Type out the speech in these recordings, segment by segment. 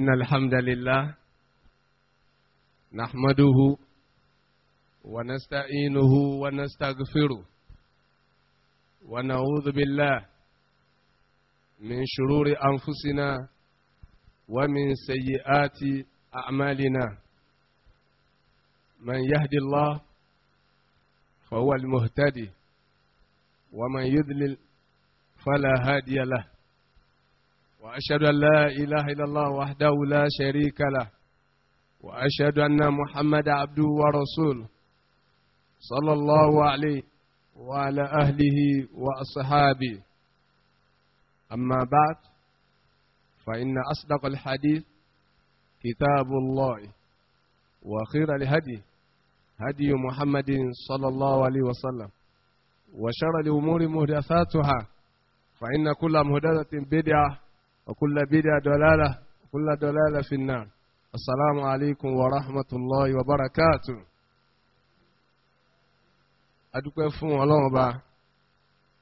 إن الحمد لله نحمده ونستعينه ونستغفره ونعوذ بالله من شرور أنفسنا ومن سيئات أعمالنا من يهدي الله فهو المهتدي ومن يذلل فلا هادي له واشهد ان لا اله الا الله وحده لا شريك له واشهد ان محمدا عبده ورسوله صلى الله عليه وعلى اهله واصحابه اما بعد فان اصدق الحديث كتاب الله وخير الهدي هدي محمد صلى الله عليه وسلم وشر الامور محدثاتها فان كل محدثه بدعه وكل بدعة دلالة كل دلالة في النار السلام عليكم ورحمة الله وبركاته adúpẹ́ fún ọlọ́run ọba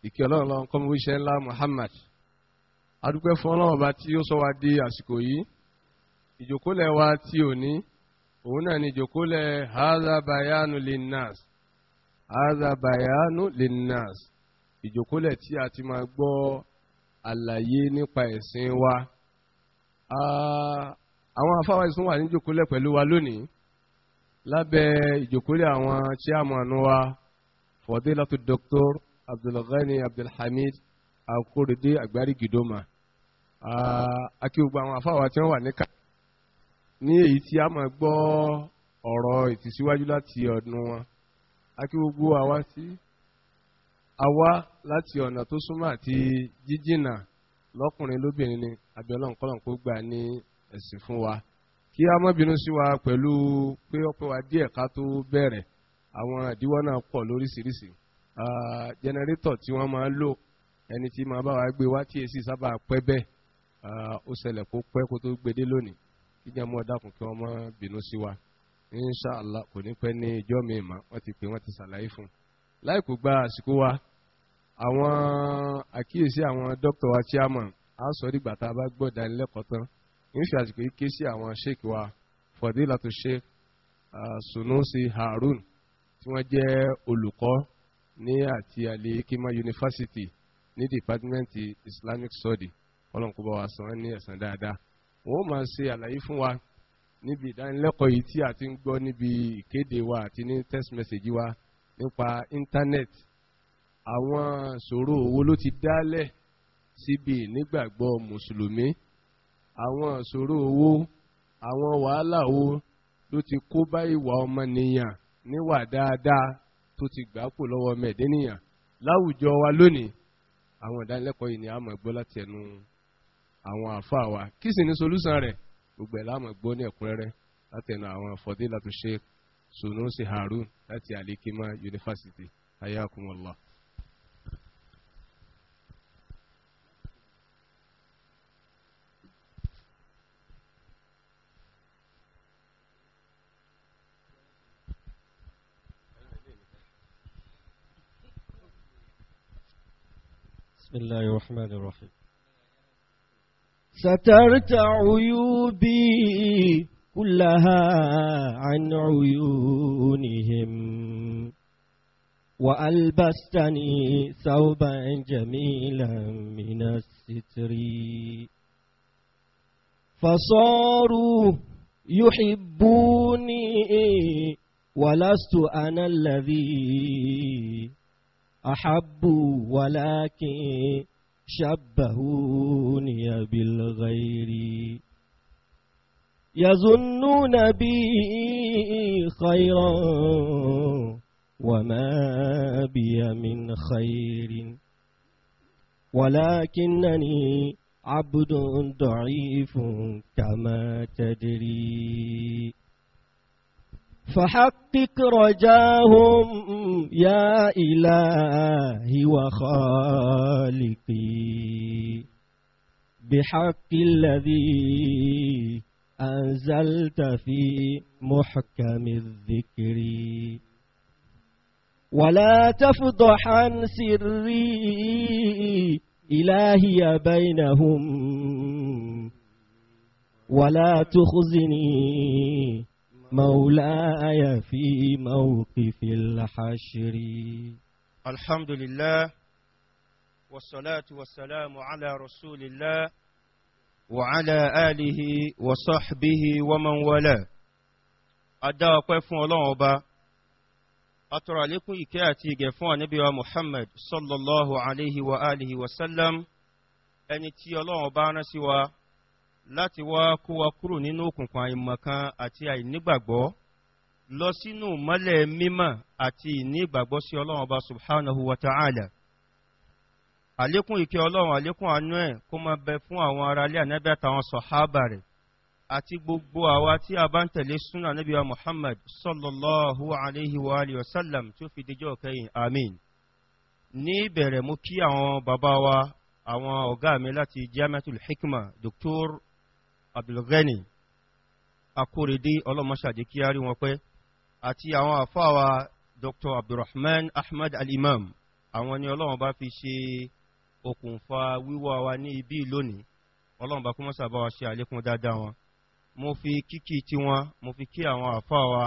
ìkẹ́ ọlọ́run lọ́n kọ́mú iṣẹ́ ńlá Muhammad adúpẹ́ fún ọlọ́run ọba tí ó sọ wa di àsìkò yìí ìjòkólẹ̀ wa tí ò ní òun náà ni ìjòkólẹ̀ haza linnas haza linnas ìjòkólẹ̀ tí a ti máa gbọ́ àlàyé nípa ẹ̀sìn wa àwọn afáwa ìsún wà ní ìjòkólẹ̀ pẹ̀lú wa lónìí lábẹ́ ìjòkólẹ̀ àwọn chairman wa fọdílátù Dr. Abdulghani Abdulhamid Akorede Agbárí Gidoma akíwògbà àwọn afáwa tí wọ́n wà níkà ní èyí tí a máa gbọ́ ọ̀rọ̀ ìtìsíwájú láti ọ̀dún wọn akíwògbò àwa sí. Si àwa láti ọ̀nà tó súnmọ́ àti jíjìnà lọ́kùnrin lóbìnrin ni abiola nkọlọ́n kó gbà ní ẹ̀sìn fún wa kí a má bínú sí wa pẹ̀lú pé ó pẹ́ wa díẹ̀ ká tó bẹ̀rẹ̀ àwọn àdíwọ́ náà pọ̀ lóríṣiríṣi jẹnẹrétọ̀ tí wọ́n máa ń lò ẹni tí máa bá wa gbé wá tí èsì sábà pẹ́ bẹ́ẹ̀ ó ṣẹlẹ̀ kó pẹ́ kó tó gbedé lónìí kí jẹ́ mọ́ dákun kí wọ́n má bínú sí wa inṣàlá kò ní pẹ́ ní ìjọ́ mi mà wọ́n ti pè wọ́n ti ṣàlàyé fún un láì kò gba àsìkò wa àwọn àkíyèsí àwọn dókítà wa chairman á sọ dìgbà tá a bá gbọ́ ìdánilẹ́kọ̀ọ́ tán ń fi àsìkò yìí ké sí àwọn sheik wa fadilatu sheik sunusi harun tí wọ́n jẹ́ olùkọ́ ní àti alikima yunifásitì ní dìpátímẹ́ǹtì islamic study ọlọ́nkó bá wa san ní ẹ̀san dáadáa wọ́n máa ṣe àlàyé fún wa níbi ìdánilẹ́kọ̀ọ́ yìí tí a ti ń gbọ́ níbi ìkéde wa àti ní text message wa nípa internet, àwọn ṣòro owó ló ti dálẹ̀ síbi nígbàgbọ́ mùsùlùmí àwọn ṣòro owó àwọn wàhálà wo ló ti kó bá ìwà ọmọnìyàn níwà dáadáa tó ti gbà pò lọ́wọ́ mẹ̀dẹ́nìyàn láwùjọ wa lónìí àwọn ìdánilẹ́kọ̀ọ́ yìí ni a máa gbọ́ láti ẹnu àwọn àfa wa kí sì ni solúsàn rẹ̀ gbogbo ẹ̀ la máa gbọ́ ní ẹ̀kúnrẹ́rẹ́ láti ẹnu àwọn Fadilatu Sheikh sunusi harun láti alikima yunifásitì ayakumullah. بسم الله الرحمن الرحيم سترت عيوبي كلها عن عيونهم وألبستني ثوبا جميلا من الستر فصاروا يحبوني ولست أنا الذي أحب ولكن شبهوني بالغير يظنون بي خيرا وما بي من خير ولكنني عبد ضعيف كما تدري فحقق رجاهم يا إلهي وخالقي بحق الذي أنزلت في محكم الذكر ولا تفضح عن سري إلهي بينهم ولا تخزني مولاي في موقف الحشر الحمد لله والصلاة والسلام على رسول الله وعلى آله وصحبه ومن والاه adá ọpẹ́ fún Ọlọ́run ọba لكم àlékún ìkẹ́ نبي محمد صلى الله عليه وآله وسلم أن wa alihi wa sallam ẹni tí Ọlọ́run ọba rán sí wa láti wá kó wa kúrò nínú òkùnkùn àìmọ̀kan àti àìnígbàgbọ́ lọ sínú mọ́lẹ̀ mímọ́ àti ìnígbàgbọ́ sí Ọlọ́run ọba subhanahu wa ta'ala àlékún ìkẹ́ ọlọ́run àlékún àánú ẹ̀ kó máa bẹ fún àwọn ará ilé ànábì àtàwọn sọ̀hábà rẹ̀ àti gbogbo àwa tí a bá ń tẹ̀lé súnà níbi wa muhammad sallallahu alayhi wa alihi wa sallam tí ó fi dijọ́ kẹ́yìn amin ní ìbẹ̀rẹ̀ mú kí àwọn bàbá wa àwọn ọ̀gá mi láti jamiatul hikma dr abdulghani akorede ọlọ́mọṣàdé kí á rí wọn pẹ́ àti àwọn àfáà wa dr abdulrahman ahmed alimam àwọn ni ọlọ́run bá fi ṣe okùnfà wíwá wa ní ibi lónìí ọlọ́run bá kó mọ́ sábà wa ṣe àlékún dáadáa wọn mo fi kíkí tiwọn mo fi kí àwọn àfáà wa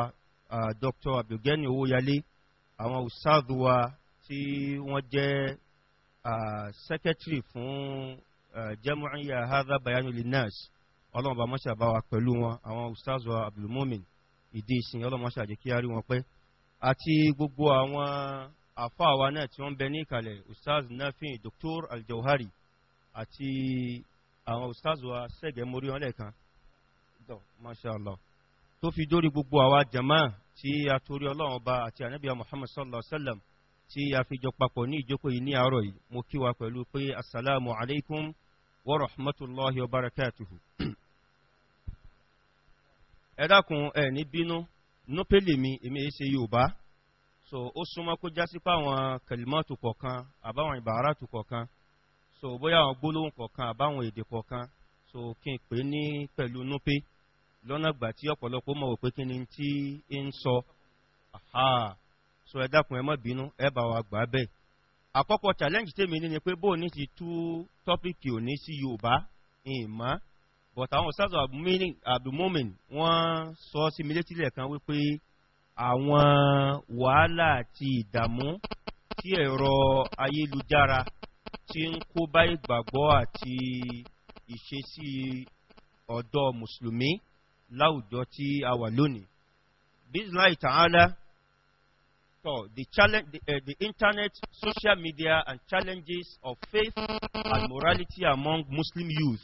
dr abdulgani owóyalé àwọn ustaadu wa tí wọ́n jẹ́ secretary fún jamuiya hadha bayanu linnas ọlọ́run bá mọ́ṣà bá wa pẹ̀lú wọn àwọn ustaadu wa abdulmumin ìdí ìsìn ọlọ́run mọ́ṣà jẹ́ kí a rí wọn pẹ́ àti gbogbo àwọn àfáà wa náà tí wọ́n bẹ ní ìkàlẹ̀ ustaz nafin dr aljawhari àti àwọn ustaz wa sẹ́gẹ̀ mórí wọn lẹ́ẹ̀kan dọ̀ mashallah tó fi dórí gbogbo àwa jama tí a torí ọlọ́run ọba àti anabiya muhammad sallallahu alaihi wa sallam tí a fi jọ papọ̀ ní ìjókòó yìí ní àárọ̀ yìí mo kí wa pẹ̀lú pé asalaamu alaykum wa rahmatulahi wa barakatuhu. ẹ dákun ẹ ní bínú nupele mi èmi ẹ ṣe yorùbá so ó súnmọ́ kó jásí pé àwọn kẹlímọ́tò kọ̀ọ̀kan àbáwọn ìbáratù kọ̀ọ̀kan so bóyá àwọn gbólóhùn kọ̀ọ̀kan àbáwọn èdè kọ̀ọ̀kan so kí n pè é ní pẹ̀lú núpé lọ́nà ìgbà tí ọ̀pọ̀lọpọ̀ mọ̀ pé kí ni tí ń sọ so ẹ dákun ẹ má bínú ẹ bá wa gbà bẹ́ẹ̀ àkọ́kọ́ challenge tèmi ni pé bóò ní ti tú tọ́pìkì òní sí Yorùbá ìmọ̀ but àwọn sáàtọ̀ abdulmumin wọ́n sọ sí mi létílẹ̀ kan wípé àwọn wàhálà àti ìdààmú tí ẹ̀rọ ayélujára ti ń kó bá ìgbàgbọ́ àti ìṣesí ọ̀dọ́ mùsùlùmí láwùjọ tí a wà lónìí. bismillah ta'ala so eh, the internet social media and challenges of faith and morality among muslim youth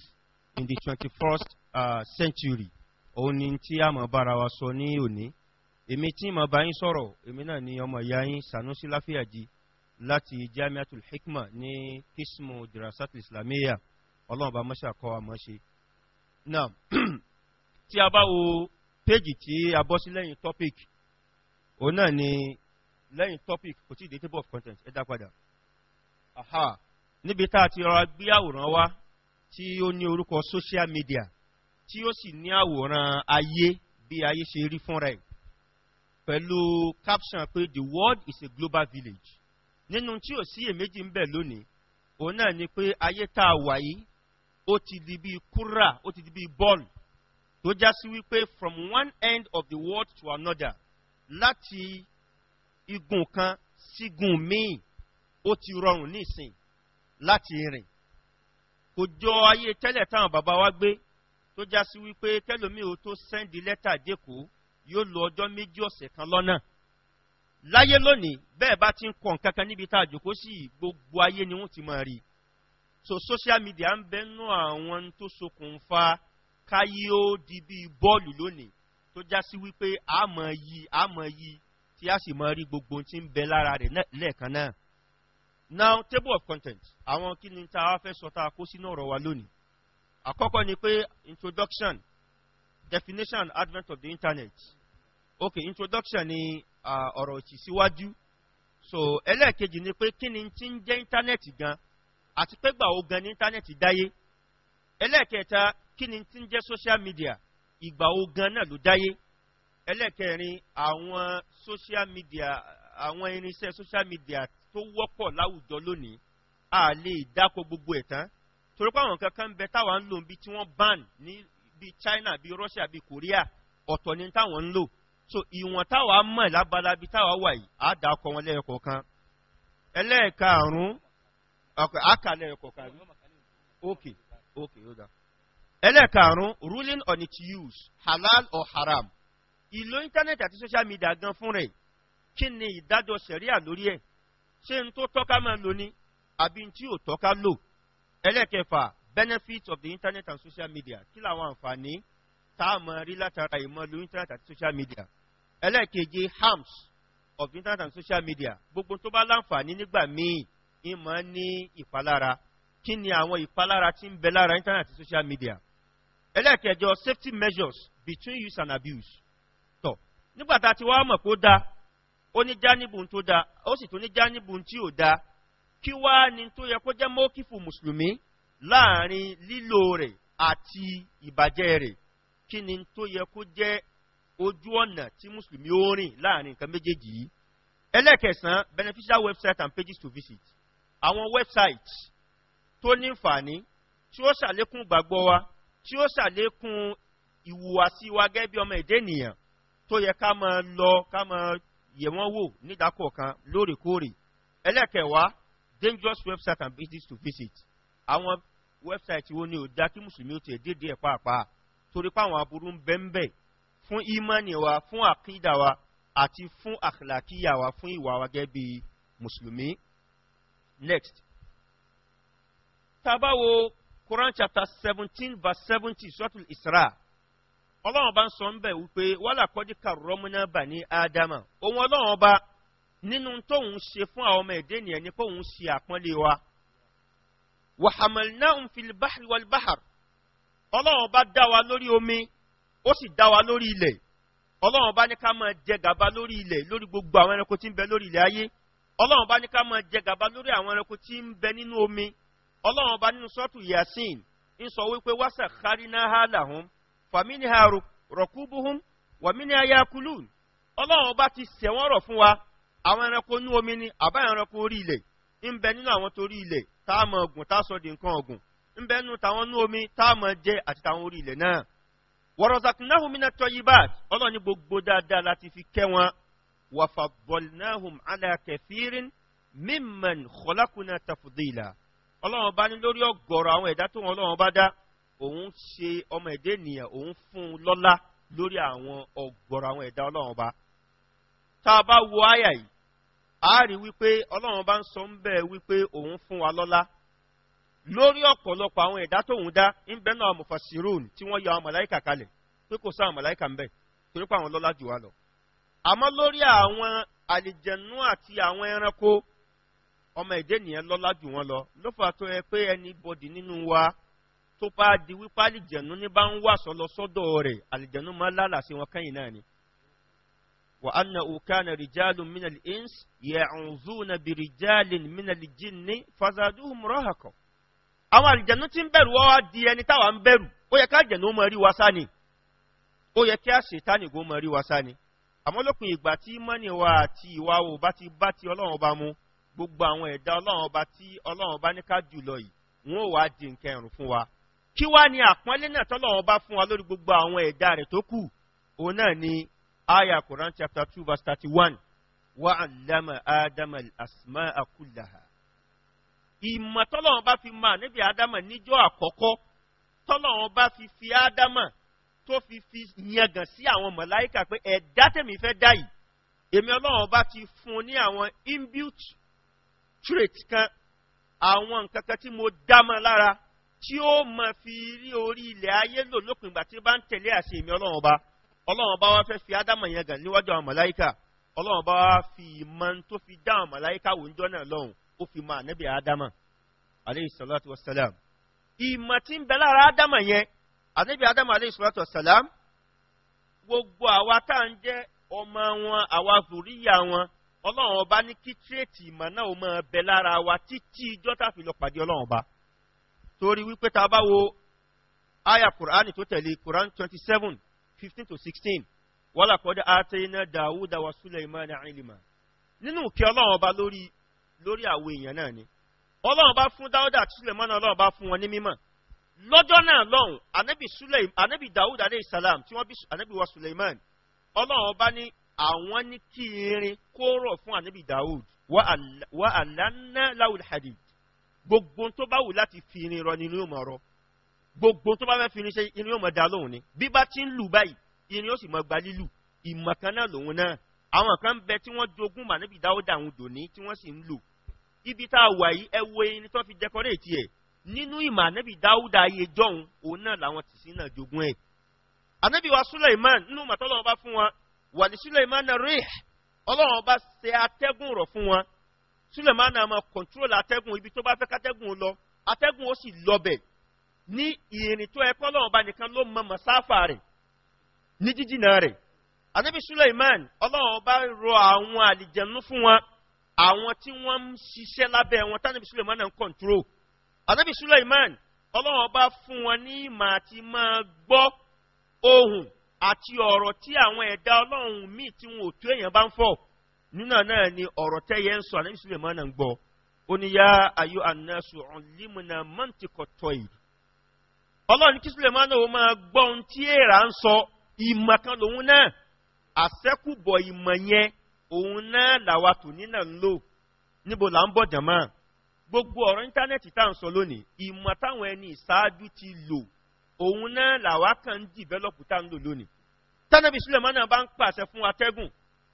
in the 21st uh, century òun ni tí a mọ̀ bára wa sọ ní òní èmi tí mo bá yín sọ̀rọ̀ èmi náà ni ọmọ ìyá yín sanusi láfíàjì láti jamiatul hikma ní kismu dirasat islamiyya ọlọ́run bá mọ́ṣẹ́ àkọ́ àmọ́ ṣe. náà tí a bá wo péjì tí a bọ́ sí lẹ́yìn topic òun náà ni lẹ́yìn topic kò tí ì dé table of content ẹ dá padà. aha níbi tá a ti rọra gbé àwòrán wá tí ó ní orúkọ social media tí ó sì ní àwòrán ayé bí ayé ṣe rí fúnra ẹ̀ pẹ̀lú caption pé the world is a global village nínú tí ò sí èméjì ń bẹ̀ lónìí òun náà ni pé ayé tá a wà yìí ó ti di bíi kúrà ó ti di bíi bọ́ọ̀lù tó já sí wípé from one end of the world to another láti igun kan sígun míì ó ti rọrùn nísìn láti rìn kò jọ ayé tẹ́lẹ̀ táwọn bàbá wa gbé tó já sí wípé tẹ́lómi ò tó sẹ́ndì lẹ́tà dẹ́kọ̀ọ́ yóò lo ọjọ́ méjì ọ̀sẹ̀ kan lọ́nà láyé lónìí bẹ́ẹ̀ bá ti ń kọ̀ nǹkan kan níbi tá a jòkó sí gbogbo ayé ni wọ́n ti máa rí so social media ń bẹnu àwọn tó ṣokùnfà káyé ó di bíi bọ́ọ̀lù lónìí tó já sí wípé a máa yí a máa yí tí a sì máa rí gbogbo ohun tí ń bẹ lára rẹ̀ lẹ́ẹ̀kan náà now table of content àwọn kí ni tá a fẹ́ sọ tá a kó sínú ọ̀rọ̀ wa lónìí àkọ́kọ́ ni pé introduction definition and advent of the internet ok introduction ni ọ̀rọ̀ òtì síwájú so ẹlẹ́ẹ̀kejì ni pé kí ni ti ń jẹ́ íńtánẹ́ẹ̀tì gan àti pé gbà wo gan ni íńtánẹ́ẹ̀tì dáyé ẹlẹ́ẹ̀kẹta kí ni ti ń jẹ́ social media ìgbà wo gan náà ló dáyé ẹlẹ́ẹ̀kẹrin àwọn social media àwọn irinṣẹ́ social media tó wọ́pọ̀ láwùjọ lónìí a lè dáko gbogbo ẹ̀ tán torí pé àwọn kankan ń bẹ táwa ń lò bí tí wọ́n ban ní bi China bi Russia bi Korea ọ̀tọ̀ ni táwọn ń lò so ìwọ̀n táwa mọ̀ lábalábi táwa wà yìí á dà ọkọ̀ wọn lẹ́yọ̀kọ̀ kan ẹlẹ́ẹ̀karùn-ún ọkọ̀ àkà lẹ́yọ̀kọ̀ kan okay okay ó dà ẹlẹ́ẹ̀karùn-ún ruling on its use halal or haram ìlò internet àti social media gan fún rẹ̀ kí ni ìdájọ́ sẹ̀ríà lórí ẹ̀ ṣé n tó tọ́ka máa lò ní àbí n tí ò tọ́ka lò ẹlẹ́ẹ̀kẹfà benefits of the internet and social media kí làwọn àǹfààní tá a mọ̀ rí látara ìmọ̀ lórí internet àti social media ẹlẹ́ẹ̀kejì harms of internet and social media gbogbo tó bá láǹfààní nígbà míì ń mọ̀ ní ìpalára kí ni àwọn ìpalára tí ń bẹ lára internet and social media ẹlẹ́ẹ̀kẹjọ safety measures between use and abuse tọ̀ nígbà tá a ti wá mọ̀ pé ó dáa ó ní jánibù tó dáa ó sì tún ní jánibù tí ò dáa kí wá ni tó yẹ kó jẹ́ mọ́kìfù mùsùlùmí láàrin lílò rẹ̀ àti ìbàjẹ́ rẹ̀ kí ni tó yẹ kó jẹ́ ojú ọ̀nà tí mùsùlùmí ó rìn láàrin nǹkan méjèèjì yìí ẹlẹ́kẹsàn beneficial website and pages to visit àwọn website tó ní nfààní tí ó ṣàlékún gbàgbọ́ wa tí ó ṣàlékún ìhùwàsí wa gẹ́gẹ́ bí ọmọ èdè ènìyàn tó yẹ ká máa lọ ká máa yẹ̀ wọ́n wò nídàkọ̀ọ̀kan lóòrèkóòrè ẹlẹ́kẹ̀wá dangerous website and pages to visit àwọn website wo ni ò dá kí mùsùlùmí ó tẹ̀ déédéé ẹ̀ pàápàá torí pé àwọn aburú ń bẹ́ẹ̀ bẹ́ẹ̀ fún imani wa fún àkídà wa àti fún àkìlàkíyà wa fún ìwà wa gẹ́gẹ́ bí mùsùlùmí. next tá bá Quran chapter seventeen verse seventy suratul Isra ọlọ́run bá ń sọ ń bẹ̀ wípé wàhálà kọ́dí karọ́múná bà ní ádámà òun ọlọ́run bá nínú tóun ṣe fún àwọn ọmọ ẹ̀dẹ́ nìyẹn ni kóun ṣe àpọ́nlé wa wàhámẹ́lì náà ń fi báhàr wàlbáhàr bá dá wa lórí omi O si dá wa lórí ilẹ̀ ọlọ́run bá ní ká máa jẹ gàba lórí ilẹ̀ lórí gbogbo àwọn ẹranko tí ń bẹ lórí ilẹ̀ ayé ọlọ́run bá ní ká jẹ gàba lórí àwọn ẹranko tí ń nínú omi ọlọ́run bá nínú sọ́ọ̀tù yasin ń sọ wípé wàṣà ha lahum fàmínà rọ̀kúbùhùn wàmínà yakulun ọlọ́run bá ti sẹ̀wọ́n rọ̀ fún wa àwọn ẹranko inú omi ni àbá ẹranko orí ilẹ̀ wọ̀rọ̀zàkúnáhùn mi náà tọ́ yí báàt ọlọ́run ní gbogbo dáadáa láti fi kẹ́ wọn wàfàbọ̀lìnáhùn alákẹ́fìrín mímọ̀n kọ́lákùnà tàfùdìlà ọlọ́run bá ní lórí ọ̀gọ̀rọ̀ àwọn ẹ̀dá tó wọn ọlọ́run bá dá òun ṣe ọmọ ẹ̀dá ènìyàn òun fún un lọ́lá lórí àwọn ọ̀gọ̀rọ̀ àwọn ẹ̀dá ọlọ́run bá tá a bá wo àyà yìí a wípé ọlọ́run bá ń sọ ń bẹ́ẹ̀ wípé òun fún wa lọ́lá lórí ọ̀pọ̀lọpọ̀ àwọn ẹ̀dá tóun dá ń bẹ náà mufasirun tí wọ́n ya àwọn màláìkà kalẹ̀ pé kò sáà màláìkà ń bẹ torí pé àwọn lọ́lá jù wá lọ. àmọ́ lórí àwọn àlìjẹ̀nú àti àwọn ẹranko ọmọ ẹ̀dẹ́ nìyẹn lọ́lá jù wọ́n lọ ló fà tó yẹ pé ẹni bọ̀dì nínú wa tó bá di wípé àlìjẹ̀nú ní bá ń wà sọ́lọ sọ́dọ̀ rẹ̀ àlìjẹ̀nú máa lálà sí wọn kẹ́yìn náà ni. wa annahu kana rijalun minal ins ya'uzuna bi rijalin minal jinni fazaduhum rahaqa àwọn àlìjẹ̀nú tí ń bẹ̀rù wá di ẹni táwa ń bẹ̀rù ó yẹ ká àjẹ̀nú mọ rí wa sá ni ó yẹ kí àṣetánì kó mọ rí wa sá ni àmọ́ lópin ìgbà tí mọ́nì wa àti ìwà wo bá ti bá ti ọlọ́run ọba mu gbogbo àwọn ẹ̀dá ọlọ́run ọba tí ọlọ́run ọba ní ká jùlọ yìí wọn wá di nǹkan ẹ̀rùn fún wa kí wá ni àpọ́nlé náà tọ́lọ́run ọba fún wa lórí gbogbo àwọn ẹ̀dá rẹ̀ tó kù òun náà ni aya Quran chapter two verse thirty one wa allama adama asma akulaha ìmọ̀ tọ́lọ́run bá fi máa níbi ádámà níjọ́ àkọ́kọ́ tọ́lọ́run bá fi fi ádámà tó fi fi yangàn sí àwọn mọ̀láyíkà pé ẹ̀dá tèmi fẹ́ dá yìí èmi ọlọ́run bá ti fún ní àwọn inbuilt trait kan àwọn nǹkan kan tí mo dá mọ́ lára tí ó mọ̀ fi rí orí ilẹ̀ ayé lò lópin ìgbà tí ó bá ń tẹ̀lé àṣẹ èmi ọlọ́run bá ọlọ́run bá wá fẹ́ fi ádámà yangàn níwájú àwọn mọ̀láyíkà ọlọ́run bá wá fi ìmọ̀ tó fi dá àwọn mọ̀láyíkà wò ń jọ́ náà lọ́hùn ó fi mọ ànábì ádámà aleyhi salatu wasalam ìmọ̀ tí ń bẹ lára ádámà yẹn ànábì ádámà aleyhi salatu wasalam gbogbo àwa tá à ń jẹ́ ọmọ wọn àwa zòríyà wọn ọlọ́run ọba ní kí tírètì ìmọ̀ náà ó máa bẹ lára wa títí ijọ́ tá a fi lọ pàdé ọlọ́run ọba torí wípé tá bá wo aya qur'ani tó tẹ̀lé qur'an twenty seven fifteen to sixteen wala qad atayna dawuda wa sulaymana ilma nínú kí ọlọ́run ọba lórí lórí àwọn èèyàn náà ni ọlọ́run bá fún dáúdà àti sulemana ọlọ́run bá fún wọn ní mímọ̀ lọ́jọ́ náà lọ́hùn anabi suleim anabi dawud aleyhi salam tí wọ́n bí anabi wa suleiman ọlọ́run bá ní àwọn ní kí irin kó rọ̀ fún anabi dawud wa alanna lawul hadid gbogbo tó bá wù láti fi irin rọ ni inú yóò máa rọ gbogbo tó bá fẹ́ fi irin ṣe inú yóò máa dá lóhùn ni bí bá ti ń lù báyìí irin yóò sì máa gba ìmọ̀kan náà lòun náà àwọn kan bẹ tí wọ́n jogún mànẹ́bí dáwọ́dà àwọn dòní tí wọ́n sì ń lò ibi tá a wà yìí ẹ wo ẹni tó fi dẹkọréètì ẹ̀ nínú ìmọ̀ ànẹ́bí dáwọ́dà ayé jọ̀hún òun náà làwọn tì sí náà jogún ẹ̀. ànẹ́bí wa Suleiman nínú màtọ́lọ́ ọba fún wọn wà ní Suleiman náà rí ọlọ́run ọba ṣe atẹ́gùn rọ̀ fún wọn Suleiman náà máa kọ̀ntúrọ̀lù atẹ́gùn ibi tó bá fẹ́ kátẹ́gùn lọ atẹ́gùn ó sì lọbẹ̀ ní ìrìn tó ẹ̀kọ́ ọlọ́run ọba nìkan ló mọ mọ̀sáfà rẹ̀ ní jíjìnà rẹ̀ anabi suleiman ọlọ́run bá rọ àwọn àlìjẹ̀nu fún wọn àwọn tí wọ́n ń ṣiṣẹ́ lábẹ́ wọn tánàbí suleiman ń kọ̀ǹtúrò anabi suleiman ọlọ́run bá fún wọn ní ìmọ̀ àti máa gbọ́ ohùn àti ọ̀rọ̀ tí àwọn ẹ̀dá ọlọ́run míì tí wọn ò tó èèyàn bá ń fọ̀ nínú náà ni ọ̀rọ̀ tẹ́yẹ ń sọ anabi suleiman ń gbọ́ ó ní yá ayọ̀ ànásù ọ̀nlímùnà mọ́ntìkọ̀tọ̀ yìí ọlọ́run kí suleiman náà ó máa gbọ́ náà àṣẹ́kùbọ̀ ìmọ̀ yẹn òun náà làwa tò ní náà ń lò níbo là ń bọ̀ jàmọ́ gbogbo ọ̀rọ̀ íńtánẹ́ẹ̀tì tá à ń sọ lónìí ìmọ̀ táwọn ẹni ìṣáájú ti lò òun náà làwa kàn ń dìvẹ́lọ́pù tá à ń lò lónìí tánàbí suleman náà bá ń pàṣẹ fún atẹ́gùn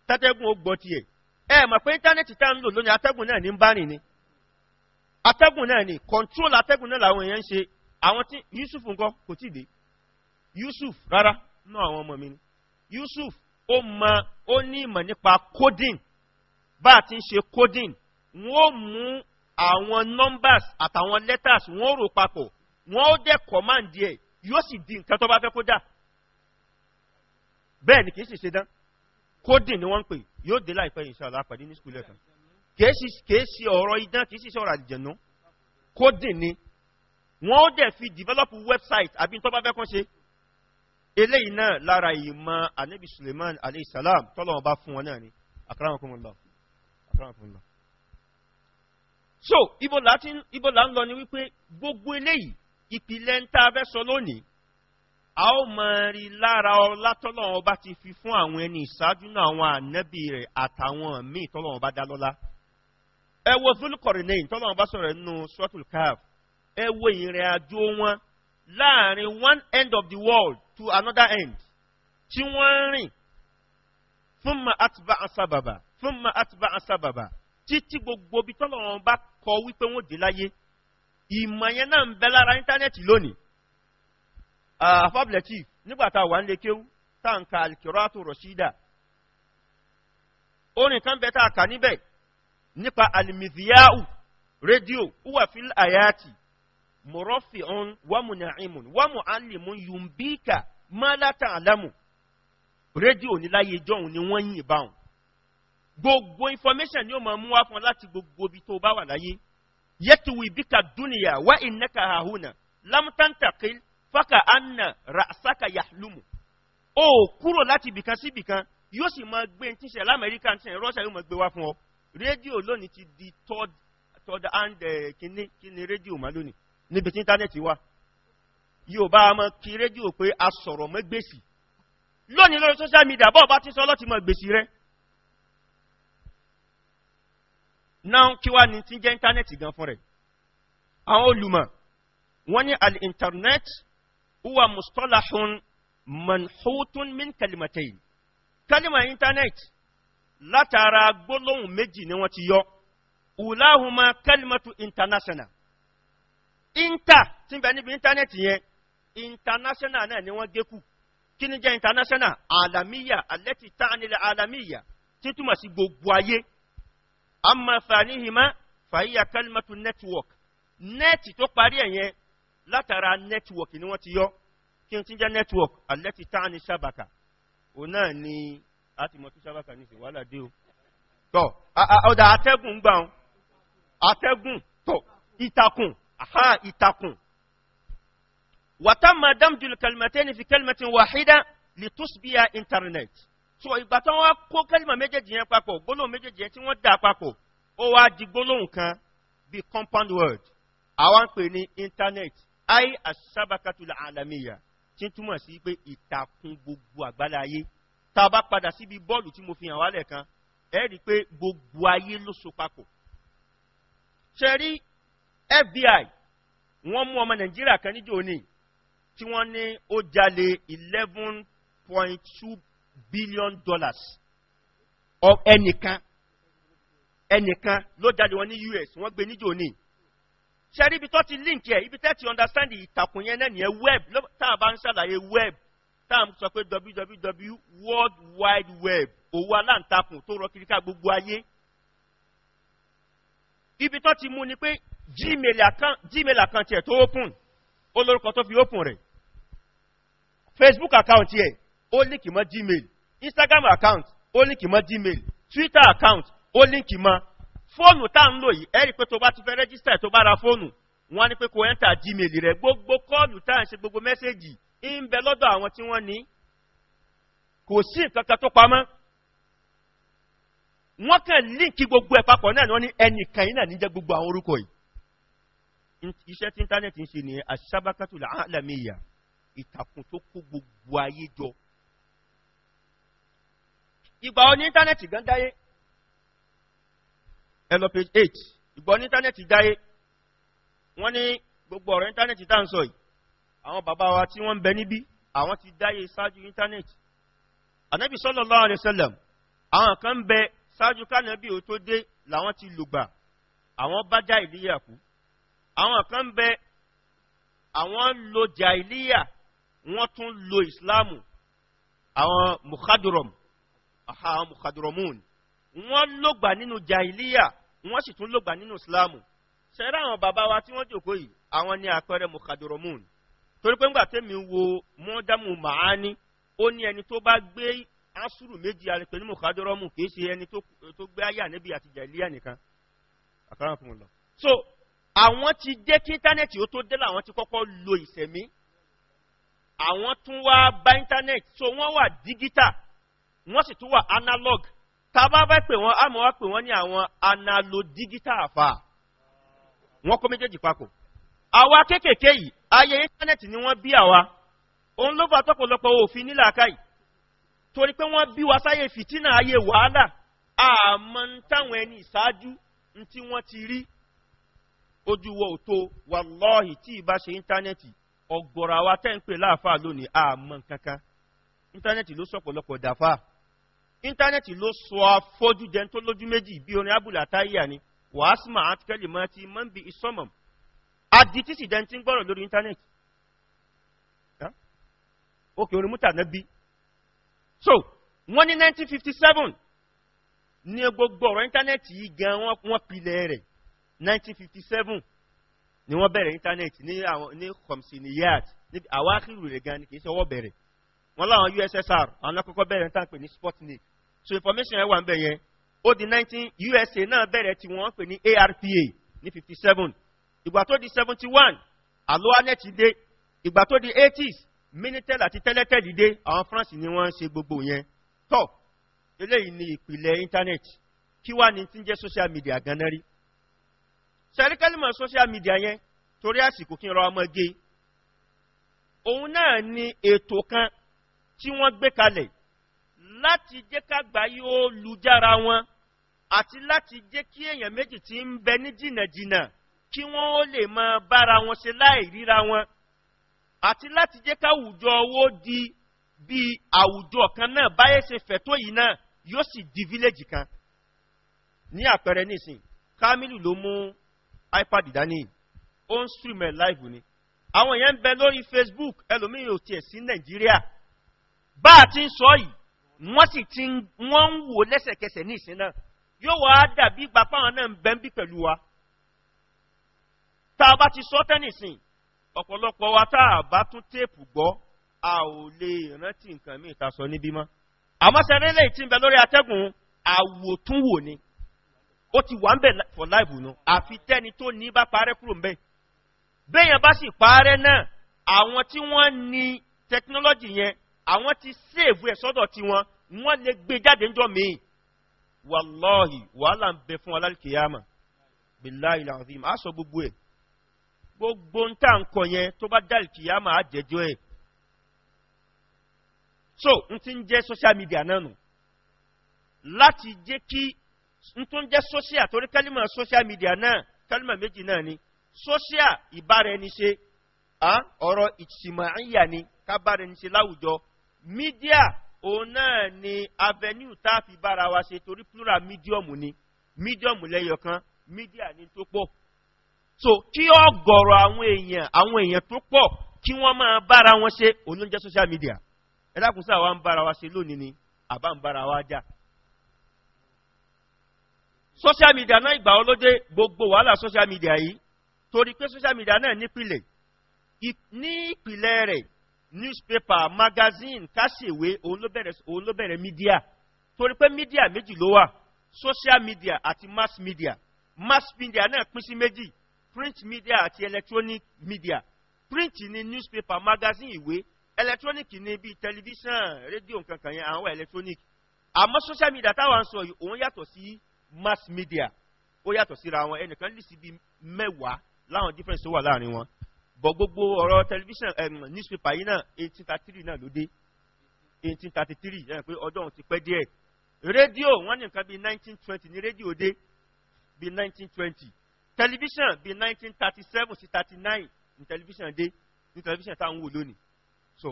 tátẹ́gùn ó gbọ́ tiẹ̀ ẹ mọ̀ pé íńtánẹ́ẹ̀tì tá à ń lò lónìí atẹ́gùn náà ní ń bá rìn ni atẹ́gùn náà ni kọ́ńtrol atẹ́gùn náà làwọn èèyàn ń ṣe àwọn tí Yusuf ńkọ́ kò tí ì dé Yusuf rárá náà àwọn ọmọ mi ni Yusuf ó mọ ó ní ìmọ̀ nípa coding bá a ti ń ṣe coding wọ́n ó mú àwọn numbers àtàwọn letters wọ́n ó rò papọ̀ wọ́n ó dẹ̀ command ẹ̀ yóò sì di nǹkan tó bá fẹ́ kó dà bẹ́ẹ̀ ni kì í sì ṣe dán coding ni wọ́n ń pè yóò dé láìpẹ́ inshallah àpàdé ní skul ẹ̀kan kì í ṣe ọ̀rọ̀ idán kì í ṣe ọ̀rọ̀ àjẹ̀nú coding ni wọ́n ó dẹ̀ fi develop website àbí tó bá fẹ́ kó ṣe eléyìí náà lára ìmọ̀ anabi suleiman aleyhisalaam tọ́lọ̀ ọba fún wọn náà ni akramakumullah so ibo là ń lọ ni wípé gbogbo eléyìí ìpìlẹ̀ ń tá a fẹ́ sọ lónìí a ó mọ rí lára ọlá tọ́lọ̀ ọba ti fi fún àwọn ẹni ìṣáájú náà àwọn ànábì rẹ̀ àtàwọn míì tọ́lọ̀ ọba dá lọ́lá. ẹ wo fúlùkọ̀rìnẹ́yìn tọ́lọ̀ ọba sọ̀rọ̀ nínú suratul ẹ wo ìrìn àjò wọn láàrin one end of the world to another end tí wọ́n ń rìn fún ma àtibá àsábàbà fún ma àtibá àsábàbà títí gbogbo bí tọ́lọ́run bá kọ wípé wọ́n dé láyé ìmọ̀ yẹn náà ń bẹ lára íńtánẹ́ẹ̀tì lónìí àfọ́bìlẹ̀tì nígbà tá a wà ń lè kéwú tá à ń ka alikiratu rashida orin kan bẹ tá a kà níbẹ̀ nípa alimiziyau rédíò wúwà fíl àyàtì muraffi'un wa mun'imun wa mu'allimun yumbika ma la ta'lamu rédíò ní láyé jọ́hun ni wọ́n yìn báhùn gbogbo information ni ó máa mú wá fún ọ láti gbogbo ibi tó bá wà láyé yẹtuwi bika dúnìyà wa innaka hahuna lamtantakil faka anna ra'saka yahlumu ó kúrò láti ibìkan sí ibìkan yóò sì máa gbé ti ṣe lamẹ́ríkà ti ṣe rọ́ṣà yóò máa gbé wá fún ọ rédíò lónìí ti di third third kínní eh, kínní rédíò má lónìí níbi tí íńtánẹ́ẹ̀tì wà yóò bá mọ́ kí rédíò pé a sọ̀rọ̀ mọ́ gbèsì lónìí lórí social media bọ́ọ̀ bá ti sọ lọ́ti mọ́ gbèsì rẹ náà kí wá ní tí jẹ́ íńtánẹ́ẹ̀tì gan fún rẹ̀ àwọn olùmọ̀ wọ́n ní al-internet huwa mustalahun manhutun min kalimatayn kalima internet látara gbólóhùn méjì ni wọ́n ti yọ ulahuma kalimatu international inter tí ń bẹ níbi íńtánẹ́ẹ̀tì yẹn international náà ni wọ́n gé kù kí ni jẹ́ international alamiya alẹ́tì tánilẹ̀ alamiya tí túmọ̀ sí gbogbo ayé amma fanihima fahiya kalimatu network nẹ́ẹ̀tì tó parí ẹ̀ yẹn látara network ni wọ́n ti yọ kí n ti jẹ́ network alẹ́tì tánilẹ̀ sábàkà òun náà ni a ti mọ̀ tó sábàkà ní ìsìn wàhálà dé o tọ́ ọ̀dà atẹ́gùn gbà ọ́n atẹ́gùn tọ́ ìtàkùn ha ìtakùn wàtàmà dámdùlù kalimatẹ́ni fi kalimatin wàhídà lè tusbiya internet so ìgbà tí wọ́n kó kalima méjèèjì yẹn papọ̀ gbólóhùn méjèèjì yẹn tí wọ́n dà papọ̀ ó wá di gbólóhùn kan bí compound word àwọn ń pè ní internet ai asabakatul alamiya tí ń túmọ̀ sí pé ìtakùn gbogbo àgbálá ayé tá a bá padà síbi bọ́ọ̀lù tí mo fi hàn wálẹ̀ kan ẹ rí i pé gbogbo ayé ló so papọ̀ ṣe rí fbi wọ́n mú ọmọ nàìjíríà kan níjọ́ ní tí wọ́n ní ó jalè eleven point two billion dollars ẹnìkan ẹnìkan ló jalè wọn ní us wọ́n gbé níjọ́ ní ṣẹ́rí ibi tó ti link ẹ̀ ibi tẹ́ ti understand ìtàkùn yẹn náà nìyẹn web tá a bá ń ṣàlàyé web tá a sọ pé www world wide web òwò aláǹtakùn tó rọ kiri ká gbogbo ayé ibi tó ti mú ni pé gmail account ẹ̀ tó open ó lórúkọ tó fi open rẹ̀ facebook account ẹ̀ ó líǹkì mọ́ gmail instagram account ó líǹkì mọ́ gmail twitter account ó líǹkì mọ́ fóònù tá ń lò yìí ẹ rí i pé tó bá ti fẹ́ rẹ́gísítà tó bá ra fóònù wọ́n ní pé kó ẹ́ńtà gmail rẹ̀ gbogbo kọ́ọ̀lù tá ń ṣe gbogbo mẹ́sẹ̀gì ń bẹ lọ́dọ̀ àwọn tí wọ́n ní kò sí nǹkan kan tó pamọ́ wọ́n kàn líǹkì gbogbo ẹ̀ papọ̀ náà ni wọ́n ní ẹnìkan yìí náà níjẹ́ gbogbo àwọn orúkọ yìí iṣẹ́ tí íńtánẹ́ẹ̀tì ń ṣe ní aṣábákátù làálàmìyà ìtàkùn tó kó gbogbo ayé jọ ìgbà ọ ní íńtánẹ́ẹ̀tì gan dáyé ẹ page eight ìgbà ọ ní íńtánẹ́ẹ̀tì dáyé wọ́n ní gbogbo ọ̀rọ̀ íńtánẹ́ẹ̀tì tá à ń sọ yìí àwọn bàbá wa tí wọ́n ń bẹ níbí àwọn ti dáyé ṣáájú íńtánẹ́ẹ̀tì ànábì sallallahu alaihi wasallam àwọn kan ń bẹ ṣáájú kánàbì ò tó dé làwọn ti lùgbà àwọn bá já ìlú àwọn kan ń bẹ àwọn lo jàìlíyà wọ́n tún lo ìsìláàmù àwọn mukhadurom àwọn mukhadromun wọ́n lògbà nínú jàìlíyà wọ́n sì tún lògbà nínú ìsìláàmù ṣẹ́rẹ́ àwọn bàbá wa tí wọ́n jòkó yìí àwọn ní àpẹẹrẹ mukhadromun torí pé ńgbà tẹ́mi wo mọ́dámù màání ó ní ẹni tó bá gbé asúrù méjì àrẹ̀pẹ̀ ní mukhadromu kì ṣe ẹni tó gbé ayé ànẹ́bí àti jàìlíyà nìkan àkàrà lọ. so àwọn ti jẹ́ kí íńtánẹ́ẹ̀tì ó tó dé làwọn ti kọ́kọ́ lo ìsẹ̀mí àwọn tún wá bá íńtánẹ́ẹ̀tì so wọ́n wà dígítà wọ́n sì tún wà analog tá a bá bá pè wọ́n àmọ́ wá pè wọ́n ní àwọn analodígítà àfà wọ́n kó méjèèjì papọ̀ àwa kéékèèké yìí ayé íńtánẹ́ẹ̀tì ni wọ́n bí àwa òun ló bá tọ́pọ̀lọpọ̀ òfin nílàákàyè torí pé wọ́n bí wa sáyé fìtínà ayé wàhálà àmọ́ ń táwọn ẹni ìṣáájú ń tí wọ́n ti rí ojú wọ òtó wàlọ́ọ̀hì tí ìbá ṣe íńtánẹ́ẹ̀tì ọ̀gọ̀rọ̀ àwa tẹ́ ń pè láàfáà lónìí àmọ́ kankan íńtánẹ́ẹ̀tì ló sọ̀pọ̀lọpọ̀ dàfà íńtánẹ́ẹ̀tì ló sọ afọ́jújẹ tó lójú méjì bí orin abúlà táyà ni wàásùmà àtikẹ́lì mọ́ ti mọ́ ń bi ìsọ́mọ̀ adití sì dẹ́ntí ń gbọ́rọ̀ lórí íńtánẹ́ẹ̀tì òkè orin mútà náà bí so wọ́n ní 1957 ní gbogbo ọ̀rọ̀ íńtánẹ́ẹ̀tì yìí gan wọ́n pilẹ̀ rẹ̀ 1957 ni wọ́n bẹ̀rẹ̀ íńtánẹ́ẹ̀tì ní àwọn ní kọ̀msìnìyàt níbi àwákìrù rẹ̀ gan ni kì í ṣe ọwọ́ bẹ̀rẹ̀ wọ́n láwọn USSR àwọn akọ́kọ́ bẹ̀rẹ̀ níta pè ní Sputnik so information ẹ̀ wà ń bẹ̀ yẹn ó di 19 USA náà bẹ̀rẹ̀ tí wọ́n pè ní ARPA ní 57 ìgbà tó di 71 aloanet dé ìgbà tó di 80s Minitel àti Teletel dé àwọn France ni wọ́n ń ṣe gbogbo yẹn tọ́ eléyìí ni ìpìlẹ̀ íńtánẹ́ẹ̀tì kí wá ní ti ń jẹ́ social media gan-an rí ṣẹ́ríkẹ́lìmọ̀ social media yẹn torí àsìkò kí n rọ ọmọ gé òun náà ni ètò kan tí wọ́n gbé kalẹ̀ láti jẹ́ kágbà yóò lujára wọn àti láti jẹ́ kí èèyàn méjì tí ń bẹ ní jìnnàjìnnà kí wọ́n ó lè máa bára wọn ṣe láì ríra wọn àti láti jẹ́ káwùjọ owó di bí àwùjọ kan náà báyé ṣe fẹ̀tọ́ yìí náà yóò sì di fílẹ̀jì kan ní àpẹẹrẹ nísìn Kámílù ló mú ipad dání ó ń stream ẹ̀ live ni àwọn èèyàn ń bẹ lórí facebook ẹlòmíì ò tiẹ̀ sí nàìjíríà bá a ti ń sọ yìí wọ́n sì ti wọ́n ń wò lẹ́sẹ̀kẹsẹ̀ ní ìsìn náà yóò wá dàbí ìgbà fáwọn náà ń bẹ ń bí pẹ̀lú wa tá a bá ti sọ tẹ́nìsìn ọ̀pọ̀lọpọ̀ wa tá a bá tún téèpù gbọ́ a ò lè rántí nǹkan míì ta sọ níbí mọ́ àmọ́ sẹ́rẹ́lẹ̀ tí ń bẹ lórí atẹ́gùn àwòtúnwò ni ó ti wà ń bẹ̀ for life nu àfi tẹ́ni tó ní bá parẹ́ kúrò ń bẹ̀ béèyàn bá sì parẹ́ náà àwọn tí wọ́n ní technology yẹn àwọn ti save ẹ̀ sọ́dọ̀ tiwọn wọ́n lè gbé jáde ńjọ́ míì wàlọ́ọ̀hì wàhálà ń bẹ fún alálìkèyàmà bíláì làwọn a sọ gbogbo ẹ̀ gbogbo ń tà ń kọ yẹn tó bá dá ìkèyàmà á jẹjọ ẹ̀ so n ti ń jẹ́ social media náà nù láti jẹ́ kí n tó ń jẹ́ social torí kálímà social media náà kálímà méjì náà a social ìbáraẹniṣe ọ̀rọ̀ ìtìmọ̀ọ́yà ni kábáraẹniṣe láwùjọ media òun ni avenue tá a fi bára wa ṣe torí plural medium ni medium lẹ́yọ̀kan media ni tó pọ̀ so kí ọ̀gọ̀rọ̀ àwọn èèyàn àwọn èèyàn tó pọ̀ kí wọ́n máa bára wọn ṣe òun social media ẹ dákun sáà wa ń bára wa ṣe lónìí ni àbá ń bára wa jà social media náà ìgbà olóde gbogbo wàhálà social media yìí torí pé social media náà nípìlẹ̀ ní ìpìlẹ̀ rẹ̀ newspaper magazine kásìwé òun ló bẹ̀rẹ̀ òun ló bẹ̀rẹ̀ media torí pé media méjì ló wà social media àti mass media mass media náà pín sí méjì print media àti electronic media print ni newspaper magazine ìwé electronic ni bíi tẹlifíṣàn radio, nǹkan kan yẹn àwọn electronic àmọ́ social media táwọn sọ yìí òun yàtọ̀ sí mass media ó yàtọ̀ síra wọn ẹnìkan lè sí bí mẹ́wàá láwọn difference tó wà láàrin wọn bọ̀ gbogbo ọ̀rọ̀ tẹlifíṣàn ẹ̀m newspaper yìí náà eighteen thirty three náà ló dé eighteen thirty three yẹn pé ọjọ́ òun ti pẹ́ díẹ̀ rédíò wọ́n ní nǹkan bíi nineteen twenty ní rédíò dé bíi nineteen twenty tẹlifíṣàn bíi nineteen thirty seven sí thirty nine ní tẹlifíṣàn dé ní tẹlifíṣàn táwọn wò lónìí so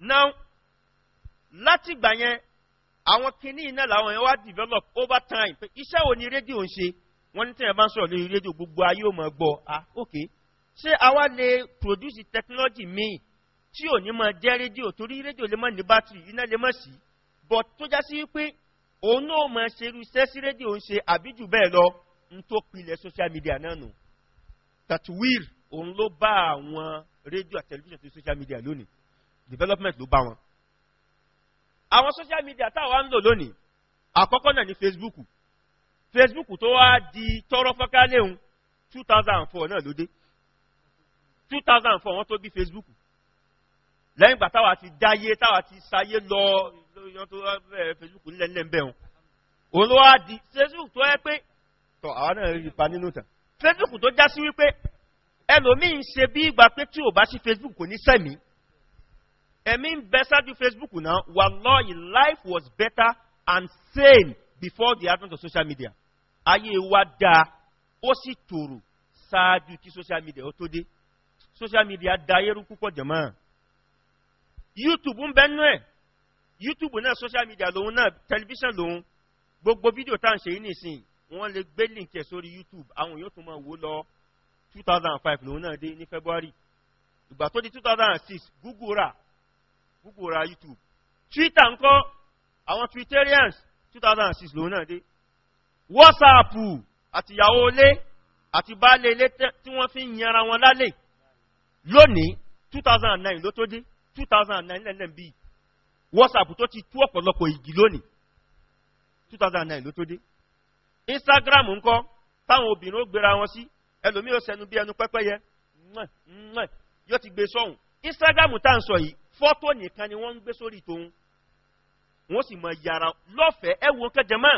now látìgbà yẹn àwọn kinní iná làwọn yẹn wá develop over time pé iṣẹ́ wo ni rédíò ń ṣe wọ́n ní tẹ̀yẹ̀ bá ń sọ̀rọ̀ lórí rédíò gbogbo ayé ò mọ̀ gbọ́ ah ok ṣé àwa lè produce technology míì tí ò ní mọ̀ jẹ́ rédíò torí rédíò lè mọ̀ ní bátìrì iná lè mọ̀ sí but tó já sí wípé òun náà mọ̀ ṣe irú iṣẹ́ sí rédíò ń ṣe àbí jù bẹ́ẹ̀ lọ n tó pilẹ̀ social media náà nù tatuwir òun ló bá àwọn rédíò àti tẹlifíṣàn tó social media lónìí development ló bá wọn àwọn social media táwa ń lò lónìí àkọ́kọ́ náà ni facebook facebook tó wá di tọrọ fọ́kálẹ́hun 2004 náà ló dé 2004 wọ́n tó bí facebook lẹ́yìn ìgbà táwa ti dáyé táwa ti sáyé lọ lóyún tó bẹ̀rẹ̀ facebook nílẹ̀ ń bẹ̀ òun ló wá di facebook tó yẹ pé tọ àwa náà rí ipa nínú tàn facebook tó já sí wípé ẹlòmíín ṣe bí ìgbà pé tí ò bá sí facebook kò ní sẹ́mìí ẹ̀mí ń bẹ ṣáájú facebook náà wallahi life was better and sane before the advent of social media ayé wa dáa ó sì tòrò ṣáájú tí social media ó tó dé social media da ayé rú púpọ̀ jẹ̀mọ́ youtube ń bẹ́nu ẹ̀ youtube náà social media lòun náà tẹlifíṣàn lòun gbogbo fídíò tá à ń ṣe yìí nìsín wọ́n lè gbé link ẹ̀ sórí youtube àwọn yóò tún máa wò lọ two thousand and lòun náà dé ní february ìgbà tó di 2006, thousand google rà google ra youtube twitter ńkọ́ àwọn twitterians 2006 lòun náà dé whatsapp àtìyàwó ilé àti baálé ilé tí wọ́n fi ń yanra wọn lálẹ́ lónìí 2009 ló tó dé 2009 lẹ́lẹ́ bíi whatsapp tó ti tú ọ̀pọ̀lọpọ̀ igi lónìí 2009 ló tó dé instagram ńkọ́ táwọn obìnrin ó gbéra wọn sí ẹlòmíì ó sẹnu bí ẹnu pẹ́pẹ́yẹ yóò ti gbé sọ́hùn instagram tá à ń sọ yìí fọ́tò nìkan ni wọ́n ń gbé sórí tòun wọ́n sì mọ yàrá lọ́fẹ̀ẹ́ ẹ wo kẹjẹ mọ́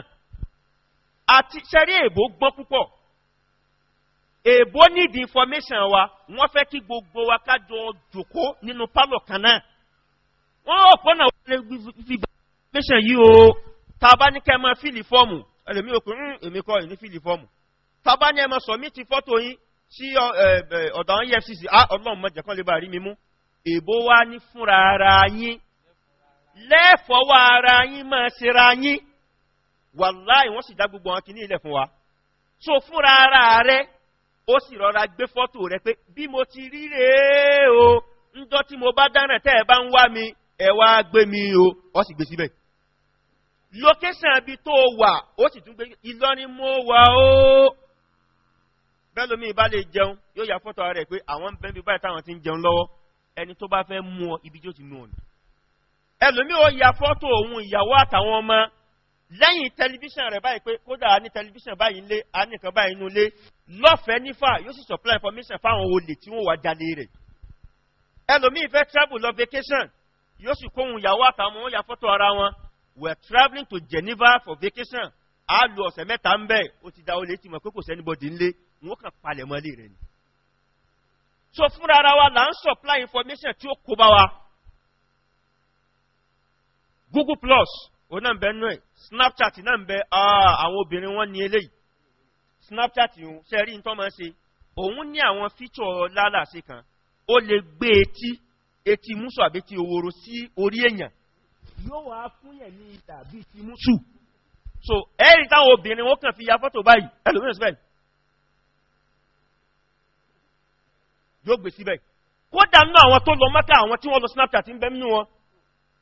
àti sẹ́rí èbó gbọ́n púpọ̀ èbó nídìí information wa wọ́n fẹ́ kí gbogbo wa ká jọ jòkó nínú pálọ̀ kan náà wọ́n rò pọ́nà wọ́n lè fi information yìí o tá a bá ní kẹ́ ẹ fọ́ọ̀mù ẹlòmíì ò hmm, èmi kọ́ ẹ̀ ní fíìlì fọ́ọ̀mù tá ní ẹ máa sọ̀mí ti fọ́tò yín sí eh, eh, ọ̀dọ̀ àwọn efcc ah, ọlọ́run mọ̀jẹ̀ lè bá rí mi mú èbó wá ní fúnra ara yín lẹ́fọ̀ọ́wọ́ ara yín máa ṣera yín wàláì wọ́n sì dá gbogbo wọn kìíní ilẹ̀ fún wa so fúnra ara rẹ ó sì rọra gbé fọ́tò rẹ pé bí mo ti rí rèé o ńjọ́ tí mo bá dáná tẹ́ ẹ bá ń wá mi ẹ wá gbé mi o ó sì gbé síbẹ̀ lókẹ́sàn ibi tó wà ó sì tún gbé ìlọrin mo wà ó bẹ́ẹ̀ lómi ìbá lè jẹun yóò yà fọ́tò ara pé àwọn bẹ́ẹ̀ bí báyìí táwọn ti ń jẹun lọ́wọ́ ẹni tó bá fẹ́ mú ọ ibi tí ó ti mú ọ ni ẹlòmíì ó ya fọ́tò òun ìyàwó àtàwọn ọmọ lẹ́yìn tẹlifíṣàn rẹ̀ báyìí pé kódà ní tẹlifíṣàn báyìí nílé a báyìí nílé lọ́fẹ̀ẹ́ nífà yóò sì supply information fáwọn olè tí wọ́n wà jalè rẹ̀ ẹlòmíì fẹ́ travel lọ vacation yóò sì kóhun ìyàwó àtàwọn ọmọ ya fọ́tò ara wọn we travelling to Geneva for vacation a lo ọ̀sẹ̀ mẹ́ta ń bẹ̀ ó ti da olè ti mọ̀ pé kò sẹ́nibọ̀dì so fúnra ara wa là ń supply information tí ó kó bá wa google plus òun náà ń bẹ nú ẹ snapchat náà ń bẹ ah, àwọn obìnrin wọn ní eléyìí snapchat yìí ṣe rí nǹkan máa ń ṣe òun ní àwọn fíṣọ lálàsí kan ó lè gbé etí etí musu àbí ti òwòrò sí orí èèyàn yóò wá fún yẹn ní tàbí ti musu so ẹ̀rí táwọn obìnrin wọn kàn fi ya fọ́tò báyìí ẹlòmíràn síbẹ̀ yóò gbé síbẹ̀ kódà nínú àwọn tó lọ mọ́tà àwọn tí wọ́n lọ snapchat ń bẹ nínú wọn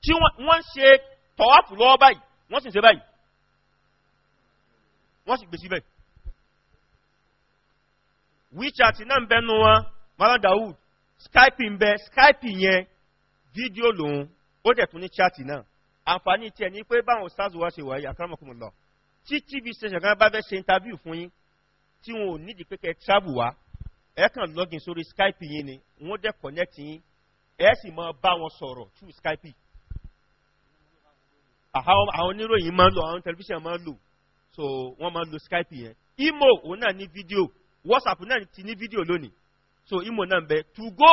tí wọ́n ń ṣe tọ́wáfù lọ́wọ́ báyìí wọ́n sì ń ṣe báyìí wọ́n sì gbé síbẹ̀ WeChat náà ń bẹ nínú wọn mara daoud Skype ń bẹ Skype yẹn fídíò lòun ó dẹ̀ tún ní chat náà àǹfààní tiẹ̀ ní pé báwọn stars wá ṣe wáyé àkàràmọ́kùnrin lọ tí tv station kan bá fẹ́ ṣe interview fún yín tí wọn ò nídìí pé kẹ́ travel wá ẹ kàn login sórí skype yín ni wọ́n dẹ̀ connect yín ẹ sì máa bá wọn sọ̀rọ̀ through skype àwọn oníròyìn máa ń lò àwọn tẹlifíṣàn máa ń lò so wọ́n máa ń lo skype yẹn imo òun náà ní fídíò whatsapp náà ti ní fídíò lónìí so imo náà ń bẹ to go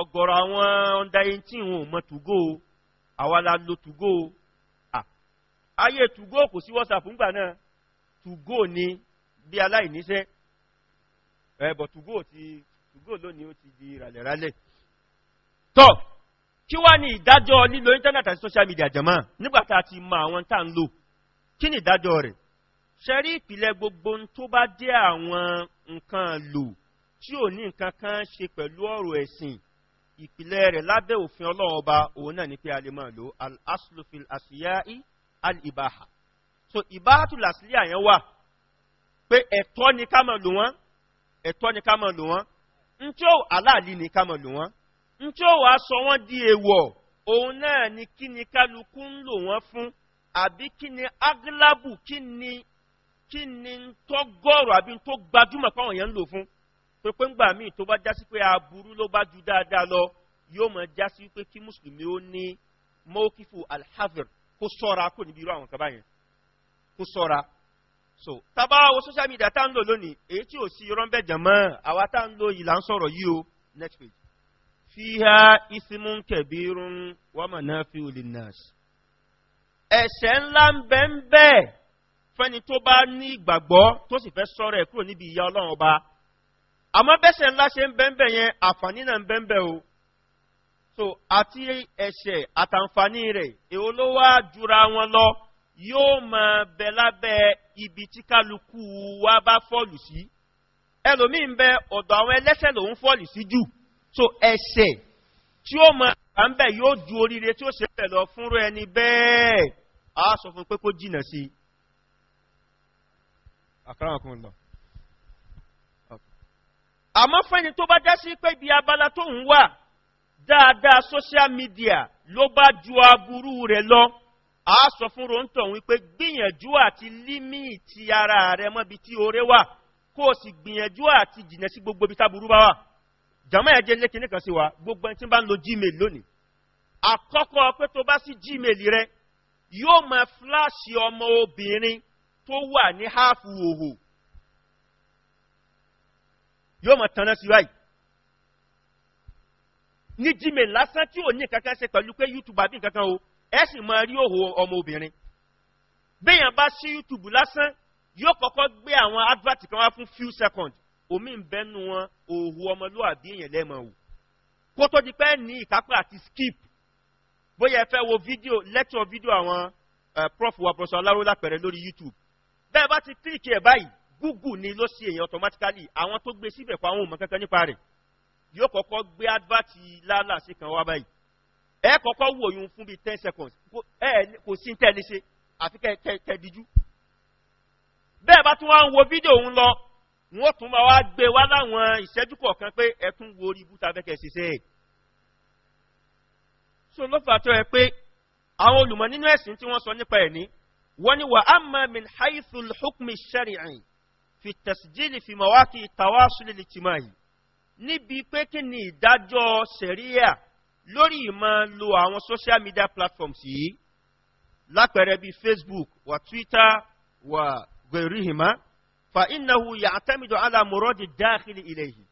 ọ̀gọ̀rọ̀ àwọn under eighteen wọn ò mọ to go àwa la lo to go ayé to go kò sí whatsapp ńgbà náà to go ni bí aláìníṣẹ́ ẹ̀bọ̀ tùgó ti tùgó lónìí ó ti di ràlẹ̀rálẹ̀ tọ́ kí wá ní ìdájọ́ lílo internet àti social media jẹ̀mọ́ nígbàtà ti mọ àwọn tá ń lò kí ni ìdájọ́ rẹ̀ ṣe rí ìpìlẹ̀ gbogbo tó bá jẹ́ àwọn nǹkan lò tí ò ní nǹkan kan ṣe pẹ̀lú ọ̀rọ̀ ẹ̀sìn ìpìlẹ̀ rẹ̀ lábẹ́ òfin ọlọ́run ọba òun náà ní pé a lè máa lò al-aslufil asiyai al-ibaha so ìbáhàtùlàsílẹ̀ àyẹ̀wà pé ẹ̀tọ́ ni ká máa lò wọ́n ẹ̀tọ́ ni ká máa lò wọ́n ntí ó aláàlí ni ká máa lò wọ́n ntí ó wàá sọ wọ́n di èèwọ̀ òun náà ni kí ni kálukú ń lò wọ́n fún àbí kí ni aglabu kí ni kí ni tó gọ́ọ̀rọ̀ àbí tó gbajúmọ̀ fáwọn èèyàn ń lò fún pé pé ńgbà míì tó bá já sí pé aburú ló bá ju dáadáa lọ yóò máa já pé kí mùsùlùmí ó ní mọ́kífù alhafir kó sọ́ra kó níbi irú àwọn kaba yẹn kó sọ́ra so tábà wo social media tá ń lò lónìí èyí tí ò sí irọ́ ń bẹ̀ jẹ̀ mọ́ àwa tá ń lo ìlà ń sọ̀rọ̀ yìí o next page fiha isimun kebirun wama na fi ulinas. ẹ̀ṣẹ̀ ńlá ń bẹ ń bẹ fẹ́ni tó bá ní ìgbàgbọ́ tó sì fẹ́ sọ̀rọ̀ ẹ̀ kúrò níbi ìyà ọlọ́run ọba àmọ́ bẹ́ṣẹ̀ ńlá ṣe ń bẹ ń bẹ yẹn àǹfààní náà ń bẹ ń bẹ o so àti ẹ̀ṣẹ̀ àtàǹfààní rẹ̀ èwo ló wá jura wọn lọ yóò máa bẹ lábẹ́ ibi tí kálukú wa bá fọ́ọ̀lù sí ẹlòmíì ń bẹ ọ̀dọ̀ àwọn ẹlẹ́sẹ̀ lòún fọ́ọ̀lù sí jù so ẹsẹ̀ tí ó máa bá ń bẹ̀ yóò ju oríire tí ó ṣe bẹ̀ lọ fúnra ẹni bẹ́ẹ̀ á sọ fún pé kó jìnà sí i. àmọ́ fẹ́ni tó bá dá sí pé ibi abala tó ń wà dáadáa social media ló bá ju aburú rẹ̀ lọ a sọ fún rontọ̀ wípé gbìyànjú àti límìtì ara rẹ mọ́bi tí oore wà kó o sì gbìyànjú àti jìnà sí gbogbo ibi táburú bá wà jàmọ́ ẹ̀jẹ̀ lékin nìkan sí wa gbogbo ẹni tí bá ń lo gmail lónìí àkọ́kọ́ pé tó bá sí gmail rẹ yóò máa fíláàṣì ọmọ obìnrin tó wà ní háàfù òhò yóò máa tanná sí báyìí ní gmail lásán tí ò ní kankan ṣe pẹ̀lú pé youtube àbí nǹkan o ẹ sì máa rí òhò ọmọbìnrin béèyàn bá sí youtube lásán yóò kọ́kọ́ gbé àwọn advert kan wá fún few seconds omi ń bẹ́nu wọn òhò ọmọlúwàbí èèyàn lẹ́mọ̀ wò kó tó di pé ní ìkápẹ́ àti skip bóyá ẹ fẹ́ wo fídíò lecture video àwọn prof wa professor aláró lápẹ̀rẹ̀ lórí youtube bẹ́ẹ̀ bá ti kílìkì ẹ̀ báyìí google ni ló ṣe èèyàn automatically àwọn tó gbé síbẹ̀ fún àwọn òmò kankan nípa rẹ̀ yóò kọ́kọ́ gbé advert lálàsí kan wá báyìí ẹ kọ́kọ́ wò yun fún bíi ten seconds ẹ kò sí tẹ́ni ṣe àfi kẹ́ẹ̀díjú bẹ́ẹ̀ bá tún wá ń wo fídíò òun lọ wọ́n tún máa wá gbé wá láwọn ìṣẹ́jú kọ̀ọ̀kan pé ẹ tún wo orí ibùta fẹ́ kẹ́ ṣiṣẹ́ ẹ̀ so ló fà tó ẹ pé àwọn olùmọ̀ nínú ẹ̀sìn tí wọ́n sọ nípa ẹ̀ ní wọ́n ní wà amma min haithul hukmi shari'i fi tasjili fi mawaki tawasul lijtimai níbi pé kí ni ìdájọ́ sẹ̀ríyà lórí ìmọ̀ lo àwọn social media platforms yìí lápẹẹrẹ bíi facebook wà twitter wà gẹ̀rìhìmá fa innahu ya'tamidu ala muradi dakhili ilayhi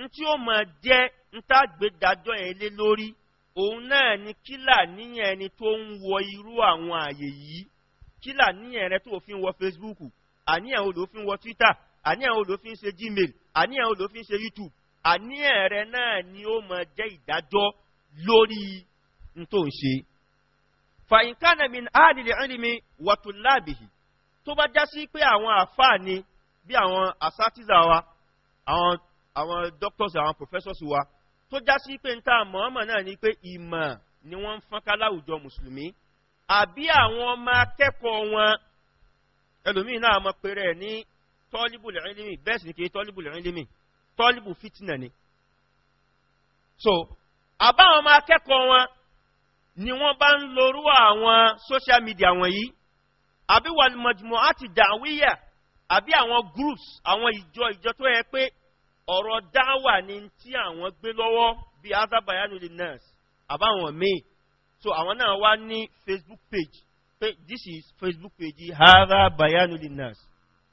ntí ó máa jẹ́ ntàgbédájọ́ ẹ̀ lé lórí òun náà ni kílà níyẹn ẹni tó ń wọ irú àwọn àyè yìí kílà níyẹn rẹ tó fi ń wọ facebook àníyàn o ló fi ń wọ twitter àníyàn o ló fi ń ṣe gmail àníyàn o ló fi ń ṣe youtube àníyàn rẹ náà ni ó máa jẹ́ ìdájọ́ lórí n tó ń ṣe. fàyínkànnà min áàdìlẹ̀ ìlmi wa tullabihi tó bá já sí pé àwọn àfáà ni bí àwọn asatiza wa àwọn àwọn doctors àwọn professors wa tó já sí pé níta mọ̀ọ́mọ̀ náà ni pé ìmọ̀ ni wọ́n ń fọ́nká láwùjọ mùsùlùmí àbí àwọn ọmọ akẹ́kọ̀ọ́ wọn ẹlòmíì náà mọ̀ pé rẹ̀ ní tọ́líbù lẹ́rìndínlẹ́mì bẹ́ẹ̀ sì ni kì í tọ́líbù lẹ́rìndínlẹ́mì tọ́líbù fìtínà ni. so àbá àwọn ọmọ akẹ́kọ̀ọ́ wọn ni wọ́n bá ń lorú àwọn social media wọ̀nyí àbí wàlúmọ̀jùmọ̀ àti dàwíyà àbí àwọn groups àwọn ìjọ ìjọ tó yẹ pé ọ̀rọ̀ dáwà ni tí àwọn gbé lọ́wọ́ bíi azabayanu the nurse àbáwọn míì so àwọn náà wá ní facebook page pé this is facebook page azabayanu the nurse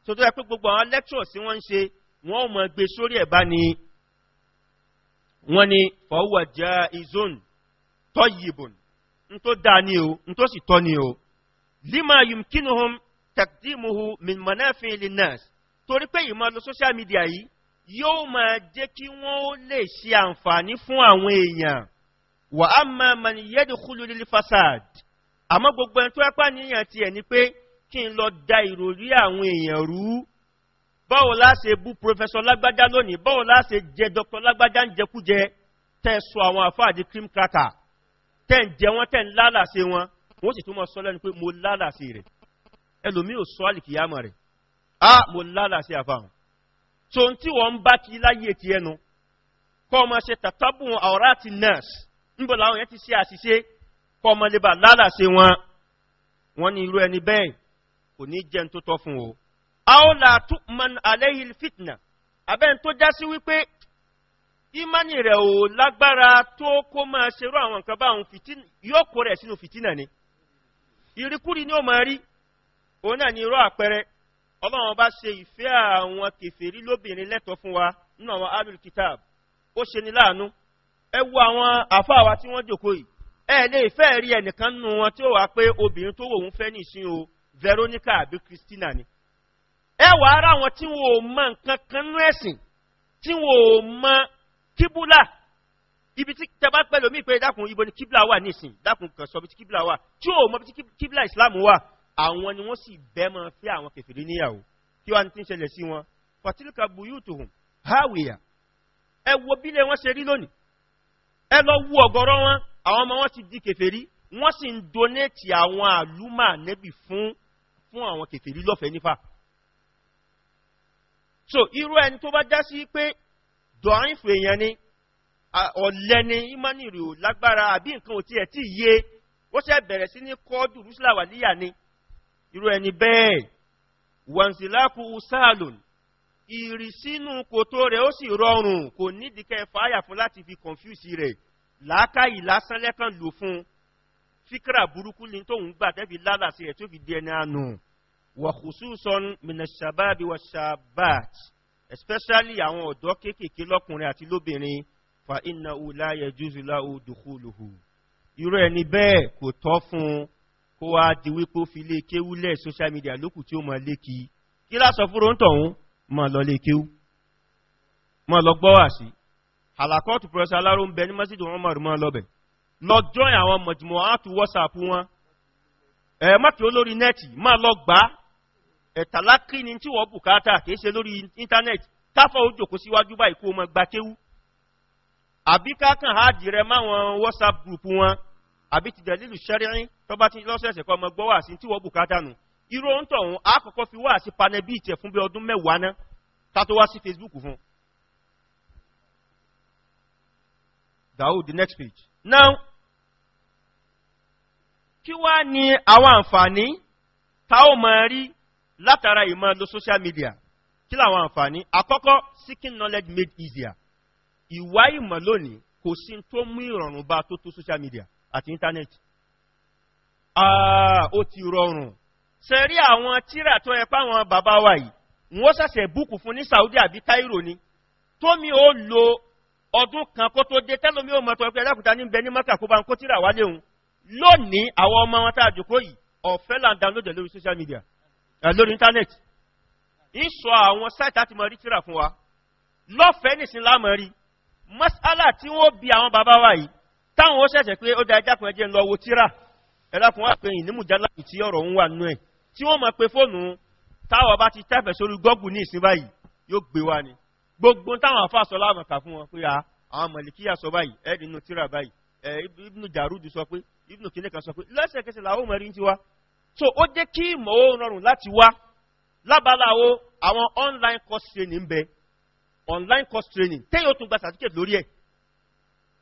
so tó yẹ pé gbogbo àwọn lectures tí wọ́n ń ṣe wọ́n ò mọ̀ gbé sórí ẹ̀ bá ní wọ́n ní fọwọ́ jẹ́ izon tọ́ yìbọn n tó dáa ní o n tó sì tọ́ ní o lima yumkinuhum takdimuhu min manafin linnas torí pé ìmọ̀ lọ social media yìí yóò máa jẹ́ kí wọ́n lè ṣe àǹfààní fún àwọn èèyàn wà á máa ma ní yẹ́dì kúlù lílí fasad àmọ́ gbogbo ẹni tó ẹ́pá níyàn tiẹ̀ ni pé kí n lọ da ìròrí àwọn èèyàn rú báwo la ṣe bú pòfẹsọ lágbájá lónìí báwo la ṣe jẹ dọkítọ lágbájá ń jẹkújẹ tẹ sọ àwọn àfáà di cream cracker tẹ ń jẹ wọn tẹ ń lálàsẹ wọn wọn sì tún mọ sọ lẹnu pé mo lálàsẹ rẹ ẹlòmíì ò sọ àlìkìyàmọ rẹ a mo lálàsẹ àfàwọn tó ń tí wọn bá kí láyé ti ẹnu kọ́ ọmọ ṣe tàtàbùn àwòrán àti nurse níbo làwọn yẹn ti ṣe àṣìṣe kọ́ ọmọ lè bá lálàsẹ wọn wọn ní irú ẹni bẹ́ẹ̀ kò ní jẹun tó tọ́ fún o aola tukman alehil fitna abẹ́ni tó já sí wípé ìmánì rẹ̀ ò lágbára tó kó máa ṣerú àwọn nǹkan báwọn fìtínà yóò kó rẹ̀ sínú fìtínà ni ìrìkúri ni ó máa rí òun náà ni irọ́ àpẹẹrẹ ọlọ́run bá ṣe ìfẹ́ àwọn kèfèrí lóbìnrin lẹ́tọ̀ọ́ fún wa nínú àwọn alul kitab ó ṣe ni láàánú ẹ wo àwọn àfáà wa tí wọ́n jòkó yìí ẹ lè fẹ́ rí ẹnìkan nínú wọn tí ó wà pé obìnrin tó wò ń fẹ́ nìṣín o Veronica àbí Christina ni ẹ wà ara wọn tí wọn ò mọ nǹkan kan nú ẹ̀sìn tí wọn ò mọ kíbúlà ibi tí tẹ́bá pẹ́ lómi pé dákun ibo ni kíbúlà wà nísìn dákun kan sọ ibi tí kíbúlà wà tí ò mọ ibi tí kíbúlà Islam wà àwọn ni wọ́n sì bẹ́ mọ fẹ́ àwọn kẹfìrí níyàwó kí wàá ní ti ń ṣẹlẹ̀ sí wọn fatilka buyutuhum hawiya ẹ wo bílẹ̀ wọn ṣe rí lónìí ẹ lọ wo ọ̀gọ̀rọ̀ wọn àwọn ọmọ wọn ti di kẹfìrí wọ́n sì ń donate àwọn àlùmọ̀ ànẹ́bì fún fún àwọn kẹfìrí lọ́fẹ̀ẹ́ nífà so irú ẹni tó bá já sí pé dọ̀ọ́rìnfò èèyàn ni ọ̀lẹ́ ni ìmánìrì ò lágbára àbí nǹkan ò tiẹ̀ tí yé ó ṣe bẹ̀rẹ̀ sí ní kọ́ dùrúsílà wà níyà ni irú ẹni bẹ́ẹ̀ wọ̀nsìláàkù sáàlùn ìrìsínú kòtò rẹ̀ ó sì rọrùn kò nídìí kẹ́ fàáyà fún láti fi kọ̀nfúsì rẹ̀ làákàyè lásán lẹ́kàn lò fún fíkra burúkú ni tóun gbà tẹ́ lálàsí rẹ̀ tó fi di ẹni àánú وخصوصا من الشباب والشابات especially àwọn ọ̀dọ́ kéékèèké lọ́kùnrin àti lóbìnrin fa iná ula yajuzu lahu dukhuluhu irú ẹni bẹ́ẹ̀ kò tọ́ fún kó wá di wípé ó fi lé kéwú lẹ̀ social media lókù tí ó máa lé kí kí lásọ fúnra ń tọ̀hún máa lọ lé kéwú máa lọ gbọ́ wá sí àlàkọ́ọ̀tù pẹ̀lú ẹ̀tàlákì ni tí wọ́n bùkátà kìí ṣe lórí íńtánẹ́ẹ̀tì káfọ́ ó jòkó síwájú báyìí kó o mọ gba àbí kákan áàdì rẹ máwọn whatsapp group wọn àbí ti dẹ̀lílù ṣẹ́rìn tó bá ti lọ́sẹ̀ẹ̀sẹ̀ kọ́ ọmọ gbọ́ wá sí tí wọ́n bùkátà nù irú ohun tọ̀hún á kọ́kọ́ fi wá sí panel bíi fún bí ọdún mẹ́wàá ná ká tó wá sí facebook fún un. the next page. Now, kí wá ni àwọn àǹfààní tá ó máa rí látara ìmọ̀ lo social media kí làwọn àǹfààní àkọ́kọ́ seeking knowledge made easier ìwá ìmọ̀ lónìí kò sí tó mú ìrọ̀rùn bá tó tó social media àti internet ah, ó ti rọrùn ṣe rí àwọn tíra tó ẹ páwọn bàbá wa yìí wọ́n ṣẹ̀ṣẹ̀ búùkù fún ní Saudi àbí Cairo ni tómi ó lo ọdún kan kó tó dé tẹ́lómi ó mọ̀ tó ẹgbẹ́ ẹ̀dákùtà ní bẹ ní mọ́kà kó bá ń kó tíra wálé òun lónìí àwọn ọmọ wọn tá a jòkó yìí ọ̀fẹ́ là ń download lórí social media Eh, lórí íńtánẹ́ẹ̀tì ń sọ àwọn sáìtì àti mọ̀rí tíra fún wa lọ́fẹ̀ẹ́ nìsín lámọ̀rí mọ́sálà tí wọ́n bi àwọn bàbá wa yìí táwọn ó ṣẹ̀ṣẹ̀ pé ó da ẹja kan ẹjẹ́ ń lọ wo tíra ẹ̀dàkùn wà pé ìnímùjálá ìtí ọ̀rọ̀ ń wà nú ẹ̀ tí wọ́n mọ̀ pé fóònù táwọn bá ti tẹ́fẹ̀ sórí gọ́gù ní ìsìn báyìí yóò gbé wa ni gbogbo táwọn afá sọ láwọn kà fún wọn pé eh, ibnu jarudu sọ pé sọ pé lẹ́sẹ̀kẹsẹ̀ làwọn mọ̀rí ń tiwa so ó jẹ́ kí ìmọ̀ ó rọrùn láti wá lábàláwo àwọn online course training ń bẹ online course training téyìn ó tún gba certificate lórí ẹ̀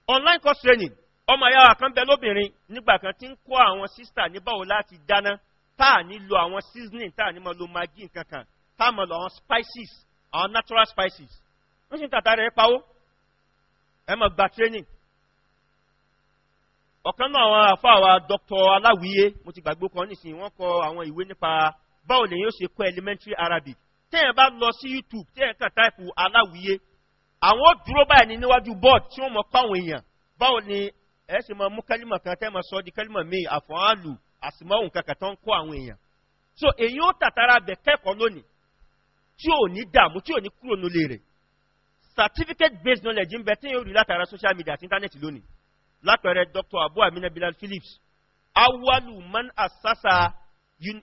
online course training ọmọ ayáwa kan bẹ lóbìnrin nígbà kan tí ń kó àwọn sísítà ní báwo láti dáná tá à ní lo àwọn seasoning tá à ní máa lo maggi nǹkan tá à máa lo àwọn spices àwọn natural spices wọ́n sì ń tàtà rẹ̀ pawó ẹ máa gba training ọ̀kan náà àwọn àfáà wa dr aláwíyé mo ti gbàgbé kan nísìnyí wọ́n kọ àwọn ìwé nípa báwo lèyìn ó ṣe kọ́ elementary arabic tẹ́yìn bá lọ sí youtube tẹ́yìn kan táìpù aláwíyé àwọn ó dúró báyìí ní níwájú board tí wọ́n mọ̀ kọ́ àwọn èèyàn báwo ni ẹ ṣe máa mú kálímà kan tẹ́ máa sọ di kálímà míì àfọ̀hánlù àsìmọ́hùn kankan tó ń kọ́ àwọn èèyàn so èyí ó tàtàrà bẹ̀ kẹ́kọ̀ọ́ lónìí tí ò ní dààmú tí ò ní kúrò nílé rẹ̀ certificate based knowledge ń bẹ tẹ́yìn ó rí látara social media àti íńtánẹ́ẹ̀tì lónìí lápẹẹrẹ dr abu amina bilal phillips awalu man asasa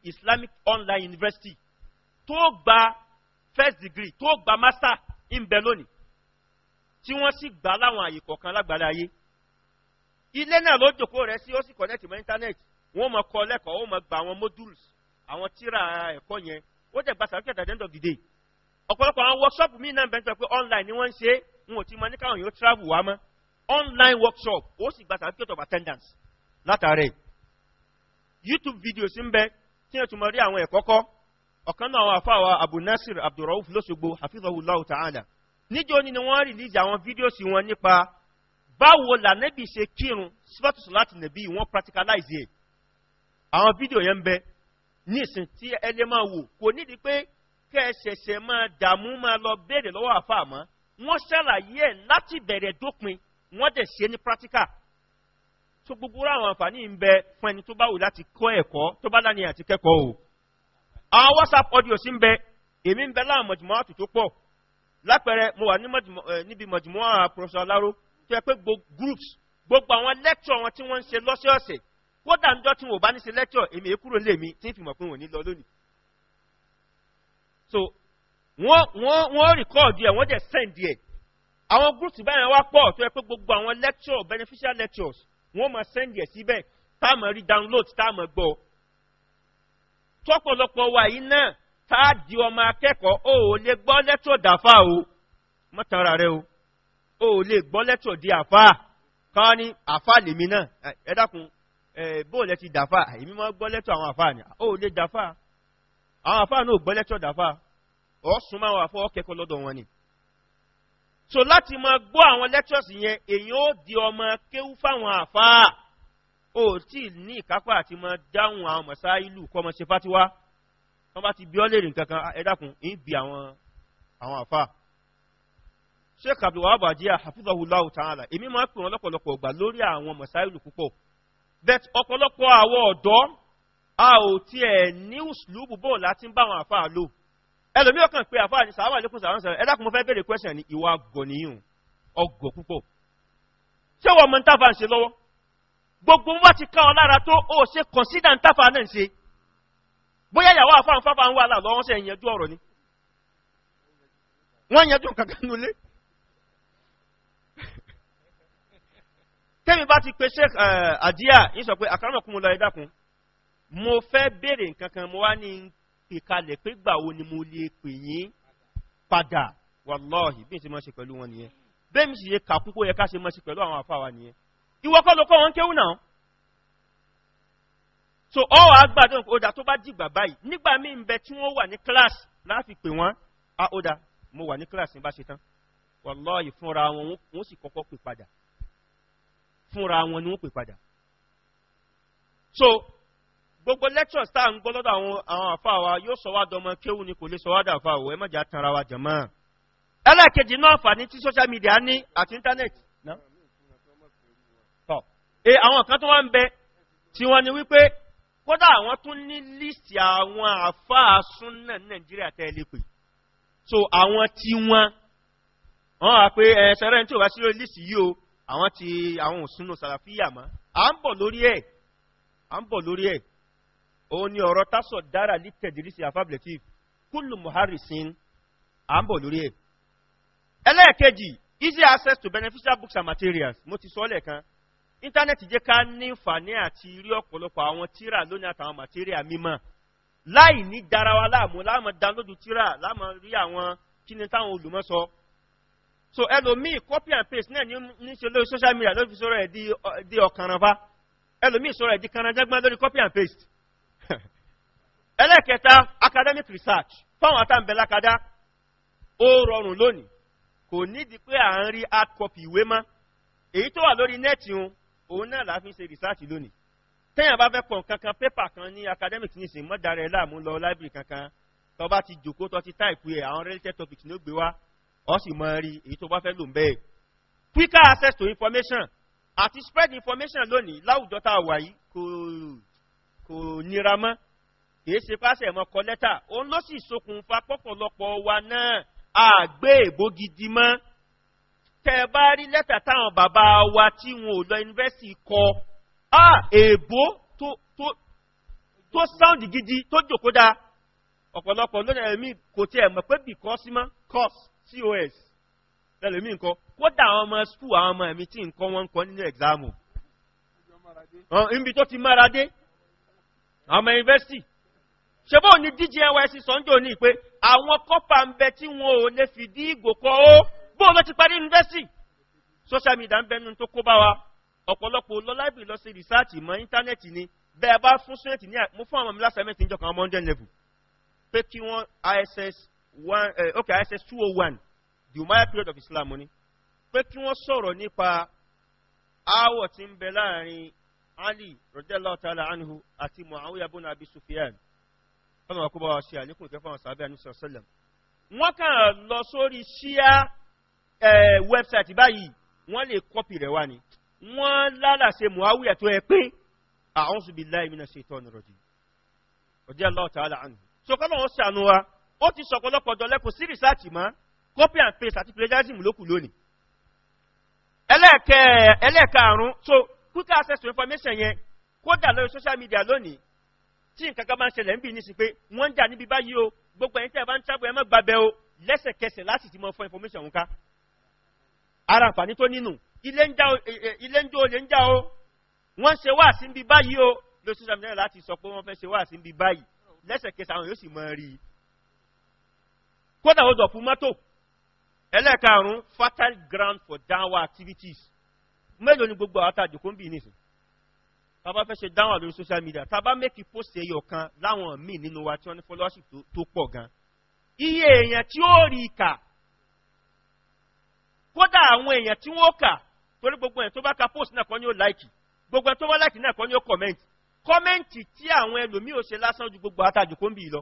islamic online university tó gba first degree tó gba master ń bẹ lónìí tí wọ́n sì gbà láwọn àyè kọ̀ọ̀kan lágbàlá ayé ilé náà ló jòkó rẹ̀ sí ó sì connect mọ́ internet wọ́n mọ̀ kọ́ lẹ́kọ̀ọ́ wọ́n mọ̀ gba àwọn modules àwọn tíra ẹ̀kọ́ yẹn ó dẹ̀ gba certificate at the end of the day ọ̀pọ̀lọpọ̀ àwọn workshop míì náà bẹ́ẹ̀ pé online ni wọ́n ń ṣe wọn ò ti mọ ní káwọn yóò travel wá mọ́ online workshop ó sì gba certificate of attendance látàrí youtube videos ń bẹ tí ẹ tún mọ rí àwọn ẹ̀kọ́ ọ̀kan náà àwọn àfáwà abu nasir abdulrauf lọ́sọ̀gbọ̀ hafizahullahu ta'ala níjọ́ ni wọ́n release àwọn videos wọn nípa báwo lànẹ́bì ṣe kírun sífàtúsù láti nẹ̀bí wọ́n practicalize ẹ̀ e. àwọn fídíò yẹn ń bẹ nísìn tí ẹlẹ́ máa wò kò nídìí pé kẹ́ẹ̀ṣẹ̀ṣẹ̀ máa dààmú máa lọ béèrè lọ́wọ́ àfàmọ́ wọ́n ṣàlàyé ẹ̀ láti bẹ̀rẹ̀ dópin wọ́n dẹ̀ ṣe ní practical tó gbogbo àwọn àǹfààní ń bẹ fún ẹni tó bá wù láti kọ́ ẹ̀kọ́ tó bá láni àti kẹ́kọ̀ọ́ o àwọn whatsapp audio sí ń bẹ èmi ń bẹ láwọn mọ̀jùmọ́ àtò tó pọ̀ lápẹẹrẹ mo wà eh, níbi mọ̀jùmọ́ àwọn ah, professor aláró tó yẹ pé groups gbogbo àwọn lecture wọn tí wọ́n ń ṣe lọ́sọ̀ọ̀sẹ̀ kódà ń jọ́ tí wọn ò bá ní ṣe lecture èmi èé kúrò lé mi tí ń fi mọ̀ pé wọn ò ní lọ lónìí so wọ́n wọ́n wọ́n rìkọ́ọ̀dù ẹ̀ wọ́n dẹ̀ sẹ́ǹdì ẹ̀ àwọn groups báyìí wá pọ̀ tó yẹ pé gbogbo àwọn lecture beneficial lectures wọ́n máa send yẹ̀ síbẹ̀ tá a máa rí download tá a máa gbọ́ tọ́pọ̀lọpọ̀ wà yìí náà tá a di ọmọ akẹ́kọ̀ọ́ o ò lè gbọ́ lecture dàfà o mọ́tara rẹ o o ò lè gbọ́ lecture di àfà káwọn ní àfà lèmi náà ẹ dákun bóò lẹ ti dàfà èmi máa gbọ́ lecture àwọn àfà ni o ò lè dàfà àwọn àfà náà ò gbọ́ lecture dàfà ọ̀ súnmọ́ àwọn àfọ ọ̀kẹ́kọ̀ọ́ lọ́dọ̀ wọn ni so láti máa gbọ́ àwọn lectures yẹn èyàn ó di ọmọ kéwú fáwọn àfáà ó tí ní ìkápá àti máa dáhùn àwọn mọ̀sá ìlú kọ́ ọmọ ṣe fátiwá wọ́n bá ti bí ọ́ léèrè nǹkan kan ẹ dákun ń bi àwọn àwọn àfáà sheikh abdulwahab ajiya hafizahullahu ta'ala èmi máa ń pè wọn lọ́pọ̀lọpọ̀ ọgbà lórí àwọn mọ̀sá ìlú púpọ̀ bẹ́ẹ̀ ọ̀pọ̀lọpọ̀ àwọn ọ̀dọ́ a ò tiẹ̀ ní ùsùlùbù bọ́ọ̀ láti bá àwọn àfáà lò ẹlòmí ọkàn pé àfáà ní sàárà lékún sàárà sàárà ẹ̀dá kún mo fẹ́ bèèrè question ní ìwà ọgọ̀ nìyún ọgọ̀ púpọ̀ ṣé wọ́n mọ ntàfà ń ṣe lọ́wọ́ gbogbo wọn ti ká ọ lára tó o ṣe consider ntàfà náà ń ṣe bóyá ìyàwó àfáà ń fáfà ń wà láàlọ́ wọ́n ṣe ìyẹnjú ọ̀rọ̀ ni wọ́n yẹnjú kankan nulẹ̀ tẹ́mi bá ti pe sheikh eh, àdíyà ń sọ pé àkàràmọ̀kùn mo lọ ẹ̀dá kun mo fẹ́ bèèrè nǹkan kan mo wá pè kalẹ̀ pé gbà wo ni mo lè pè yín padà wàlọ́ọ̀hì bí n ṣe máa ṣe pẹ̀lú wọn nìyẹn bẹ́ẹ̀ mi sì ṣe kàkún kó yẹ ká ṣe máa ṣe pẹ̀lú àwọn àfáà wa nìyẹn ìwọ wọn kéwù náà so ọ wàá gbàdúrà ọ̀dà tó bá dìgbà báyìí nígbà míì ń bẹ tí wọ́n wà ní kíláàsì láti pè wọ́n a ah, ọ̀dà mo wà ní kíláàsì bá ṣe tán wàlọ́ọ̀hì fúnra wọn wọ́n sì kọ́kọ́ pè padà fúnra wọn ni wọ́n pè padà so gbogbo lectures tá à ń gbọ́ lọ́dọ̀ àwọn àwọn àfa wa yóò sọ wá dọmọ kéwù ni kò lè sọ wá dà fa o ẹ má jà tanra wa ẹlẹ́ẹ̀kejì náà àǹfààní tí social media ní àti internet. ẹ àwọn kan tó wá ń bẹ tí wọ́n ní wípé kódà àwọn tún ní líìsì àwọn àfa súnà nàìjíríà tẹ́ ẹ lè pè so àwọn tí wọ́n wọ́n wà pé ẹ sẹ́rẹ́ tí ò bá sí lórí líìsì yìí o àwọn ti àwọn òsúnù ó ní ọ̀rọ̀ tásọ̀ dára lítẹ̀dìrísì àfábìlẹ̀tì kúlù muharisin à ń bọ̀ lórí ẹ̀. ẹlẹ́ẹ̀kejì easy access to beneficial books and materials mo ti sọ lẹ́ẹ̀kan íńtánẹ́ẹ̀tì jẹ́ ká ní ìfàní àti rí ọ̀pọ̀lọpọ̀ àwọn tíra lónìí àtàwọn material mímọ́ láì ní dára wa láàmú láàmú dánlódù tíra láàmú rí àwọn kíni táwọn olùmọ̀ so ẹlòmíì copy and paste náà ní ṣe lórí social media ló fi sọ̀rọ̀ ẹ̀ di ọ̀kànrànfà ẹlòmíì sọ̀rọ̀ ẹ̀ di kànrànjẹ́gbọ́n lórí copy and paste ẹlẹ́kẹta academic research fáwọn àtàǹbẹ̀lákadá ó rọrùn lónìí kò nídìí pé à ń rí hard copy ìwé mọ́ èyí tó wà lórí nẹ́ẹ̀tì un òun náà la ṣe research lónìí téèyàn bá fẹ́ pọ̀ kankan pépà kan ní academic ní ìsìn mọ́dàrẹ́ láàmú lọ library kankan tó bá ti jòkó tó ti táìpù ẹ̀ àwọn related topics ní ó gbé wá ó sì mọ rí èyí tó bá fẹ́ lò bẹ́ẹ̀. quicker access to information àti spread information lónìí láwùjọ tá a wà yìí kò nira mọ́ kìí ṣe pàṣẹ mọ́ kọ lẹ́tà òun ló sì ṣokùnfà pọ̀pọ̀lọpọ̀ wa náà àgbé èbó gidi mọ́ tẹ́ ẹ bá rí lẹ́tà táwọn bàbá wa tí wọn ò lọ yunifásitì kọ á èbó tó tó tó sáùndì gidi tó jòkó dáa ọ̀pọ̀lọpọ̀ lónìí ẹ̀mí kò tiẹ̀ mọ̀ pé bìkọ́ sí mọ́ cos cos lẹ́lẹ̀mí nǹkan kódà àwọn ọmọ skul àwọn ọmọ ẹ̀mí tí nǹkan wọn ń kọ nínú ẹ̀gzámù níbi tó ti máradé àwọn ọmọ yunifásitì ṣe ni ní dgns sọ́njò ní pé àwọn kọ́pà ń bẹ tí wọn ò lè fi dí ìgò kọ́ ó bóò ló ti parí yunifásitì social media ń bẹnu tó kó bá wa ọ̀pọ̀lọpọ̀ lọ láìpẹ́ lọ sí rìsáàtì mọ́ íńtánẹ́ẹ̀tì ni bẹ́ẹ̀ bá fún sẹ́ẹ̀tì ní mo fún àwọn mílíọ̀sẹ̀ mẹ́tì níjọ ọmọ hundred level pé kí wọ́n iss one eh, okay iss two oh one the umayyad period of islam ni pé kí wọ́n sọ̀rọ̀ nípa aáwọ̀ tí ń bẹ láàrin ali rọ̀dẹ́lá ọ̀tàlá anhu àti muawiya bọ́nà abi sufiyan ọlọ́run kó bá wa ṣe àlékún ìfẹ́ fáwọn sàábẹ́ àníṣe ọ̀sẹ̀lẹ̀ wọ́n kàn lọ sórí ṣíà wẹ́bsáìtì báyìí wọ́n lè kọ́pì rẹ̀ wá ni wọ́n lálàṣe muawiya tó ẹ pé a'udhu billahi minash shaitani rajim ọjọ́ Allah ta'ala anhu sọkọ́lọ́ wọn ṣàánú wa ó ti sọ̀kọ́lọ́pọ̀ dọ́lẹ́ kò sí rìsáàtì mọ́ copy and paste àti plagiarism ló kù lónìí ẹlẹ́ẹ̀kẹ́ ẹlẹ́ẹ̀karùn-ún so quick access to information yẹn kódà lórí social media lónìí tí nǹkan kan bá ń ṣẹlẹ̀ ń bì ní sí pé wọ́n ń jà níbi báyìí o gbogbo ẹ̀yin tí ẹ bá ń travel ẹ má gbàbẹ o lẹ́sẹ̀kẹsẹ̀ láti ti mọ fún information ká ara àǹfààní tó nínú ilé ń e, e, jó olè ń já o wọ́n ṣe wá sí ibi báyìí o ló social media láti sọ pé wọ́n fẹ́ ṣe wá sí ibi báyìí lẹ́sẹ̀kẹsẹ̀ àwọn yóò sì mọ rí i kódà ó dọ̀pù mọ́tò ẹlẹ́ẹ̀karùn-ún fertile ground for downward activities mélòó ni gbogbo àwọn àtàjò kò ń bì nísìn tá bá fẹ́ ṣe dáhùn lórí social media tá bá mẹ́kì post ẹyọ kan láwọn míì nínú wa tí wọ́n ní followership tó pọ̀ gan iye èèyàn tí ó rí kà kódà àwọn èèyàn tí wọ́n kà torí gbogbo ẹ̀ tó bá ka post náà kọ́ ni ó láìkì gbogbo ẹ̀ tó bá láìkì náà kọ́ ni ó kọ̀mẹ́ǹtì kọ́mẹ́ǹtì tí àwọn ẹlòmíì ò ṣe lásán ju gbogbo àtàjù kó ń bì lọ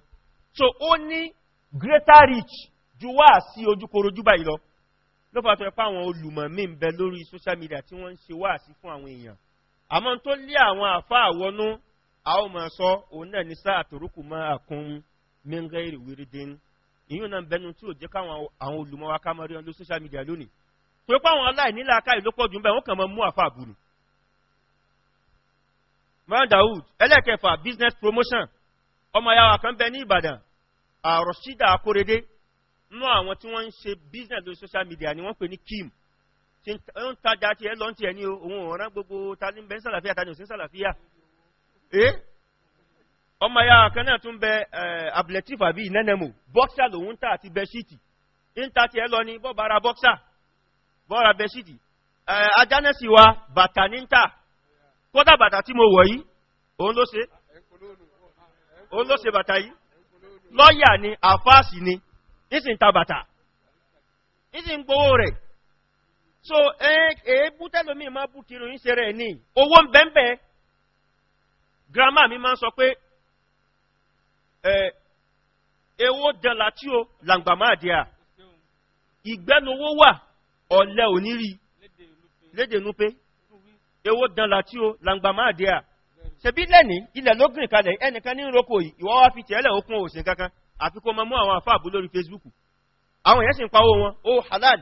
so ó ní greater reach ju wá sí ojúkorojú báyìí lọ ló fà tó ẹ pa olùmọ̀ mí ń bẹ lórí social media tí wọ́n ń ṣe wá sí fún àwọn èèyàn àmọ́ tó lé àwọn àfa àwọnú àwọn máa sọ òun náà ní sáà àtòrúkù máa kún mẹ́ngẹ́rì wírídìn ìyún náà bẹnu tí ò jẹ́ káwọn àwọn olùmọ̀wá ká ọ́n ló social media lónìí pé páwọn aláìní làákàyè ló pọ̀ jù ń bẹ̀ wọ́n kàn máa mú àfa àbùnù. mọ́n ẹlẹ́kẹfà business promotion ọmọ yàrá kan bẹ ní ìbàdàn àròsídà akóredé nú àwọn tí wọ́n ń ṣe business lórí social media ni wọ́n pè ní kim ń tajà tí ẹ lọ ti ẹ ní òun ọ̀rán gbogbo ta ní bẹ́ ń sàlàfíà ta ní òsín sàlàfíà ẹ́ ọmọ ya kan náà tún bẹ abletif àbí nẹ́nẹ̀mù bọ́ksà lòun tà àti bẹ́ṣíìtì ń ta tí ẹ lọ ní bọ́ba ara bọ́ksà bọ́ra bẹ́ṣíìtì ajánẹ́sì wa bàtà ní ń kódà bàtà tí mo wọ̀ yìí òun ló ṣe òun ló ṣe bàtà yìí lọ́ọ̀yà ni àfáàsì ni ìsìn ta bàtà ìsìn gbowó rẹ̀ so èébú tẹ́lómi máa bú kiri ń ṣe rẹ̀ ní owó ń bẹ́ńbẹ́ grandma mi máa ń sọ pé èwo dẹ̀là tí o làǹgbà máa dẹ̀ à ìgbẹ́nuwó wà ọ̀lẹ́ òníri léde núpé èwo dẹ̀là tí o làǹgbà máa dẹ̀ à ṣebí lẹ́ni ilẹ̀ ló gìn kalẹ̀ ẹnìkan ní roko yìí ìwọ́ wá fi tẹ̀lẹ̀ okun òsìn kankan àfi kó máa mú àwọn àfáàbù lórí Facebook àwọn èèyàn sì ń pawó wọn ó halal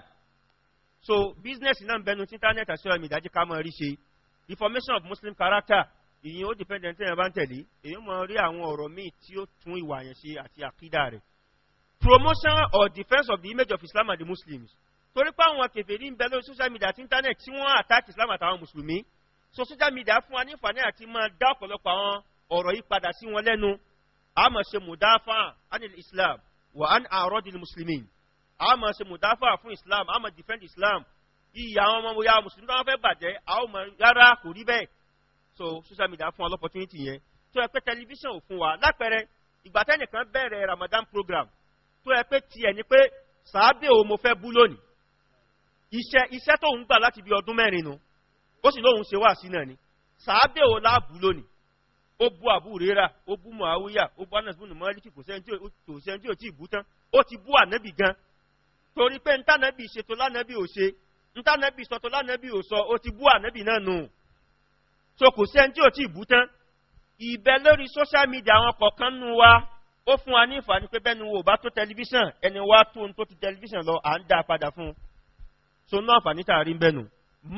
so business náà ń bẹnu sí internet àti social media jẹ́ ká mọ̀ rí ṣe information of muslim character ìyẹn ó dependent tẹ́yìn bá ń tẹ̀lé èyí mọ̀ rí àwọn ọ̀rọ̀ míì tí ó tún ìwà yẹn ṣe àti àkídà rẹ̀ promotion or defence of the image of islam and the muslims torí pé àwọn kèfèrí ń bẹ lórí social media àti internet tí wọ́n attack islam àtàwọn mùsùlùmí so social media fún wa ní ìfàní àti máa dá ọ̀pọ̀lọpọ̀ àwọn ọ̀rọ̀ yìí padà sí wọn lẹ́nu àmọ̀ ṣe mùdáfà anil islam wa an àrọ́dìl muslimin a máa ṣe mùdáfà fún islam a máa defend islam iyì àwọn ọmọ ya mùsùlùmí tó wọn fẹ́ bàjẹ́ a ó mọ rárá kò rí bẹ́ẹ̀ so social media fún ọ lọ́pọ̀tunity yẹn tó yẹ pé tẹlifíṣàn ò fún wa lápẹẹrẹ ìgbà tẹ́nìkan bẹ̀rẹ̀ ramadan program tó yẹ pé tiẹ̀ ni pé sàábẹ̀ o mo fẹ́ bú lónìí iṣẹ́ iṣẹ́ tó ń gbà láti bí ọdún mẹ́rin nu ó sì lóun ṣe wá sí náà ni sàábẹ̀ o láàbù lónìí ó bú àbú rírà ó bú muawiya ó bú anas bùnú kò sẹ́ni ò tí ì bú tán ó ti bú ànábì gan-an torí pé ntánẹ́bì ṣètò lánẹ́bì ò ṣe ntánẹ́bì sọ̀tò lánẹ́bì ò sọ ó ti bú ànẹ́bì náà nù so kò sẹ́ni tí ò tí ì bú tán ìbẹ lórí social media àwọn kọ̀ọ̀kan nù wa ó fún wa ní ìfàní pé bẹ́ẹ̀ ni wo bá tó tẹlifíṣàn ẹni wá tó ń tó ti tẹlifíṣàn lọ à ń dá a padà fún un so náà àǹfààní tá a rí bẹ́ẹ̀ nù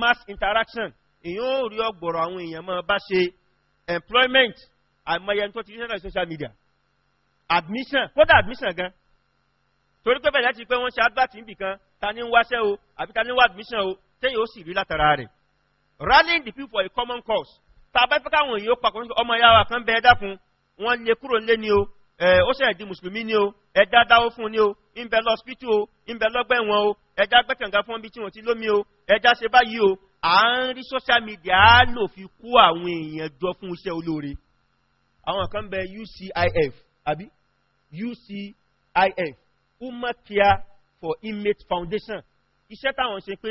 mass interaction èèyàn ò rí ọgbọ̀rọ̀ àwọn èèyàn máa bá ṣe employment àmọye tó ti rí sẹ́lẹ̀ social media admission kódà admission gan torí pé bẹ́ẹ̀ láti pé wọ́n ṣe advert níbì kan ta ni ń wáṣẹ́ o àbí ta ni ń wá admission o téyìn ó sì rí látara rẹ̀ rallying the people for a common cause tá a bá fẹ́ káwọn èèyàn papọ̀ nípa ọmọ ìyá wa kan bẹ́ẹ̀ dákun wọ́n lé kúrò nílé ni o ó ṣe ẹ̀dín mùsùlùmí ni o ẹ̀dá dáwó fún ni o ń bẹ lọ hospital o ń bẹ lọ́gbẹ́ wọn o ẹ̀dá gbẹ̀kànga fún ibi tí wọ́n ti lómi o ẹ̀dá ṣe báyìí o à ń rí social media á lò fi kó àwọn èèyàn jọ fún iṣẹ́ olóore àwọn kan bẹ UCIF àbí UCIF Umar Care for Inmate Foundation iṣẹ́ táwọn ṣe pé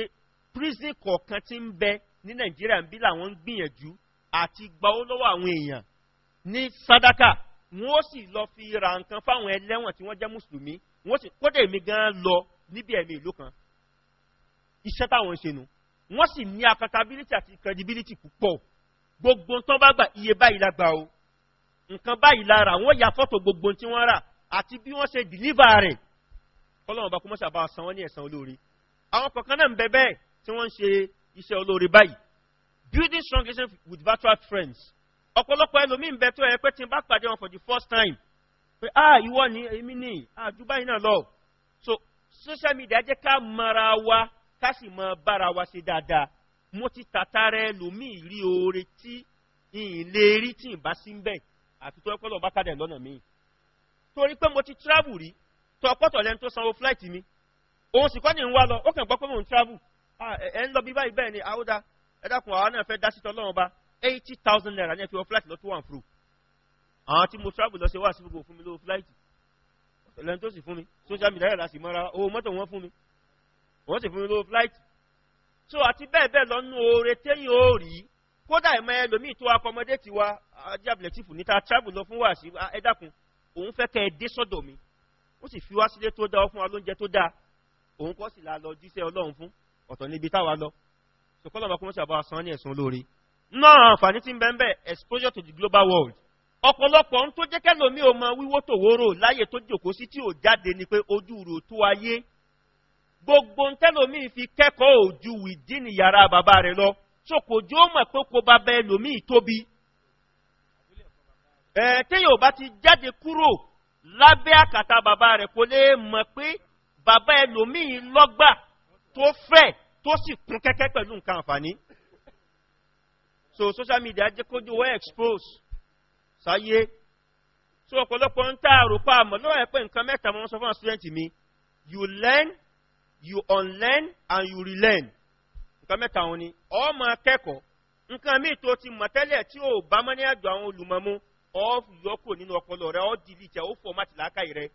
prison kọ̀ọ̀kan ti ń bẹ ní Nàìjíríà ń bí làwọn ń gbìyànjú àti gba owó lọ́wọ́ àwọn èèyàn ní sádàkà wọ́n ó sì lọ fi ra nǹkan fáwọn ẹlẹ́wọ̀n tí wọ́n jẹ́ mùsùlùmí wọ́n sì kódà èmi gan lọ níbi ẹ̀mí ìlú kan iṣẹ́ táwọn ṣe nu wọ́n sì ní accountability àti credibility púpọ̀ gbogbo tán bá gbà iye báyìí la gbà o nǹkan báyìí lára wọ́n ya fọ́tò gbogbo tí wọ́n rà àti bí wọ́n ṣe deliver rẹ̀ kọ́lọ́wọ́n bá kó mọ́ṣà bá san wọ́n ní ẹ̀san olóore àwọn kọ̀ọ̀kan náà ń bẹ bẹ́ẹ̀ tí wọ́n ń ṣe iṣẹ́ olóore báyìí building strong relations with virtual friends ọ̀pọ̀lọpọ̀ ẹlòmíín bẹ tó ẹ pé tí n bá pàdé wọn for the first time pé ah ìwọ ni èmi ni ah Dubai náà lọ so social media jẹ́ ká mara wa ká sì mọ bára wa ṣe dáadáa mo ti tàtà rẹ lòmíì rí oore tí ìyìn lè rí tí ìbá sí ń bẹ̀ àti tó ẹkọ́ lọ́ọ́ bá kádẹ̀ lọ́nà míì torí pé mo ti travel rí tọpọ́tọ̀ lẹ́nu tó sanwó flight mi òun sì kọ́ ní ń wá lọ ó kàn gbọ́ pé mò ń travel ẹ ń lọ bí báyìí bẹ́ẹ̀ ni àwòdà ẹ dákun àwa náà fẹ́ dá sí tọ́lọ́run ba eighty thousand naira ní ẹ fi wọ flight lọ tó wà ń fúru àwọn tí mo travel lọ ṣe wá sí gbogbo fún mi lówó flight lẹ́nu tó sì fún mi social media yàrá sì mọ́ra owó mọ́tò wọn fún mi wọ́n sì fún mi lówó flight so àti bẹ́ẹ̀ bẹ́ẹ̀ lọ nú oore téyìn ó rí kódà ẹ̀mọ ẹlòmíì tó accommodate wa ajábìlẹ̀ tìfù níta travel lọ fún wàásù ẹ dákun òun fẹ́ kẹ́ ẹ dé sọ́dọ̀ mi ó sì fi wá sílé tó dáa fún wa lóúnjẹ tó dáa òun kọ́ sì la lọ jíṣẹ́ ọlọ́run fún ọ̀tọ̀ níbi táwa lọ sọkọ́ lọ́mọ kọ́mọ́sí àbá san ní ẹ̀sùn olóore náà àǹfààní ti ń bẹ́ẹ̀ bẹ́ẹ̀ exposure to the global world ọ̀pọ̀lọpọ̀ ń tó jẹ́kẹ́ lómi ò mọ wíwó tòwóró láyè tó jòkó sí tí ò jáde ni pé ojú rò tó ayé fi kẹ́kọ̀ọ́ òjú wìdíìnì yàrá bàbá rẹ̀ lọ sòkòjú ó mọ̀ pé kó bàbá ẹlòmíì tóbi ẹ̀ téèyàn ò bá ti jáde kúrò lábẹ́ àkàtà bàbá rẹ̀ kò lè mọ̀ pé bàbá ẹlòmíì lọ́gbà tó fẹ̀ tó sì kún kẹ́kẹ́ pẹ̀lú nǹkan àǹfààní so social media jẹ́ kójú wọ́n expose sáyé so ọ̀pọ̀lọpọ̀ ń tá àròpá àmọ́ lọ́wọ́ ẹ̀ pé nǹkan mẹ́ta mọ́ sọ fún student mi you learn you unlearn and you relearn nǹkan mẹ́ta wọn ni ọmọ akẹ́kọ̀ọ́ nǹkan míì tó ti mọ̀ tẹ́lẹ̀ tí ò bá mọ́ ní àjọ àwọn olùmọ̀mú ọ yọkùn nínú ọpọlọ rẹ ọ dìlítẹ ó fọmátì làákàyè rẹ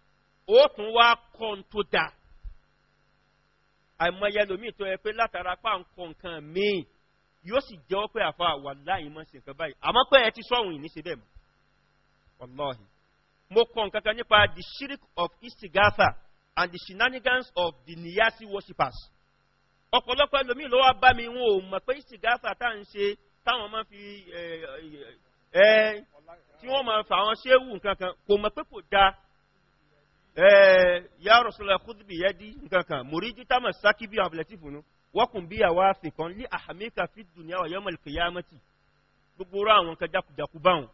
ó tún wá kọ́ ń tó dà àìmọye lomi tó yẹ pé látara pa nǹkan nǹkan míì yóò sì jẹ́wọ́ pé àfa wà láyìn mọ́ sí nǹkan báyìí àmọ́ pé ẹ ti sọ̀hún ìní síbẹ̀ mọ́ wàláhì mo kọ́ nǹkan kan nípa the shirik of istigatha and the shenanigans of the niyasi worshippers ọ̀pọ̀lọpọ̀ lomi ló wá bá mi wọn ò mọ̀ pé istigatha tá à ń ṣe táwọn máa fi eh, eh, ẹ tí wọ́n máa fa àwọn ṣéwù nǹkan kan kò mọ̀ pé kò da ẹ ya Rasulullah khudbi yadi nǹkan kan muriji táwọn sákì bí abúlẹ̀tì fún un wọ́n kùn bí àwa fìkan lé àhàmíkà fi dunya wa yawmal qiyamati gbogbo rọ àwọn nǹkan jákujàku báwọn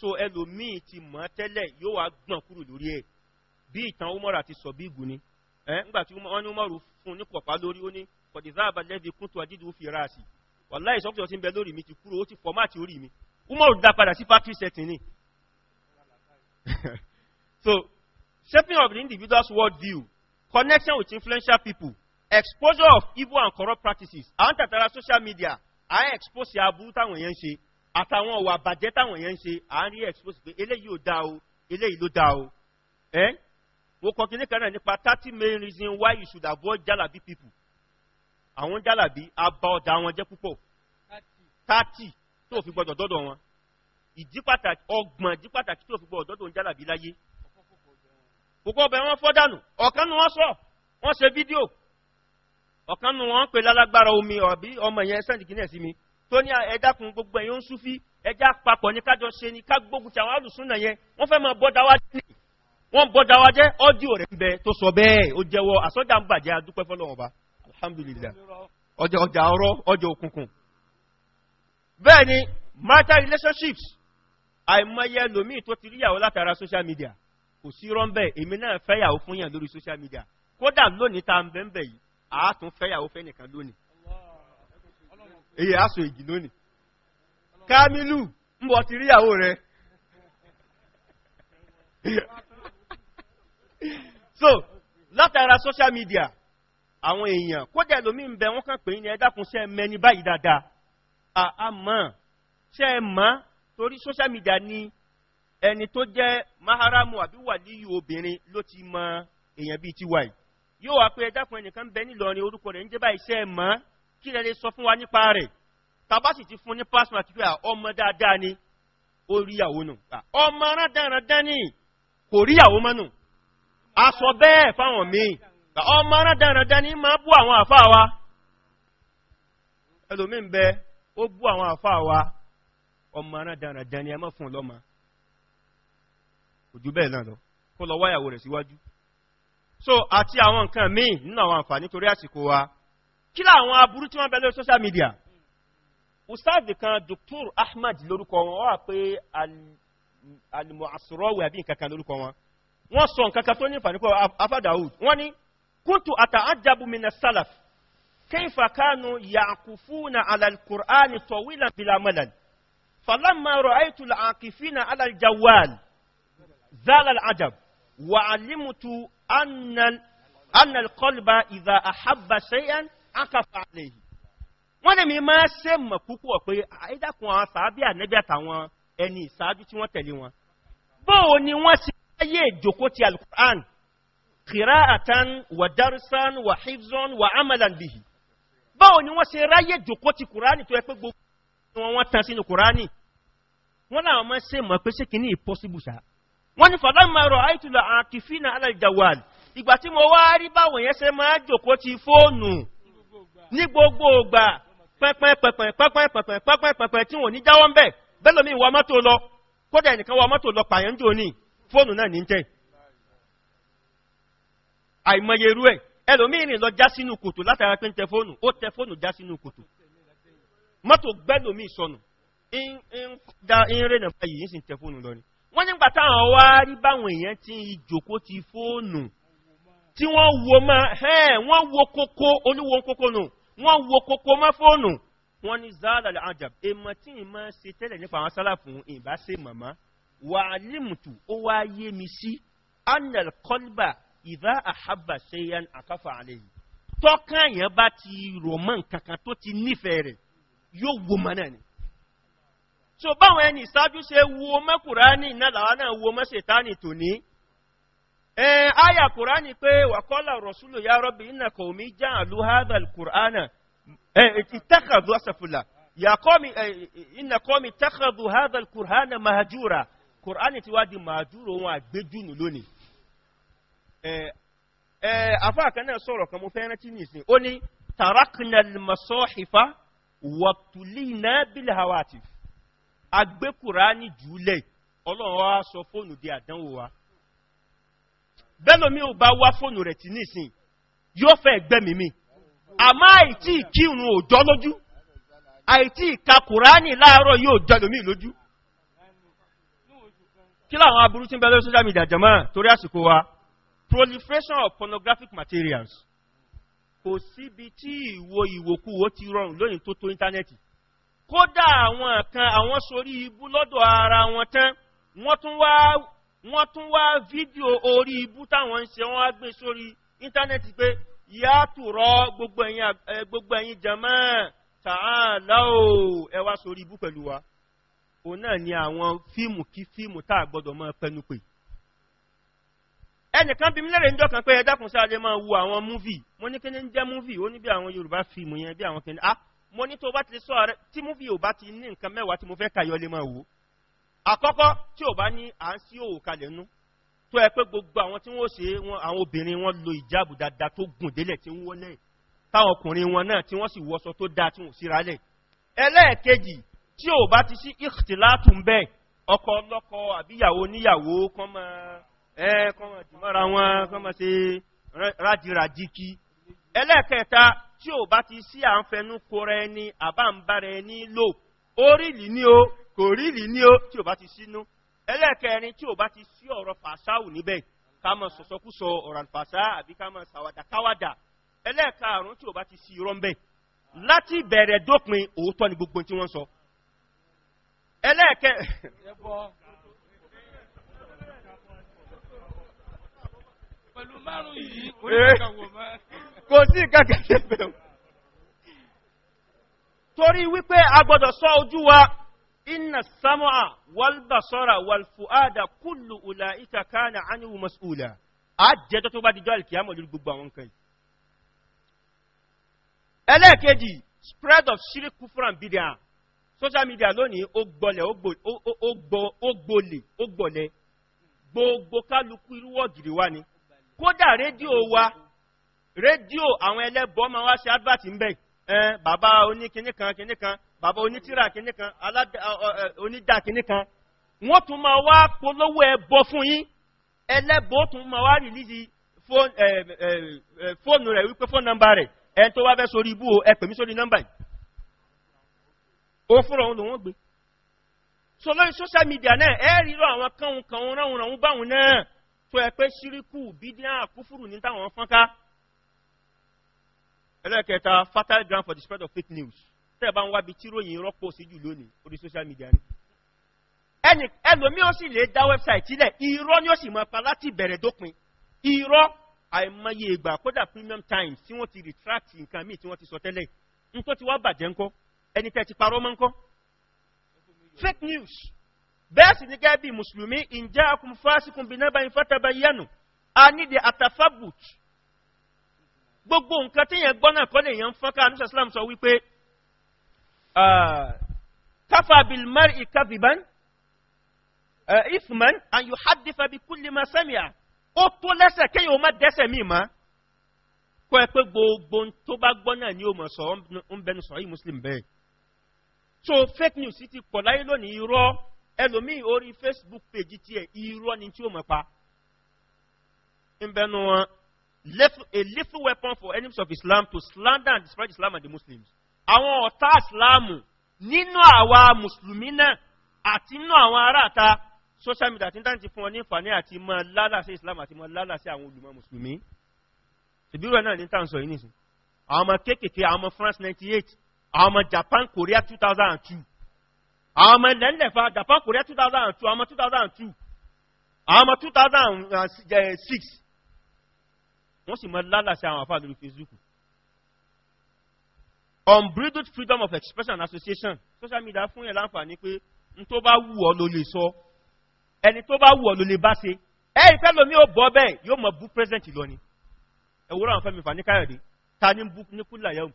so ẹlòmíì ti mọ̀ tẹ́lẹ̀ yóò wá gbọ̀n kúrò lórí ẹ̀ bí ìtàn Umar àti sọ̀bí ìgùn ni ẹ̀ ńgbà tí wọ́n ní Umar fún un ní pọ̀pá lórí ó ní kọ̀dìsáàbà lẹ́dí kúntù àdídù fi ra àsì wàláì sọ́kùtì ọtí ń bẹ lórí mi ti kúrò ó ti fọ́máàtì orí mi umaru dá padà sí factory setting ni so shaping of the individual's world view connection with influential people exposure of evil and corrupt practices àwọn tàtàrà social media à ń expose aburú táwọn èèyàn ń ṣe àtàwọn ọ̀wà àbàjẹ́ táwọn èèyàn ń ṣe à ń rí expose pé eléyìí ò dáa o eléyìí ló dáa o ẹ́ mo kọ kí ní kan náà nípa thirty main reasons why you should avoid jalabi people àwọn jalabi abá ọ̀dà wọn jẹ́ púpọ̀ thirty tó fi gbọdọ̀ dọ́dọ̀ wọn ìdí pàtàkì ọgbọ̀n ìdí pàtàkì tó fi gbọdọ̀ dọ́dọ̀ ń jálàbí láyé kókó ọbẹ̀ wọn fọ́ dànù ọ̀kan nu wọn sọ wọn ṣe fídíò ọ̀kan nu wọn pè lálágbára omi ọ̀bí ọmọ yẹn sẹ́ǹdì kìíní ẹ̀ sí mi tó ní ẹ̀dákun gbogbo ẹ̀yọ́ ń súfí ẹjá papọ̀ ní kájọ ṣe ní ká gbógun ti àwọn alùsúnà yẹn wọ́n fẹ́ máa bọ́dá wá jẹ́ wọ́n bọ́dá wá jẹ́ ọ́díò rẹ̀ ń bẹ tó sọ bẹ́ẹ̀ ó jẹ́wọ́ àsọjà ń bàjẹ́ adúpẹ́ fọlọ́wọ́n ba alhamdulillah ọjà ọ̀rọ̀ ọjà òkùnkùn bẹ́ẹ̀ ni marital relationships àìmọye lomi tó ti ríyàwó látara social media kò sí rọ́ńbẹ́ èmi náà fẹ́yàwó fún yàn lórí social media kódà lónìí tá à ń bẹ́ńbẹ́ yìí àá tún fẹ́yàwó fẹ́nìkan lónìí èyí aṣọ èjì lónìí kamilu ń bọ̀ ti ríyàwó rẹ̀ so látara social media àwọn èèyàn kódà lómi ń bẹ wọ́n kàn pé ní ẹ dákun ṣe mẹ́ni báyìí dáadáa àmọ́ ṣe é mọ́ torí social media ni ẹni tó jẹ́ maharamu àbí wàlíyù obìnrin ló ti mọ èèyàn bíi tiwa yìí yóò wá pé ẹ̀dá ẹnìkan bẹ orúkọ rẹ̀ ń jẹ́ báyìí ṣe mọ́ kí ti fún ní pásítọ̀ àti pé ọmọ dáadáa ni ó rí ìyàwó nù ọmọ arádáradá kò rí ìyàwó mọ́ nù bẹ́ẹ̀ fáwọn ọmọ wa ó bú àwọn àfáà wa ọmọ ara dáradára ni ẹ mọ́ fún lọ́mọ òjú bẹ́ẹ̀ náà lọ kó lọ wáyàwó rẹ̀ síwájú so àti àwọn nǹkan míì nínú àwọn àǹfààní torí àsìkò wa kí láwọn aburú tí wọ́n bẹ social media ustaz kan Dr. Ahmad lórúkọ wọn wọ́n wà pé almuasurawi àbí nǹkan kan lórúkọ wọn wọ́n sọ nǹkan kan tó ní ìfàníkọ́ afádáwùd wọ́n ní kúntù àtàájábùmínà sálàfì كيف كانوا يعكفون على القرآن طويلا بلا ملل فلما رأيت العاكفين على الجوال زال العجب وعلمت أن أن القلب إذا أحب شيئا عكف عليه wọ́n lè mi máa ṣe mọ̀ púpọ̀ pé àìdàkùn àwọn sàábí ànẹ́bí àtàwọn ẹni ìṣáájú tí wọ́n tẹ̀lé wọn bóò ni wọ́n ṣe ayé ìjòkó ti alukur'an kìrá àtàn wà dárísán wà hifzon wà amalan bihi báwo ni wọ́n ṣe ráyè jòkó ti kùránì tó yẹ pé gbogbo wọn wọ́n tan sínú kùránì wọ́n láwọn máa ṣe mọ̀ pé ṣé kìíní impossible ṣá wọ́n ní fàdámà rọ̀ àìtùlà àkìfínà aláìjàwàl ìgbà tí mo wá rí báwo yẹn ṣe máa jòkó ti fóònù ní gbogbo ògbà wa ẹlòmíìrìn lọ já sínú kòtò látara pé ń tẹ fóònù ó tẹ fóònù já sínú kòtò mọ́tò gbẹ́lòmíì sọnù ń rènà báyìí ń sì ń tẹ fóònù lọ ni wọ́n nígbà táwọn wá rí báwọn èèyàn ti ìjòkó ti fóònù tí wọ́n wo mọ́ ẹ̀ wọ́n wo kókó oníwo kókó nù wọ́n wo kókó mọ́ fóònù wọ́n ní záàlàlẹ̀ àjàb èèmọ̀ tí ì máa ṣe tẹ́lẹ̀ nípa àwọn sálàfù ìbáṣe màmá wàálìmùtù ó wá yé mi sí anel kọlbà ìdá àhábà ṣéyàn àkáfà àlẹyìn tọ́kàn yẹn bá ti roman kankan tó ti nífẹ̀ẹ́ rẹ̀ yóò wo mọ náà ni. so báwọn ẹni ìṣáájú ṣe wo mọ́ kùránì náà làwọn náà wo mọ́ ṣètánì tòní. ẹ àyà kùránì pé wàkọ́lá rọ̀ṣúlù yá rọ́bì iná kò mí já àlú hadal kùránà ìtàkàdù àṣàfùlà iná kọ́ mi tàkàdù hadal kùránà mahajúra kùránì ti wá di mahajúra òun àgbéjúnù lónìí afá eh, eh, kan náà sọ̀rọ̀ kan mo fẹ́ rántí nìsín ó ní taraknal masohifa wabtulina bilhawatif agbẹ́kùrá ní jùlẹ̀ ọlọ́run wá sọ fóònù di àdánwò wa bẹ́lómi ò bá wá fóònù rẹ̀ tí nìsín yóò fẹ́ gbẹ́mí mi àmọ́ àìtí kírun òjọ́ lójú àìtí ìka kùránì láàárọ̀ yóò jọ lómi lójú kí láwọn aburú tí ń bẹ lórí social media jẹ́mọ́ torí àsìkò wa proliferation of pornographic materials kò síbi tí ìwo ìwòkuwò ti rọrùn lónìí tó tó íńtánẹ́ẹ̀tì kódà àwọn kan àwọn sórí ibú lọ́dọ̀ ara wọn tán wọ́n tún wá wọ́n tún wá fídíò orí ibú táwọn ń ṣe wọ́n á gbé sórí íńtánẹ́ẹ̀tì pé yàtúrọ̀ gbogbo gbogbo ẹ̀yin jẹ̀mọ́ tààlà o ẹ wá sórí ibú pẹ̀lú wa òun náà ni àwọn fíìmù kí fíìmù tá a gbọ́dọ̀ pẹnu pè ẹnìkan bí mílẹ̀rẹ̀ ń jọ́kan pé ẹ̀dá kùn sáré máa wo àwọn múvì mo ní kíní ń jẹ́ múvì ó ní bí àwọn yorùbá fíìmù yẹn bí àwọn kíní ah mo ní tó bá ti sọ rẹ tí múvì ò bá ti ní nǹkan mẹ́wàá tí mo fẹ́ kàyọ́ lé máa wò àkọ́kọ́ tí ò bá ní à ń sí òwò kalẹ̀ nú tó ẹ pé gbogbo àwọn tí wọ́n ṣe wọn àwọn obìnrin wọn lo ìjáàbù dáadáa tó gùn délẹ̀ tí ń wọlé táwọn ọkùnrin ẹ̀ẹ́kọ́mọ̀ dìmọ́ra wọn kọ́mọ̀ sí rájìrájì kí ẹlẹ́ẹ̀kẹta tí ò bá ti sí à ń fẹnu kora ẹni àbámbára ẹni lò orílì ní o kò rílì ní o tí ò bá ti sínú ẹlẹ́ẹ̀kẹrin tí ò bá ti sí ọ̀rọ̀ fàṣáwù níbẹ̀ ká mọ̀ sọ̀sọ́kúsọ ọ̀rọ̀ fàṣá àbí ká mọ̀ sàwàdàkáwàdà ẹlẹ́ẹ̀karùn tí ò bá ti sí irọ́ ńbẹ̀ láti bẹ̀rẹ̀ dópin òótọ́ ni gbogbo tí wọ́n sọ ẹlẹ́ẹ̀kẹ pẹ̀lú márùn yìí oníkàwò eh, mọ́ kò sí kẹ́kẹ́ ṣe bẹ̀rù torí wípé a gbọ́dọ̀ sọ ojú wa inna samu'a walbasara walfu'ada kullu ula'ika kana anhu mas'ula a jẹjọ tó bá dijọ́ alkiyama lórí gbogbo àwọn nǹkan yìí spread of shirk kufran bidia social media lónìí ó gbọlẹ̀ ó gbọlẹ̀ gbogbo kálukú irú wọ́gìrì wá ni kódà rédíò wa rédíò àwọn ẹlẹ́bọ máa wá ṣe advert ń bẹ̀ ẹ bàbá oníkinní kan kinní kan bàbá onítìrà kinní kan onídà kinní kan wọ́n tún máa wá polówó ẹbọ fún yín ẹlẹ́bọ tún máa wá rìlíìsì fóònù rẹ̀ wípé fóònù nọ́mbà rẹ̀ ẹ tó wá fẹ́ sórí ibú o ẹ pè mí sórí nọ́mbà yìí ó fúnra òun lòun gbé so lórí social media náà ẹ rí lọ àwọn kànhùn kànhùn ráhùn náà tó ẹ pé ṣíríkù bídíà kúfùrù ní táwọn fọ́nká ẹlẹ́kẹta fertile ground for the spread of fake news tẹ́ ẹ bá ń wábi tí ròyìn rọ́pò sí jù lónìí orí social media ni ẹni ẹlòmí ó sì lè dá website sílẹ̀ irọ́ ni ó sì mọ̀ pa láti bẹ̀rẹ̀ dópin irọ́ àìmọye ìgbà kódà premium time. tí wọ́n ti retract nǹkan míì tí wọ́n ti sọ tẹ́lẹ̀ nǹkan tí wọ́n bàjẹ́ ńkọ́ ẹni tẹ́ ti parọ́ mọ́ ńkọ́ fake news bẹ́ẹ̀ sì ní gẹ́gẹ́ bí mùsùlùmí ìjẹ́ akùn fásikùn bí náà bá ń fẹ́tẹ̀bá yẹnu a nídìí àtàfàbùt gbogbo nǹkan tí yẹn gbọ́nà kọ́ lè yẹn ń fọ́nká anúṣà islam sọ wípé ah, kafa bil mar'i kadhiban eh, ifman an yuhaddifa bi kulli ma sami'a ó tó lẹ́sẹ̀ kéèyàn má dẹ́sẹ̀ míì mọ́ kọ́ ẹ pé gbogbo tó bá gbọ́nà ni ó mọ̀ sọ ń bẹnu sọ yìí muslim bẹ́ẹ̀ so fake news ti pọ̀ láyé lónìí irọ́ ẹlòmíì orí facebook page tiẹ̀ irọ́ ni tí ó mọ̀ pa nbẹnu a lethal weapon for enemies of Islam to slander and disparage Islam and the Muslims àwọn ọ̀tá Islam nínú àwa mùsùlùmí náà àti nínú àwọn aráàta social media ti ń dáǹtì fún ọ ní ìfàní àti mọ lálà sí Islam àti mọ lálà sí àwọn olùmọ̀ mùsùlùmí ìbírò náà ní tàǹsọ̀ yìí nìsín àwọn ọmọ kéékèèké àwọn ọmọ France ninety eight àwọn ọmọ Japan Korea two thousand and two àwọn ọmọ ilẹ̀ ńlẹ̀ fa japan korea 2002 àwọn ọmọ 2002 àwọn ọmọ 2006 wọ́n sì mọ lálàsí àwọn àfáà lórí facebook unbridled freedom of expression and association social media fún yẹn láǹfààní pé n tó bá wù ọ ló lè sọ ẹni tó bá wù ọ ló lè bá ṣe ẹ ìfẹ́ lomi ò bọ́ bẹ́ẹ̀ yóò mọ̀ bú president lọ ni ẹ̀wúrọ̀ àwọn fẹ́mi fani káyọ̀dé ta ni bú ní kúlà yẹ̀wò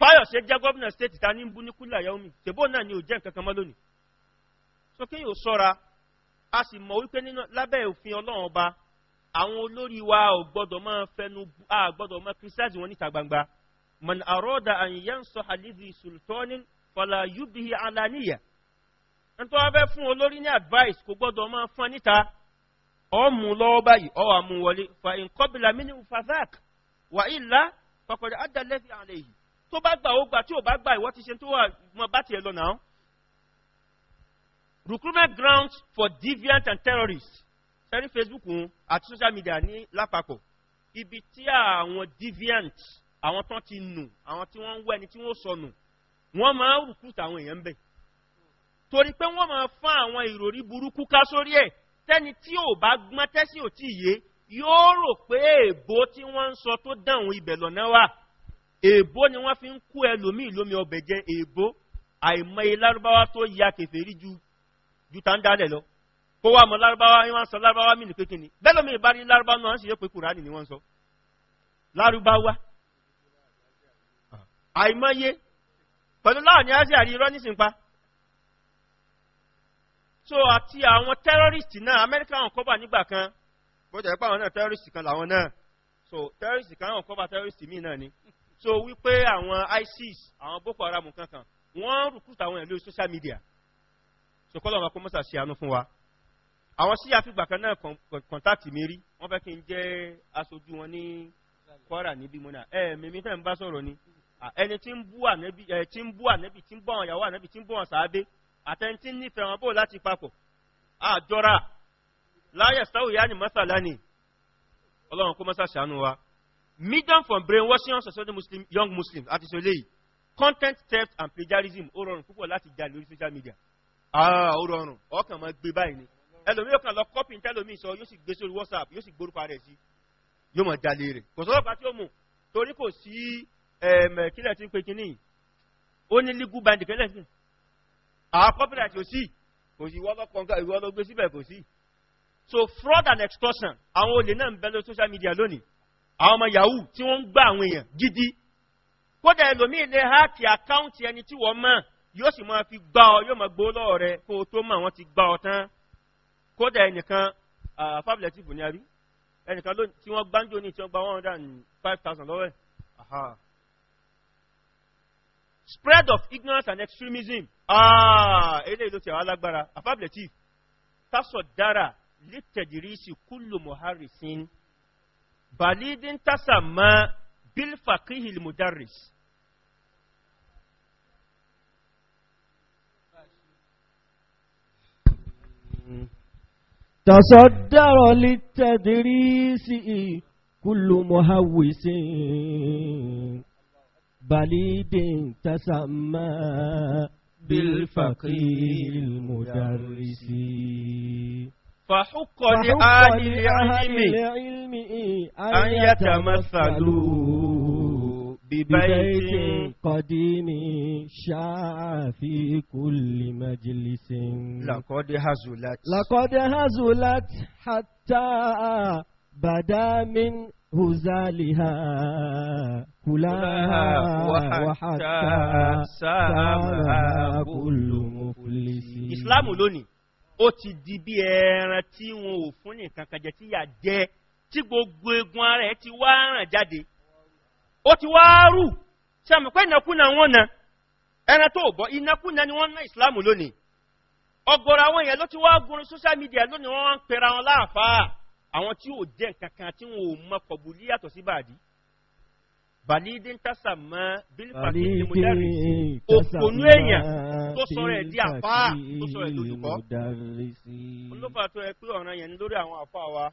fáyọ̀ṣe jẹ́ gómìnà stéètì ta ní ń bú ní kúlà yaomi tèbó náà ni ò jẹ́ nǹkan kan mọ́ lónìí so kéèyàn ò sọ́ra a sì mọ̀ wípé lábẹ́ òfin ọlọ́run ọba àwọn olórí wa ò gbọ́dọ̀ máa fẹnu a gbọ́dọ̀ máa kírísítẹ́sì wọn níta gbangba man àròdà àyíyá ń sọ sultani fọlá yubihi alaniya nítorí wọn fẹ́ fún olórí ní advice kò gbọ́dọ̀ máa fún níta ọmú lọ́wọ́ báyìí ọwọ́ àmúwọlé fa nkọ́bìlà mínú fazak wà ilà fọkọ̀dé adalẹ́sì àlẹ́ yìí tó bá gbà ó gbà tí ò bá gbà ìwọ ti ṣe tó wà mọ bá tiẹ̀ lọ náà. recruitment grounds for deviant and terrorists sẹ́rí facebook àti social media ní lápapọ̀ ibi tí àwọn deviant àwọn tán ti nù àwọn tí wọ́n ń wẹ́ni tí wọ́n sọnù wọ́n máa ń recruit àwọn èèyàn bẹ̀ torí pé wọ́n máa fún àwọn ìròrí burúkú ká sórí ẹ̀ tẹ́ni tí ò bá gbọ́n tẹ́sí ò tí ì yé yóò rò pé èèbó tí wọ́n ń sọ tó dáhùn ibẹ̀ lọ́nà wà èèbó ni wọ́n fi ń kú ẹlòmíì lómi ọbẹ̀ jẹ èèbó àìmọye lárúbáwá tó ya kèfèrí ju ju tàǹdálẹ̀ lọ kó wá mọ lárúbáwá yín wọ́n sọ lárúbáwá mí ní pé kíni bẹ́ẹ̀ lómi ìbá ní lárúbáwá náà wọ́n sì yẹ pé kùránì ni wọ́n sọ lárúbáwá àìmọye pẹ̀lú láàrin asia rí irọ́ nísìn pa so àti àwọn tẹ́rọ́rìstì náà amẹ́ríkà wọn kọ́bà nígbà kan bó jẹ́ pé àwọn náà tẹ́rọ́rìstì kan làwọn náà so tẹ́rọ́rìstì kan náà kọ́bà tẹ́rọ́rìstì míì náà ni so wípé àwọn isis àwọn boko haram kankan wọ́n recruit àwọn èèyàn lórí social media so kọ́lọ̀ wọn kó mọ́sà ṣe àánú fún wa àwọn sí àfìgbà kan náà kọ̀ǹtàkì mi rí wọ́n fẹ́ kí n jẹ́ aṣojú wọn ní kwara níbí mọ́nà ẹ mímí fẹ́ ń bá sọ̀rọ̀ ni ẹni tí ń bú ànẹ́bí tí ń bú ànẹ́bí tí ń bọ́ àwọn ìyàwó ànẹ́bí tí ń bọ́ àwọn sàábé àtẹni tí ń nífẹ̀ẹ́ wọn bò láti papọ̀ àjọra láyẹ̀ sáwìyá ni mọ́sà lánìí ọlọ́run kó mọ́sà ṣàánú wa Medium for brainwashing unsuspecting Muslim, young Muslims at sọ content theft and plagiarism ó rọrùn púpọ̀ láti jà lórí social media. Ah, ó rọrùn ọkàn máa gbé báyìí ni ẹlòmíràn kan lọ kọ́pì tẹ́lòmíì sọ yóò sì gbé sórí WhatsApp yóò sì gbórúkọ rẹ̀ sí yóò mọ̀ jalè rẹ̀ kò sọ́dọ̀ pàtó mù torí kò sí kílẹ̀ tí ń pe kínní ó ní legal binding kẹ́lẹ̀ sí àwọn copyright ò sí kò sí ìwọ́lọ́gbé síbẹ̀ kò sí so fraud and extortion àwọn olè náà ń bẹ lórí social media lónìí àwọn ọmọ yahoo tí wọ́n ń gbá àwọn èèyàn gidi kódà ẹlòmíì lè háàkì àkáǹtì ẹni tí wọ́n mọ̀ yóò sì máa fi gbá ọ yóò máa gbó lọ́ọ̀ rẹ kó o tó mọ̀ wọ́n ti gbá ọ tán kódà ẹnìkan fábìlẹ̀tì bù ní àrí ẹnìkan tí wọ́n gbáǹjọ ní tí wọ́n gba one hundred and five thousand lọ́wọ́ ẹ̀ spread of ignorance and extremism eléyìí ló ti àwọn alágbára àfábìlẹ̀tì tásọ̀ dára lè tẹ̀dírí sí kúlù mọ̀hárìsín بليد تسمى بالفقيه المدرس تصدر للتدريس كل مهوس بليد تسمى بالفقيه المدرس فحق لأهل العلم أن يتمثلوا ببيت قديم شاع في كل مجلس لقد هزلت لقد هزلت حتى بدا من هزالها كلها وحتى سامها كل مفلس إسلام لوني ó ti di bí ẹran tí wọn ò fún ní nǹkan kan jẹ tí yà jẹ tí gbogbo egun ara ẹ ti wá ràn jáde ó ti wá rù sàmì pé ìnákúnà wọn na ẹran tó bọ ìnákúnà ni wọn ná ìsìláàmù lónìí ọ̀gọ̀rọ̀ àwọn èèyàn ló ti wá gun social media lónìí wọn ń pera wọn láàfáà àwọn tí ò jẹ nǹkan kan tí wọn ò mọ kọbùlí yàtọ̀ sí bàdí balidin tasa mọ bilifasi ni mo dẹrisi òpònú èèyàn tó sọ̀rọ̀ ẹ di àfa tó sọ̀rọ̀ ẹ lójúkọ olùfà tó ẹ pé ọ̀ràn yẹn lórí àwọn àfa wa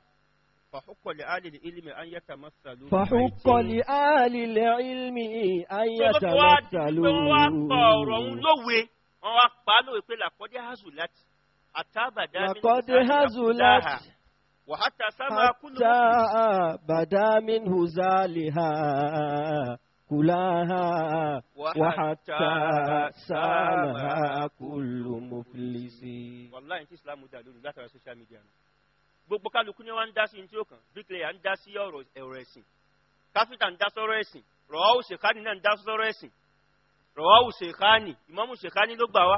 fàhùkọ̀lì àlìlì ilmi ayẹta masalu. fàhùkọ̀lì àlìlì ilmi ayẹta masalu. tó wá pa ọ̀rọ̀ ń lówe wọn wá pa á lówe pé làkọ́dé hazùlát àtàbàdá mi ní sàlùkọ́ láhà. وحتى سما كل حتى بدا منه زالها كلها وحتى سامها كل مفلس والله انت اسلام دا لórí látara social media gbogbo kálukú ni wọn ń dá sí ntí ó kàn bricklayer ń dá sí ọ̀rọ̀ ẹ̀sìn káfíńtà ń dá sọ̀rọ̀ ẹ̀sìn rọwọ òṣèkánì náà ń dá sọ̀rọ̀ ẹ̀sìn rọwọ òṣèkánì ìmámù òṣèkánì ló gbà wá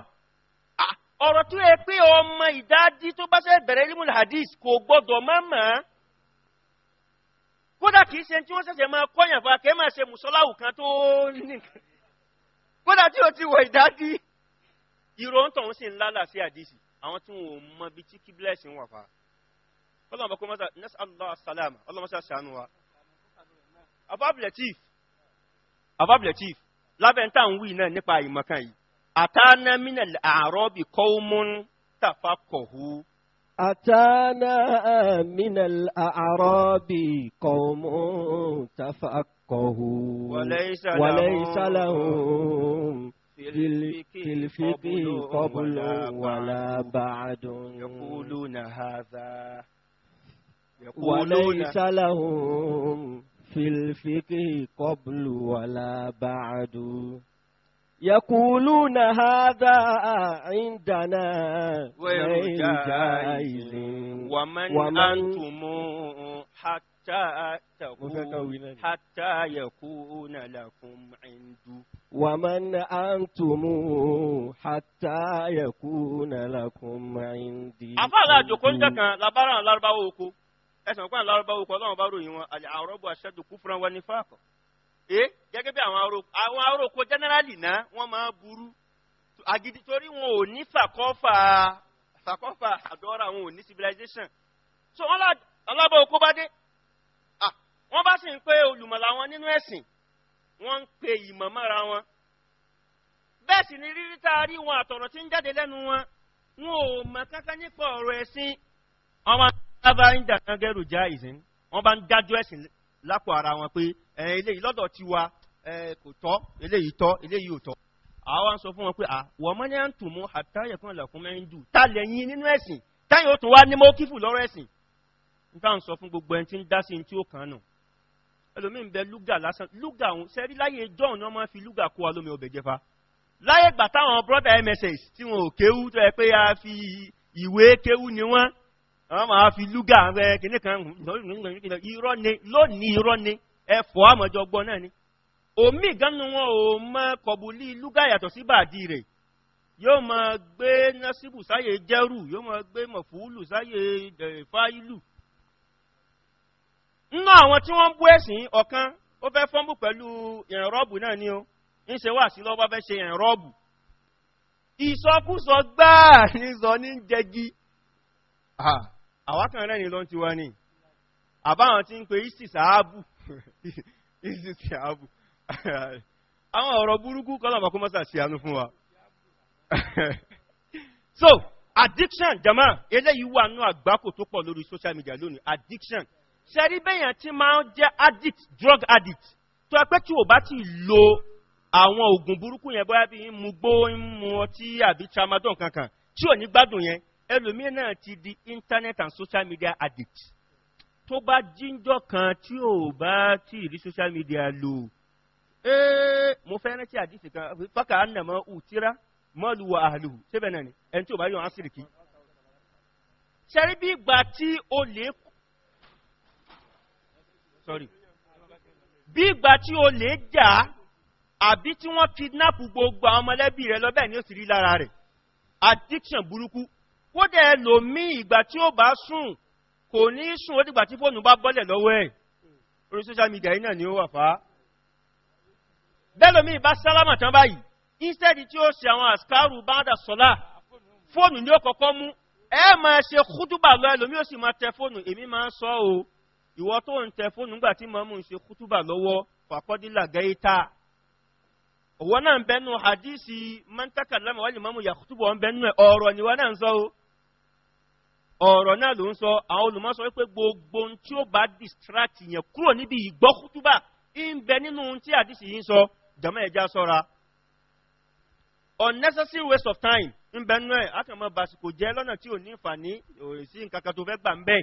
ọ̀rọ̀ tó yẹ pé ọmọ ìdádí tó bá ṣe bẹ̀rẹ̀ ilmul hadith kò gbọ́dọ̀ má mọ̀ kódà kì í ṣe tí wọ́n ṣẹ̀ṣẹ̀ máa kọ́yàn fún akẹ́ máa ṣe mùsọ́láwù kan tó nìkan kódà tí o ti wọ ìdádí ìròyìn tọ̀hún sì ń lálà sí àdìsí àwọn tí wọn ò mọ bí tí kíbílẹ̀sì ń wà fa ọlọ́run bá kó mọ́tà nẹ́sà allah salam ọlọ́run sá sànù wa abab latif abab latif lábẹ́ ń wí náà nípa ìmọ̀kan yìí أتانا من الأعراب قوم تفقهوا أتانا من الأعراب قوم تفقهوا وليس, وليس لهم في الفقه قبل ولا بعد يقولون هذا وليس لهم في الفقه قبل ولا بعد يقولون هذا عندنا غير جائز ومن, ومن أنتم حتى تكون حتى يكون لكم عند ومن أنتم حتى يكون لكم عندي أفعل جكون كان لبران لارباوكو اسمع كان لارباوكو الله بارو يوم العرب أشد كفرا ونفاقا E gẹ́gẹ́ bí àwọn aroko àwọn aroko generally náà wọ́n máa burú agidi torí wọn ò ní fàkọ́fà fàkọ́fà àdọ́ra wọn ò ní civilization so wọ́n lábọ̀ oko bá dé wọ́n bá sì ń pé olùmọ̀lá wọn nínú ẹ̀sìn wọ́n ń pe ìmọ̀ wọn bẹ́ẹ̀ sì ni rírí tá a rí wọn àtọ̀rọ̀ tí ń jáde lẹ́nu wọn wọn ò mọ̀ kankan nípa ọ̀rọ̀ ẹ̀sìn ọmọ bá ń dàgbẹ́rù já ìsìn wọ́n bá ń dájọ́ ẹ̀sìn lápò ara wọn pé Eh, eléyìí lọ́dọ̀ ti wa eh, kò tọ́ eléyìí tọ́ eléyìí ò tọ́ àwa ń sọ fún wọn pé wọ́n mọ́ ní à ń tò mọ́ àtàyẹ̀ fún ìlàkùn mẹ́rin dù tá lẹ́yìn nínú ẹ̀sìn táyìn ó tún wá ní mọ́kífù lọ́rọ̀ ẹ̀sìn n táwọn sọ fún gbogbo ẹni tí ń dá sí ní tí ó kàn nù ẹlòmíín bẹ lúgà lásán lúgà òun sẹ́rí láyé john ni fi lúgà kó wa lómi ọbẹ̀ jẹfa láyé gbà táwọn brother mss tí wọn ò kéwú tó yẹ pé a fi ìwé kéwú ni wọ́n àwọn máa fi lúgà rẹ eh, kìnnìkan irọ́ ni lónìí irọ́ ni ẹ̀fọ́ àmọ́jọ gbọ́ náà ni omi ìgánu wọn ò ma kọ̀bùlí lúgà yàtọ̀ sí bàdí rẹ̀ yóò mọ gbé násìbù saye jẹ́rù yóò mọ gbé mọ̀fúlù sáyè fáìlù nínú àwọn tí wọ́n ń bú ẹ̀sìn ọ̀kan ó fẹ́ fọ́nbù pẹ̀lú ìrànrọ́bù náà ni ó ń ṣe wà sí lọ́wọ́ fẹ́ ṣe ìrànrọ́bù ìsọkúsọ gbáà ní sọ ní jẹgi àwákan ni easy ti abu àwọn ọ̀rọ̀ burúkú kọ́lọ̀mọ̀ kó mọ́sà sí àánú fún wa so addiction jama eléyìí wà nú àgbákò tó pọ̀ lórí social media lónìí addiction ṣẹ́rí bẹ́yàn tí máa ń jẹ́ addict drug addict tó ẹgbẹ́ tí ò bá ti lo àwọn oògùn burúkú yẹn bóyá bí mú gbó ń ọtí àbí tramadol kankan tí ò ní gbádùn yẹn ẹlòmíràn náà ti di internet and social media addict tó bá jíjọ́ kan tí ò bá tí ì rí social media lò ee mo fẹ́ rántí àdìsí kan fákà ànàmọ́ ùtírá mọ́ọ̀lù wà àlù síbẹ̀ náà ni ẹni tí ò bá yọ̀ ásìrì kí. ìgbà tí olè sorry bí ìgbà tí olè jà àbí tí wọ́n kidnap gbogbo àwọn ọmọlẹ́bí rẹ̀ lọ́bẹ̀ ni ó sì rí lára rẹ̀ addiction burúkú kódà ẹlòmíì ìgbà tí ó bá sùn kò ní sùn ó dìgbà tí fóònù bá bọ́lẹ̀ lọ́wọ́ ẹ̀ orí social media yìí náà ni ó wà fà á bẹ́lòmí ìbá sálámà tán báyìí instead tí ó ṣe àwọn àṣkárù bádà sọ́lá fóònù ní ó kọ́kọ́ mú ẹ máa ṣe kútúbà lọ ẹlòmí ó sì máa tẹ fóònù èmi máa ń sọ o ìwọ tó ń tẹ fóònù nígbà tí màmú ń ṣe kútúbà lọ́wọ́ fàkọ́dílà gẹ́ẹ́ta òwò náà ń bẹnu hadisi man takallama wal imamu yakhtubu ń bẹnu ọ̀rọ̀ náà ló ń sọ àwọn olùmọ́sọ wípé gbogbo ohun tí ó bá distract yẹn kúrò níbi ìgbọ́kútúbà ń bẹ nínú ohun tí àdìsí yìí ń sọ jàmọ́ ẹja sọ́ra unnecessary waste of time ń bẹ nínú ẹ̀ àkànmọ́ basiko jẹ́ lọ́nà tí ò ní ìfàní òrìṣì nǹkankan tó fẹ́ gbà ń bẹ̀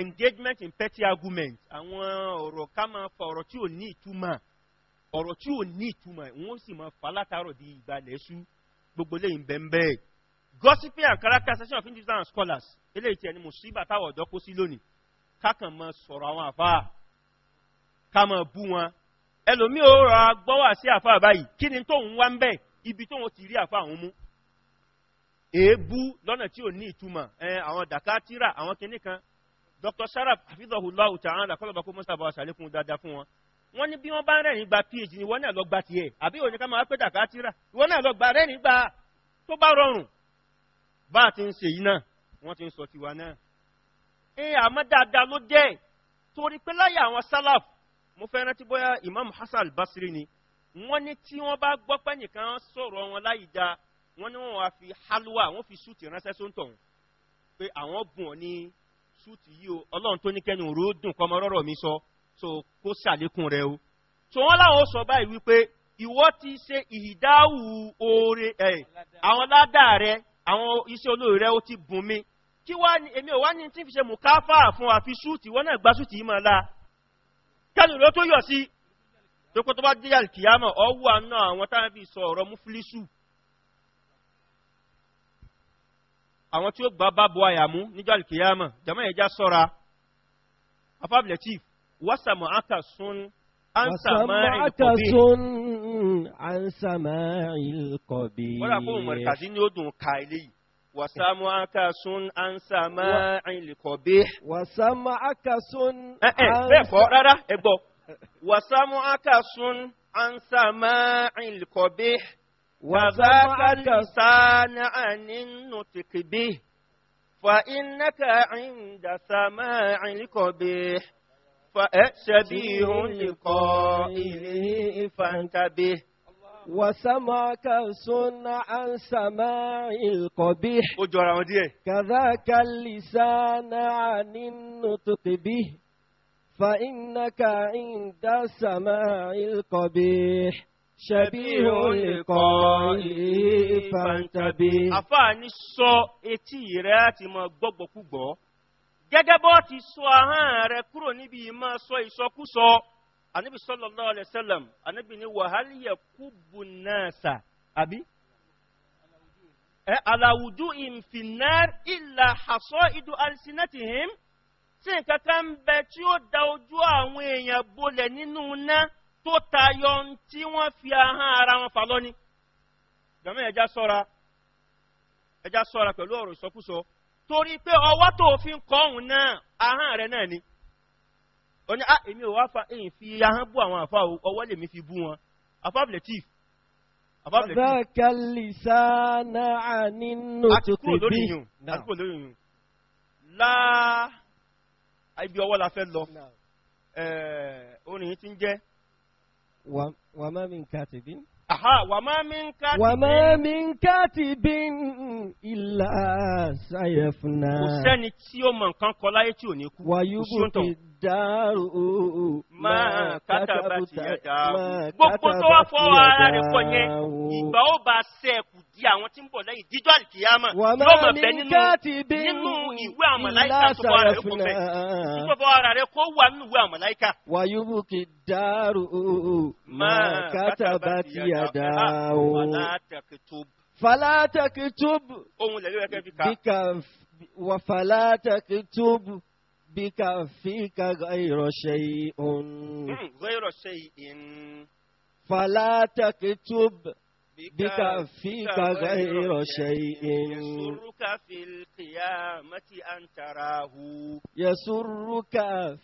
engagement in petty argument àwọn ọ̀rọ̀ ká máa fa ọ̀rọ̀ tí ò ní ìtumọ̀ ọ̀rọ̀ tí ò ní ìtumọ̀ wọ́n sì máa fà látàárọ̀ di ìgbàlẹ̀ ṣú gbogbo lẹ́yìn bẹ́ẹ̀ bẹ́ẹ̀ gossiping and characterization of individuals and scholars eléyìí tiẹ̀ ni mùsùlùmí táwọn ọ̀dọ́ kó sí lónìí kákan mọ sọ̀rọ̀ àwọn àfáà ká mọ bú wọn ẹlòmíì ó rọra gbọ́wọ́ sí àfáà báyìí kí ni tóun wá ń bẹ̀ ibi tóun ti rí àfáà òun mú èébú lọ́nà tí ò ní ìtumọ̀ ẹ àwọn dàkátírà àwọn kinní kan Dr. Sharaf hafizahullahu ta'ala kọlọba kó mọ́sá bá wa ṣàlékún dáadáa fún wọn wọ́n ní bí wọ́n bá rẹ́rìn gba phd ni wọ́n náà lọ gba tiẹ̀ àbí òní ká máa pé dàkátírà ìwọ́n náà lọ gba rẹ́rìn gba tó bá rọrùn bá ti ń ṣe yìí náà wọ́n ti ń sọ tiwa náà ẹ àmọ́ dáadáa ló jẹ́ torí pé láyé àwọn sálàf mo fẹ́ rántí bóyá Imam Hasan al-Basri ni wọ́n ní tí wọ́n bá gbọ́ pé nìkan sọ̀rọ̀ wọn láyìí da wọ́n ní wọ́n wá fi halwa wọ́n fi súùtì ránṣẹ́ sóńtọ̀ wọn pé àwọn bùn ọ ní súùtì yìí o ọlọ́run tó ní kẹ́ni òru ó dùn kọ́mọ rọ́rọ̀ mi sọ so kó ṣàlékún rẹ o so wọ́n láwọn sọ báyìí wípé ìwọ ti ṣe ìdáhù oore àwọn ládàá rẹ àwọn iṣẹ́ olóore rẹ ó ti bùn mi kí wá ní èmi ò wá ní tí fi ṣe mùkáfà fún àfi ṣúùtì wọ́n náà gbá ṣúùtì yìí máa la kẹ́nu ló tó yọ̀ sí tókò tó bá dé àlìkìyàmọ̀ ọwọ́ àná àwọn táwọn fi sọ ọ̀rọ̀ múfílísù àwọn tí ó gbà bá bo àyàmú níjọ́ àlìkìyàmọ̀ jàmọ́ ẹ̀já sọ́ra afábìlẹ̀ chief wọ́sàmọ̀ ákà wàsàmáàtàsùn ànsàmáàlkọ̀bí. wọ́n rà kó mọ̀rẹ̀ kàdí ni ó dùn ká eléyìí. wàsàmáàtàsùn ànsàmáàlkọ̀bí. wàsàmáàtàsùn. ẹ ẹ bẹ́ẹ̀ kọ́ rárá ẹ gbọ́. wàsàmáàtàsùn ànsàmáàlkọ̀bí. wàsàmáàtàsùn ànínútìkìbí. fa ináka àìndàsàmáàlkọ̀bí. شبيه لقائله فانتبه وسمعك سنة عن سماع القبيح كذاك اللسان عن النطق به فإنك عند سماع القبيح ṣẹ̀bí olùkọ́ ìfàǹtàbí. àfáà ní sọ etí rẹ̀ gẹ́gẹ́ bó ti sọ ahọ́n rẹ kúrò níbi ìmọ̀ sọ ìsọkúsọ anabi sallallahu alaihi wasallam anabi ni wàhálì yẹ kúbù náà sà àbí. ẹ aláwùjú ìfìnnár ìlà àṣọ ìdú alsinatihim tí nǹkan kan ń bẹ tí ó da ojú àwọn èèyàn bolẹ̀ nínú iná tó tayọ tí wọ́n fi ahọ́n ara wọn fà lọ́ni. jọ̀mọ́ ẹja sọ́ra ẹja sọ́ra pẹ̀lú ọ̀rọ̀ ìsọkúsọ. So torí pé ọwọ́ tó fi ń kọ́ òun náà ahọ́n rẹ̀ náà ni ó ní ah, èmi ò wá fa èyí fi ahọ́n bú àwọn àfa ọwọ́ lèmi fi bú wọn àfa bìlẹ̀tìf àfa bàbá kàlísà náà nínú tòkè bí àtúkò lórí yìí láà ibi ọwọ́ la fẹ́ lọ orin yìí ti ń jẹ́. wàmọ́ mi ń tèbí. Aha, wàmá mi ń káàtì bí ìlà ṣàyẹ̀fúnà. Kò sẹ́ni tí ó mọ̀ nǹkan kọ láyé tí ò ní kú. Wàyúbù ti Daru ma máa kátàbàtì ẹ̀dá gbogbo tó wá fọwọ́ ara rẹ̀ pọ̀ yẹn ìgbà ó bá sẹ́ẹ̀kù di àwọn tí ń bọ̀ lẹ́yìn díjọ́ àlìkìyàmọ̀ yóò mọ̀ bẹ́ nínú nínú ìwé àwọn màláìka tó bọ́ ara rẹ̀ kó bẹ́ẹ̀ tó bọ́ ara rẹ̀ kó wà nínú ìwé àwọn wàyú bùkì dáàrú òòó. máa kátàbàtì ẹ̀dá wàlá tẹ̀kítúb. fàlá ohun lẹ́yìn rẹ̀ kẹ́ fi ká. wàfàlá tẹ̀kítúb. ربك فيك غير شيء غير شيء فلا تكتب بك فيك غير شيء يسرك في القيامة أن تراه يسرك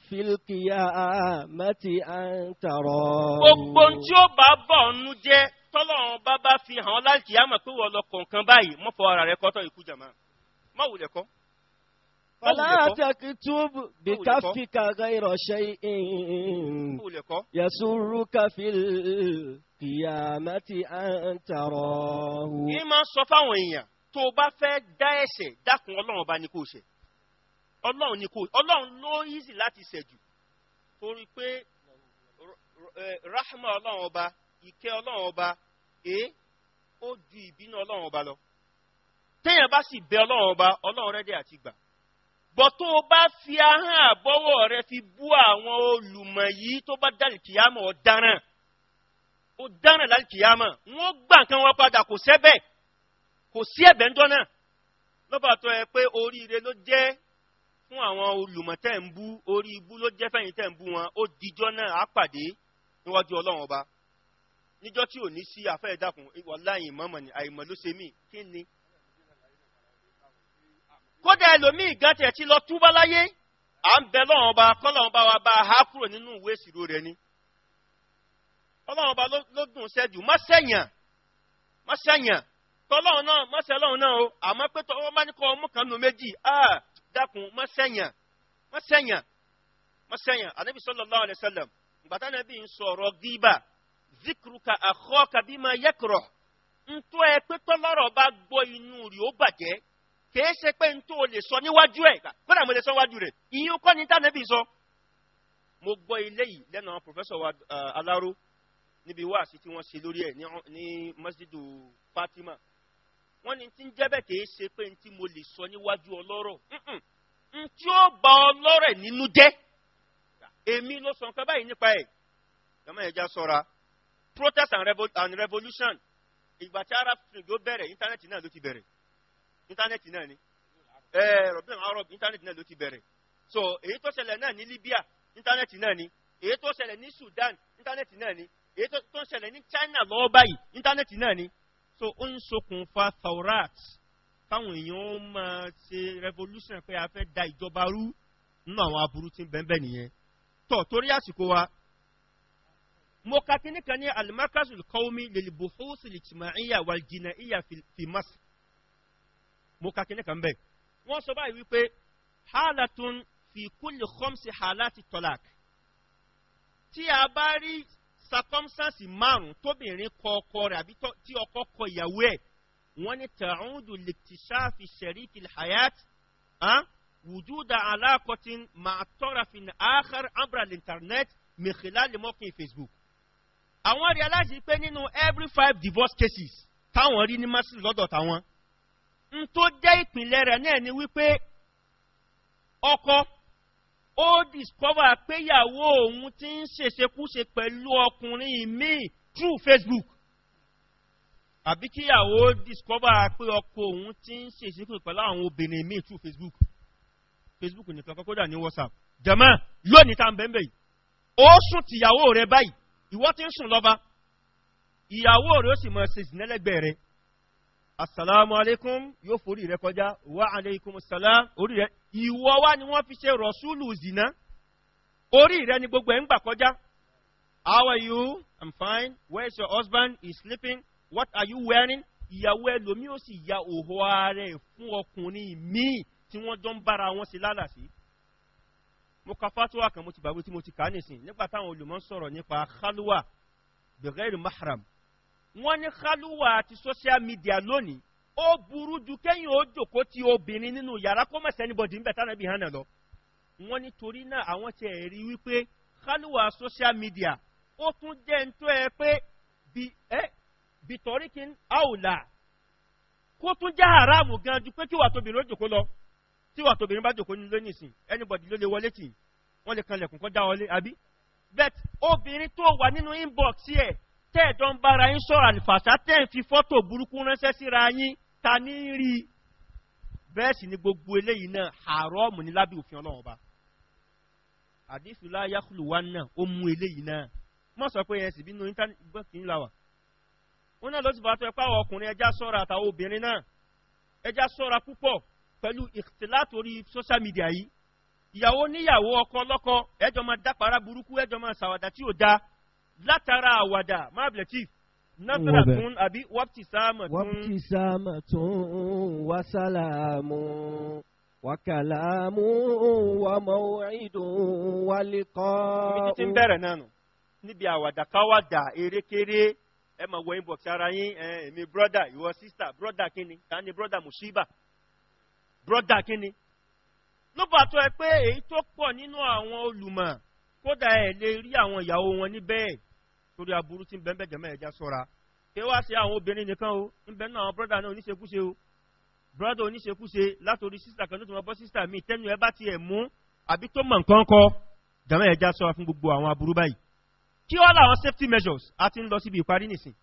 في القيامة أن تراه gbogbo tí ó bá bọ̀ ọ́nú jẹ́ tọ́lọ́run bá bá fi hàn ọ́ láti yá mọ̀ pé wọ́n lọ kọ̀ọ̀kan báyìí mọ́fọ́ ara rẹ̀ kọ́tọ́ ikú jàmá má wulẹ̀ kọ́. فلا تكتب بكفك غير شيء يسرك في القيامة أن تراه إما صفا وإيا tó o bá fẹ́ dá ẹ̀ṣẹ̀ dákun ọlọ́run ọba ni kò ṣe ọlọ́run ni kò ọlọ́run ló easy láti ṣẹ̀ jù torí pé rahma ọlọ́run ọba ìkẹ́ ọlọ́run ọba èé ó ju ìbínú ọlọ́run ọba lọ téèyàn bá sì bẹ ọlọ́run ọba ọlọ́run rẹ́dẹ̀ àti gbà bọ́ tó o bá fi ahọ́n àbọ́wọ́ rẹ fi bú àwọn olùmọ̀ yìí tó bá dálì kìyàmọ̀ ó dáràn ó dáràn dálì kìyàmọ̀ wọ́n gbà nǹkan wọn padà kò sẹ́bẹ̀ kò sí ẹ̀bẹ̀ ń dọ́nà lọ́ba tó ẹ pé oríire ló jẹ́ fún àwọn olùmọ̀ tẹ̀ ń bú orí ibú ló jẹ́ fẹ̀yìn tẹ̀ ń bú wọn ó dijọ́ náà á pàdé níwájú ọlọ́run ọba níjọ́ tí ò ní sí afẹ́ ìdàkùn wàláhì mọ̀mọ̀ ni àìmọ̀ ló ṣe mí kí ni kódà ẹlòmíì gan tiẹ̀ ti lọ túbá láyé à ń bẹ lọ́wọ́n ọba kọ́lọ́wọ́n bá wa bá a há kúrò nínú ìwé ìṣirò rẹ̀ ni ọlọ́wọ́n ọba ló dùn sẹ́jù má sẹ́yàn má sẹ́yàn tọ́lọ́wọ́n náà má sẹ́lọ́wọ́n náà o àmọ́ pé tọ́wọ́ bá ní kọ́ ọmú kan nù méjì á dákun má sẹ́yàn má sẹ́yàn má sẹ́yàn ànábì sallallahu alaihi wasallam gbàtà náà bí n sọ̀rọ̀ gíbà zikruka akhaka bima yakrah ntọ́ ẹ pé tọ́lọ́rọ̀ bá gbọ́ inú rí ó bàjẹ́ kèé ṣe pé n tó o lè sọ níwájú ẹ̀ kódà mo lè sọ níwájú rẹ̀ ìyẹn kọ́ ni tánẹ́bì sọ. mo gbọ́ ilé yìí lẹ́nu àwọn pòfẹ́sọ̀ wa aláró níbi wáàsí tí wọ́n ṣe lórí ẹ̀ ní masjidu Fatima wọ́n ní tí ń jẹ́ bẹ́ẹ̀ kèé ṣe pé n tí mo lè sọ níwájú ọlọ́rọ̀ n ó ba ọlọ́rẹ̀ nínú jẹ́ èmi ló sọ nǹkan báyìí nípa ẹ̀ jọmọ ẹ̀já sọ́ra protest and revolution ìgbà tí Arab Spring ló bẹ̀rẹ̀ íńtánẹ́ẹ̀tì náà ló ti bẹ̀rẹ̀ íńtánẹ́ẹ̀tì náà ni rọ̀bìn arab íńtánẹ́ẹ̀tì náà ló ti bẹ̀rẹ̀ so èyí tó ṣẹlẹ̀ náà ní Libya íńtánẹ́ẹ̀tì náà ni èyí tó ṣẹlẹ̀ ní Sudan íńtánẹ́ẹ̀tì náà ni èyí tó ṣẹlẹ̀ ní China lọ́wọ́ báyìí íńtánẹ́ẹ̀tì náà ni so ó ń ṣokùnfà thawrat táwọn èèyàn ó máa ṣe revolution pé a fẹ́ da ìjọba rú nínú àwọn aburú tí ń bẹ́ẹ̀ bẹ́ẹ̀ nìyẹn tọ̀ torí àsìkò wa mo ka kíní kan ní alimakazul kawmi lil buhuth al ijtima'iyya wal jina'iyya fi Masr mo ka kíní kan bẹ́ẹ̀ wọ́n sọ báyìí wípé halatun fi kulli khamsi halati tolak tí a bá rí circumstance márùn tóbìnrin kọ ọkọ rẹ̀ àbí tí ọkọ kọ ìyàwó ẹ̀ wọ́n ní ta'udu liktishafi sharikil hayat wujuda alaqatin ma'a tarafin akhar abra l'internet min khilal mọ́kìn facebook àwọn realize pé nínú every five divorce cases táwọn rí ní masil lọ́dọ̀ táwọn n tó jẹ́ ìpìlẹ̀ rẹ̀ náà ni wípé ọkọ ó discover pé ìyàwó òun ti ń ṣèṣekúṣe pẹ̀lú ọkùnrin míì through Facebook àbí kí ìyàwó discover pé ọkọ òun ti ń ṣèṣekúṣe pẹ̀lú àwọn obìnrin míì through Facebook Facebook nìkan kọ́kọ́ dà ní WhatsApp jẹ̀mọ́ lónìí tá à ń bẹ́ẹ̀ yìí ó sùn tìyàwó rẹ̀ báyìí ìwọ ti ń sùn lọ́ba ìyàwó rẹ̀ ó sì mọ̀ ṣèṣìnẹ́lẹ́gbẹ̀ẹ́ rẹ̀ assalamu alaikum yóò forí rẹ kọjá wa alaikum salam orí rẹ ìwọ wa ni wọ́n fi ṣe rọ̀ṣúlù zina orí rẹ ni gbogbo ẹ̀ ń gbà kọjá how are you i'm fine where's your husband he's sleeping what are you wearing ìyàwó ẹlòmíì ó sì ya òhò ara ẹ̀ fún ọkùnrin míì tí wọ́n jọ ń bára wọn sí lálàsí mo ka fatuwa kan mo ti bàbá tí mo ti kà á nìsín nígbà táwọn olùmọ̀ sọ̀rọ̀ nípa khalwa bẹ̀rẹ̀ mahram wọ́n ní kálúwà àti social media lónìí ó burú ju kẹ́yìn ó jòkó ti obìnrin nínú yàrá kó mọ̀ sẹ́nibọ̀dì ń bẹ̀ tánà bí hànà lọ. wọ́n ní torí náà àwọn ti rí wípé kálúwà social media ó tún jẹ́ ń tó ẹ pé bìtọ́ríkì àwòlà kó tún jẹ́ haramu gan ju pé kí wà tóbìnrin ó jòkó lọ tí wà tóbìnrin bá jòkó nílé nìsín anybody ló lè wọlé tì wọ́n lè kanlẹ̀kùn kọ́ dá wọlé àbí bẹ́ẹ̀ obìnrin tó wà nínú inbox yẹ tẹ́ẹ̀dọ́ ń bára yín sọ̀rọ̀ àlìfàṣà tẹ́ẹ̀ fi fọ́tò burúkú ránṣẹ́ síra yín ta ní rí i ni gbogbo eléyìí náà háràmù ní lábẹ́ òfin ọlọ́run ọba àdífìlá yákùlùwá náà ó mú eléyìí náà mọ̀ sọ pé yẹn sì bínú íńtánẹ́ẹ̀tì ńlá wà wọn náà ló ti bá tó ẹ pé àwọn ọkùnrin ẹja social media yìí ìyàwó níyàwó ọkọ ọlọ́kọ ẹjọ́ máa dápara burúkú ẹjọ́ máa ṣàwàdà tí ò dáa látara àwàdà má bìlẹ̀ chief nasara tún àbí wọ́pì sáàmà tún. wọ́pì sáàmà tún wá sálàmù wàkàlámù wà mọ̀wáìdùn wà lẹ́kọ́. ibi títí ń bẹ̀rẹ̀ náà nù níbi àwàdà káwàdà erékeré ẹ máa wọ inbox ara yín ẹ èmi broda ìwọ sista broda kínni ta ni broda musiba broda kínni. ló bá tó ẹ pé èyí tó pọ̀ nínú àwọn olùmọ̀ kódà ẹ̀ lè rí àwọn ìyàwó wọn níbẹ̀ torí aburú tí ń bẹ́ẹ̀ bẹ́ẹ̀ jẹ́mọ́ ẹ̀já sọ́ra kí wá sí àwọn obìnrin nìkan o ń bẹ́ẹ̀ náà àwọn brọ́dà náà oníṣekúṣe o brọ́dà oníṣekúṣe látòrí sísà kan tó ti mọ bọ́ sísà mi tẹ́nu ẹ bá tiẹ̀ mú àbí tó mọ̀ nǹkan kọ́ jẹ́mọ́ ẹ̀já sọ́ra fún gbogbo àwọn aburú báyìí kí wọ́n làwọn safety measures a ti ń lọ síbi ìparí nìsín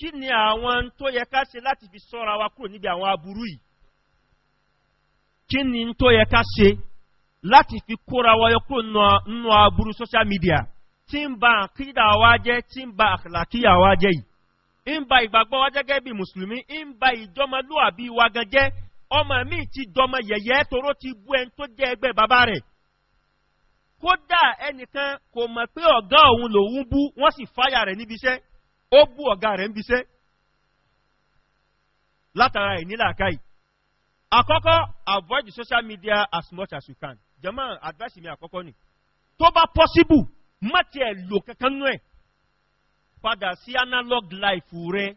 kí ni àwọn tó yẹ ká ṣe láti fi sọ́ra wa kúrò níbi àwọn aburú yìí kí ni tó yẹ ká ṣe láti fi kóra wa yọ kúrò nínú aburú social media tí ń ba àkídà wa jẹ́ tí ń ba àkìlàkíyà wa jẹ́ yìí ń ba ìgbàgbọ́ wa jẹ́ gẹ́gẹ́ bí mùsùlùmí ń ba ìjọmọlúàbí wa gan jẹ́ ọmọ mi ti dọmọ yẹ̀yẹ́ toró ti bú ẹni tó jẹ́ ẹgbẹ́ bàbá rẹ̀ kódà ẹnìkan kò mọ̀ pé ọ̀gá òun lòun bú wọ́n sì fáyà rẹ̀ níbi iṣẹ́ ó bú ọ̀gá rẹ̀ níbi iṣẹ́ látara ẹ̀ nílàákàyè àkọ́kọ́ avoid social media as much as you can jẹ́mọ́ advice mi àkọ́kọ́ ni tó bá possible má lo lò kankan nú ẹ̀ padà sí analog life rẹ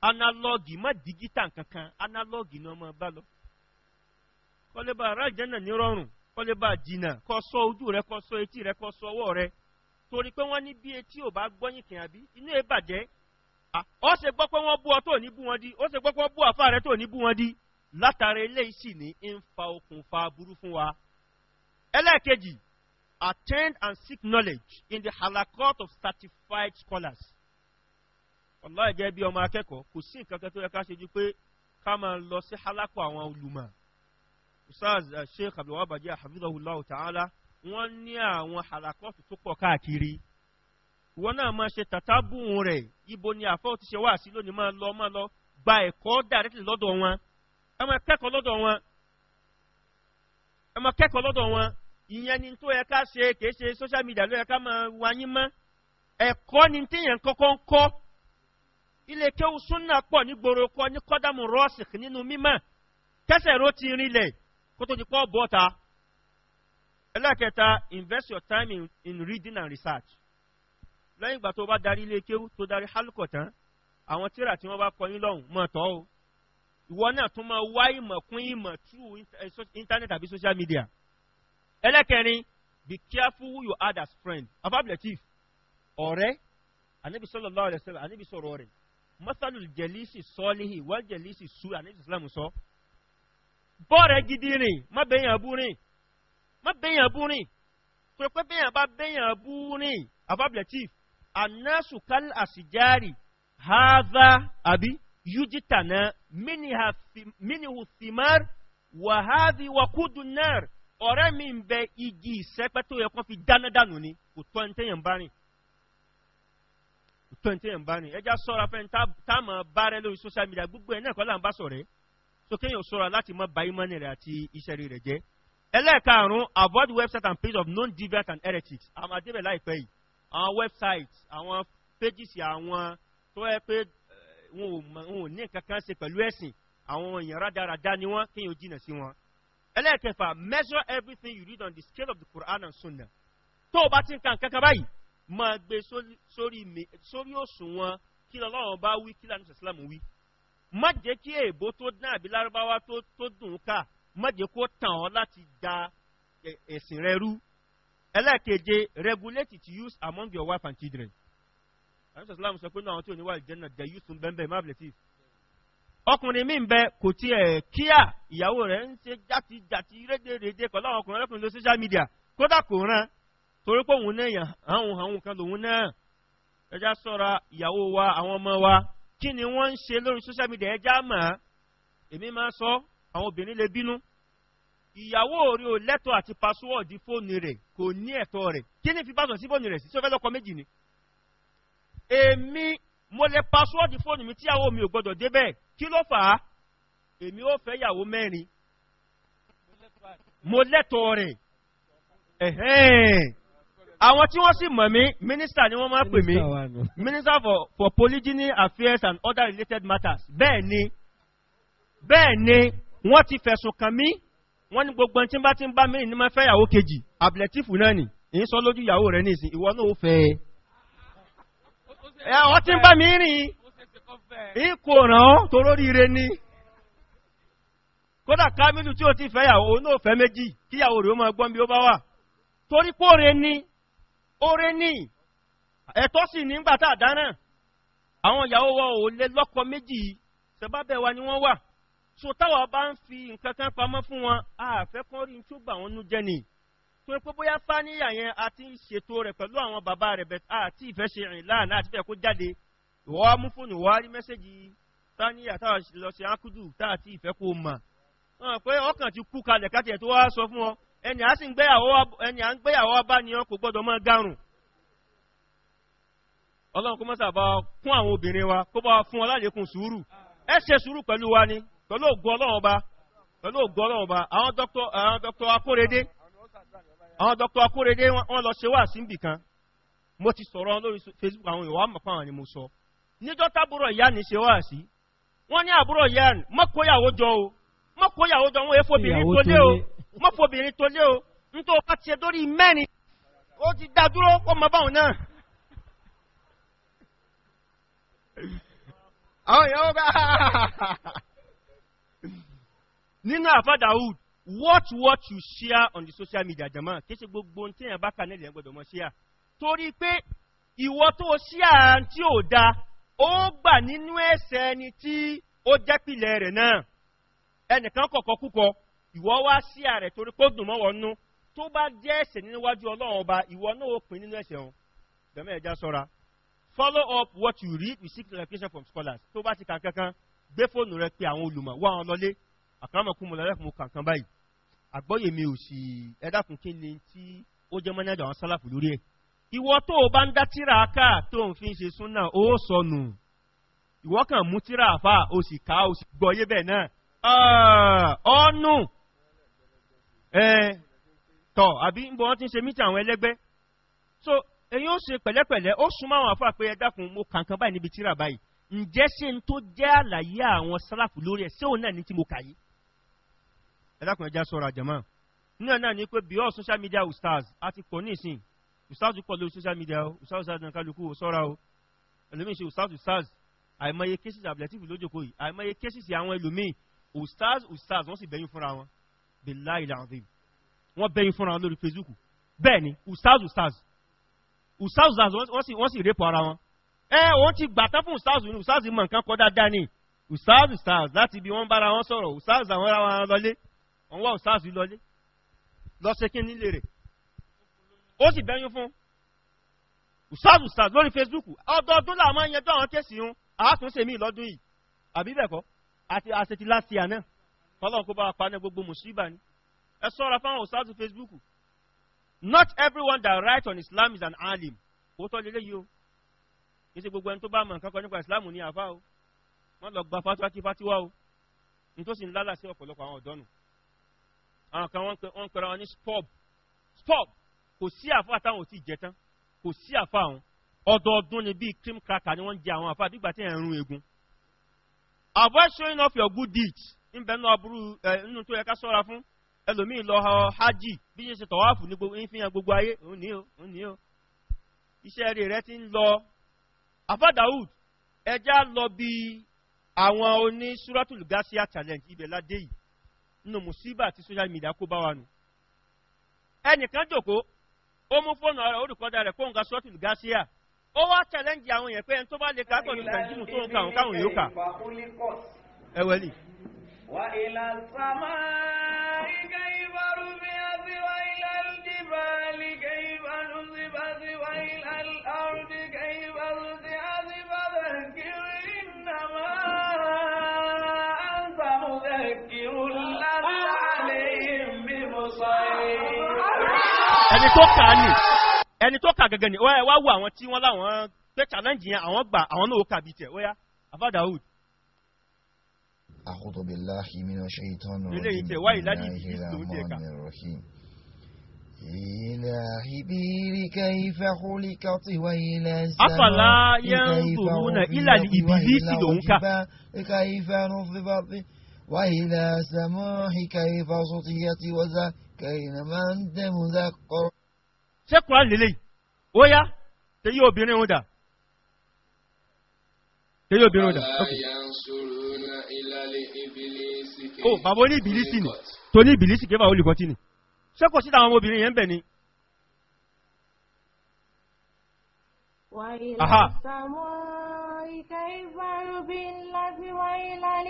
analog ma digital kankan analog ni ọmọ bá lọ kọ́lébà aráàjẹ́ náà ní rọrùn kọ́lébà jìnnà kọ́ sọ ojú rẹ kọ́ sọ etí rẹ kọ́ sọ ọwọ́ rẹ torí pé wọ́n ní bí etí ò bá gbọ́yìn kìn àbí inú ẹ bàjẹ́ ó ṣe gbọ́ pé wọ́n bú ọ tó ní bú wọn di ó ṣe gbọ́ pé wọ́n bú àfa rẹ tó ní bú wọn di látara eléyìí sì ní ń fa okùnfà burú fún wa ẹlẹ́ẹ̀kejì attend and seek knowledge in the halakot of certified scholars. Allah gẹ́gẹ́ bí ọmọ akẹ́kọ̀ọ́ kò sí nǹkan kan tó yẹ ká ṣe ju pé ká máa lọ sí halakọ àwọn olùmọ̀. Ustaz eh, Sheikh Abdulwahab Bajia Hafizahullah Ta'ala wọ́n ní àwọn halakọ́ọ̀tù tó pọ̀ káàkiri. Ìwọ náà máa ṣe tàtàbùn rẹ̀ ibo ni àfọ́ ti ṣe wá sí lónìí máa lọ máa lọ gba ẹ̀kọ́ dàrẹ́tì lọ́dọ̀ wọn. Ẹ máa kẹ́kọ̀ọ́ lọ́dọ̀ wọn. Ẹ máa kẹ́kọ̀ọ́ lọ́dọ̀ wọn ìyẹn ni tó yẹ ṣe kìí ṣe social media ló yẹ ká máa wáyé mọ́ ẹ̀kọ́ ni téèyàn kọ́kọ́ ń kọ́ ilé kéwù súnà pọ̀ nígboro kọ́ ní kọ́dàmù rọ́ọ̀sì nínú mímọ́ kẹsẹ̀ ro ti rinlẹ̀ kó tó ti pọ́ bọ́ta ẹlẹ́kẹta invest your time in, in reading and research lẹ́yìn ìgbà tó bá darí ilé kéwù tó darí hálùkọ̀ tán àwọn tíra tí wọ́n bá kọ yín lọ́hùn mọ̀ tọ́ o ìwọ náà tún máa wá ìmọ̀ kún ìmọ̀ through internet àbí social media ẹlẹ́kẹrin be careful who you add as friend afábìlẹ̀tìf ọ̀rẹ́ anabi sallallahu alaihi wasallam anabi sọ̀rọ̀ rẹ̀ masalul jẹ̀lísì sọ́ọ́lìhì wal jẹ̀lísì sùúrù anabi sọ̀rọ̀ sọ bọ́ọ̀rẹ́ gidi rìn má bẹ́yàn bú rìn má bẹ́yàn bú rìn pé pé bẹ́yàn bá bẹ́yàn bú rìn afábìlẹ̀tìf anasu kal asijari hadha abi yujitana minihu thimar wa hadhi wakudu nar ọ̀rẹ́ mi ń bẹ igi ìsẹ́pẹ́ tó yẹ kó fi dáná dànù ni kò tọ́ ẹni téèyàn bá rìn kò tọ́ ẹni téèyàn bá rìn ẹja sọ́ra fẹ́ni tá mọ̀ bárẹ́ lórí social media gbogbo ẹ̀ náà kọ́ là ń bá sọ̀rẹ́ so kéèyàn sọ́ra láti mọ bàyí mọ́ni rẹ̀ àti iṣẹ́ rẹ̀ jẹ́ ẹlẹ́ẹ̀karùn-ún avoid website and page of non-deviant and heretics àwọn àdébẹ̀ láìpẹ́ yìí àwọn website àwọn pages àwọn tó yẹ pé eh, wọn ò ní nǹkan kan ṣe pẹ̀lú ẹ̀sìn àwọn èèyàn rádaràda ni wọ́n kéèyàn jìnnà sí wọn ẹlẹ́ẹ̀kẹfà measure everything you read on the scale of the Quran and Sunnah tó o bá ti ń ka nǹkan kan báyìí máa gbé sórí òṣùwọ̀n kí lọ́wọ́n bá wí kí lánàá Islam wí má jẹ́ kí èèbó tó dán àbí lárúbáwá tó dùn ká má jẹ́ kó tàn ọ́ láti da ẹ̀sìn rẹ rú ẹlẹ́ẹ̀keje regulate it use among your wife and children lánàá Islam sọ pé ní àwọn tí ò ní wà lè jẹ́ náà the youth ń bẹ́ẹ̀ bẹ́ẹ̀ má bẹ̀rẹ̀ sí i ọkùnrin mi ń bẹ kò tiẹ̀ kíá ìyàwó rẹ̀ ń ṣe jàtijàti rédèrèdè pẹ̀lú àwọn ọkùnrin ọlọ́kùnrin ló social media kódà kò ràn torí pé òun náà yàn àwọn àwọn kan lòun náà ẹja sọ́ra ìyàwó wa àwọn ọmọ wa kí ni wọ́n ń ṣe lórí social media ẹja mọ̀ ẹ́ èmi máa sọ àwọn obìnrin lè bínú ìyàwó rẹ̀ ò lẹ́tọ̀ àti pàṣíwọ́ọ̀dì fóònù rẹ̀ kò ní ẹ̀tọ́ rẹ̀ kí ni fi pàṣọ sí fóònù rẹ̀ sí sọ́fẹ́ lọ́kọ méjì ni èmi mo lè pàṣíwọ́ọ̀dì fóònù mi tíyàwó mi ò gbọ́dọ̀ débẹ̀ kí ló fà á èmi ó fẹ́ yàwó mẹ́rin mo lẹ́tọ̀ọ́ rẹ̀ ẹ̀hẹ́n àwọn tí wọ́n sì mọ̀ mí mínísítà ni wọ́n máa pè mí minister for for polygyny affairs and other related matters bẹ́ẹ̀ ni bẹ́ẹ̀ ni wọ́n ti fẹ̀sùn kàn mí wọ́n ní gbogbo tí ń bá ti ń bá mí ní máa fẹ́ yàwó kejì abletífù náà nì èyí sọ lójú ìyàwó rẹ̀ nìsín ìwọ náà ó fẹ́ ẹ àwọn tí ń bá mi rìn ìkò ràn án tó lóríire ni kódà kámínú tí ó ti fẹ́ yàwó òun náà fẹ́ méjì kíyàwó rẹ̀ ó máa gbọ́n bí ó bá wà torí pé oore ni oore ni ẹ̀tọ́ sì ní a dáná àwọn ìyàwó wa ò lè lọ́kọ méjì sẹ́bábẹ́ wa ni wọ́n wà so táwa bá ń fi nǹkan kan pamọ́ fún wọn àfẹ́ kan rí tó bà wọ́n nú jẹ́ ni tó pé bóyá fáníyà yẹn a ti ń ṣètò rẹ̀ pẹ̀lú àwọn bàbá rẹ̀ bẹ̀ àti ìfẹ́ ṣe rìn láàánú àti ìfẹ́ kó jáde ìwọ́ mú fóònù wá rí mẹ́sẹ̀gì táníyà táà lọ sí ákúdù táà tí ìfẹ́ kó mà wọn pé ọkàn ti kú kalẹ̀ káti ẹ̀ tó wá sọ fún ọ ẹni à ń gbéyàwó bá ní ọ kò gbọ́dọ̀ mọ́ gárùn ọlọ́run kó mọ́sà bá kún àwọn obìnrin wa kó bá fún ọ lálékún sùúrù ẹ ṣe sùúrù pẹ̀lú wa ni pẹ̀lú ògo ọlọ́run ọba pẹ̀lú ògo ọlọ́run ọba àwọn dọ́kítọ̀ akórèdé àwọn dọ́kítọ̀ akórèdé wọ́n lọ ṣe wá síbì kan mo ti sọ̀rọ̀ lórí Facebook àwọn ìwà mọ̀pá àwọn ni mo sọ níjọ́ tábúrò ìyá ní ṣe wá sí wọ́n ní àbúrò ìyá ní o mọ́kóyàwó wọ́n efobìnrin tó o mọ́fobìnrin tó o bá ti ṣe dórí mẹ́rin ó ti dá dúró ó báwọn náà. àwọn ìyàwó bá nínú àfádà wood watch what you share on the social media jama kí gbogbo tí bá kà nílẹ̀ gbọ́dọ̀ mọ́ torí pé ó gbà nínú ẹ̀ṣẹ̀ ẹni tí ó jẹ́ pìlẹ̀ rẹ̀ náà ẹnìkan kọ̀kọ́ kúkọ ìwọ wá sí ààrẹ torí kó dùn mọ́ wọn nú tó bá jẹ́ ẹ̀ṣẹ̀ níwájú ọlọ́run ọba ìwọ náà ó pín nínú ẹ̀ṣẹ̀ wọn bẹ̀mẹ̀ ẹ̀já sọ́ra follow up what you read we seek clarification from scholars tó bá ti kàn kankan gbé fóònù rẹ pé àwọn olùmọ̀ wá wọn lọlé àkàràmọ̀kú mọ̀ lọ́lẹ́kùn kankan báyìí àgbọ́yèmí ò sì ẹ̀dàkùn tí ó jẹ́ mọ́nẹ́dọ̀ àwọn sálàfù lórí ẹ̀ ìwọ tó o bá ń dá tíra ká tó ń fi ṣe súnà ó sọnù ìwọ kàn mú tíra àfà o sì ká o sì gbọ́ yé náà ọ̀nù tọ̀ àbí ń bọ̀ wọ́n ti ń ṣe mítí àwọn ẹlẹ́gbẹ́ so èyí ó ṣe pẹ̀lẹ́pẹ̀lẹ́ ó súnmọ́ àwọn àfà pé ẹ dákun mo kàǹkan báyìí níbi tíra báyìí ǹjẹ́ ṣe ń tó jẹ́ àlàyé àwọn sálàfù lórí ẹ̀ ṣé òun náà ní tí mo kà yí ẹ dákun ẹ já sọ̀rọ̀ àjẹmọ́ náà náà ní pé beyond social media stars a ti pọ̀ ní ìsìn ustaz pọ̀ lórí social media o ustaz ustaz náà kálukú o sọ́ra o ẹlòmíì ṣe ustaz ustaz àìmọye cases ablative lójókòó yìí àìmọye cases àwọn ẹlòmíì ustaz ustaz wọ́n sì bẹ̀yìn fúnra wọn billahi alazim wọ́n bẹ̀yìn fúnra wọn lórí facebook bẹ́ẹ̀ ni ustaz ustaz ustaz ustaz wọ́n sì rẹ́pọ̀ ara wọn ẹ wọ́n ti gbà tán fún ustaz ní ustaz mọ̀ nǹkan kọ́ dáadáa ni ustaz ustaz láti ibi wọ́n bára wọn sọ̀rọ̀ ustaz àwọn ará wọn lọlé wọ́n wá ustaz lọlé lọ́sẹ̀kín nílé rẹ̀ ó sì bẹ́yún fún ustaz ustaz lórí facebook ọdọọdún làwọn máa ń yẹjọ́ àwọn kéèsì hun àátúnṣe mí lọ́dún yìí àbí bẹ́ẹ̀ kọ́ àti àṣetí láti àná kọ́lọ́n kó bá pa ní gbogbo mùsùlùmí ni ẹ sọ́ra fáwọn ustaz facebook not everyone that writes on islam is an alim kò tọ́ lélẹ́ yìí o kì í ṣe gbogbo ẹni tó bá mọ̀ nǹkan kan nípa islam ní àfa o wọ́n lọ gba fatiwa kí fatiwa o nítòsí ńlá láti ọ̀pọ̀lọpọ̀ àwọn ọ̀dọ́nù àwọn kan wọ́n ń pẹ̀rọ wọn ní spop spop kò sí àfa táwọn ò tí jẹ tán kò sí àfa àwọn ọdọọdún ni bíi cream cracker ni wọ́n ń jẹ àwọn àfa nígbà tí ẹ̀ ń rún egun. avoid showing off your good deeds ń bẹ nínú aburú ẹ nínú tó yẹ ká sọ́ra fún ẹlòmíì lọ hajj bí yẹn ṣe tọ̀wáàfù ní gbogbo ìfihàn gbogbo ayé òun ní o òun ní o iṣẹ́ rẹ̀ rẹ ti ń lọ afa Dawud ẹja lọ bí àwọn oní suratul gasia challenge ibẹ̀ ládé yìí nínú musiba àti social media kó bá wa nù ẹnìkan jòkó ó mú fóònù rẹ̀ ó rìkọ́dà rẹ̀ fóònù gasọ́tìlù gáṣíà ó wá challenge àwọn yẹn pé ẹni tó bá lè ká pẹ̀lú nàìjíríà tó ń kà wọn káwọn yóò kà ẹwẹ́lì. wà ilà sàmà ike ìbọ̀rù mi àti wà ilà ìdìbàlì ike ìbọ̀rù sí bàtí wà ilà ọ̀rùn ike ìbọ̀rù sí àti bàtà kiri nàmá. ẹni tó kà á nì ẹni tó kà gẹ́gẹ́ ni ó yẹ wá wo àwọn tí wọ́n láwọn pé challenge yẹn àwọn gbà àwọn náà ó kà bí tẹ̀ ó yá abadahood. أعوذ بالله من الشيطان الرجيم بسم الله الرحمن الرحيم إلهي بيري كيف خلقت وإلى أفلا ينظرون إلى الإبليس دونك كيف نصبت وإلى سماح كيف سطيت وزهرت kẹ̀yìnàmá ń dẹ́mu dá kọ́. ṣé kùrán lélẹ̀ yìí ó yá tẹ̀yí obìnrin ń dà tẹ̀yí obìnrin ń dà. ó oh, bàbá oní ìbílísì ni tó ní ìbílísì kébà olùkọ́tì ni ṣé kò síta àwọn ọmọbìnrin yẹn ń bẹ̀ ni. Aha. كيف ربي الله وإلى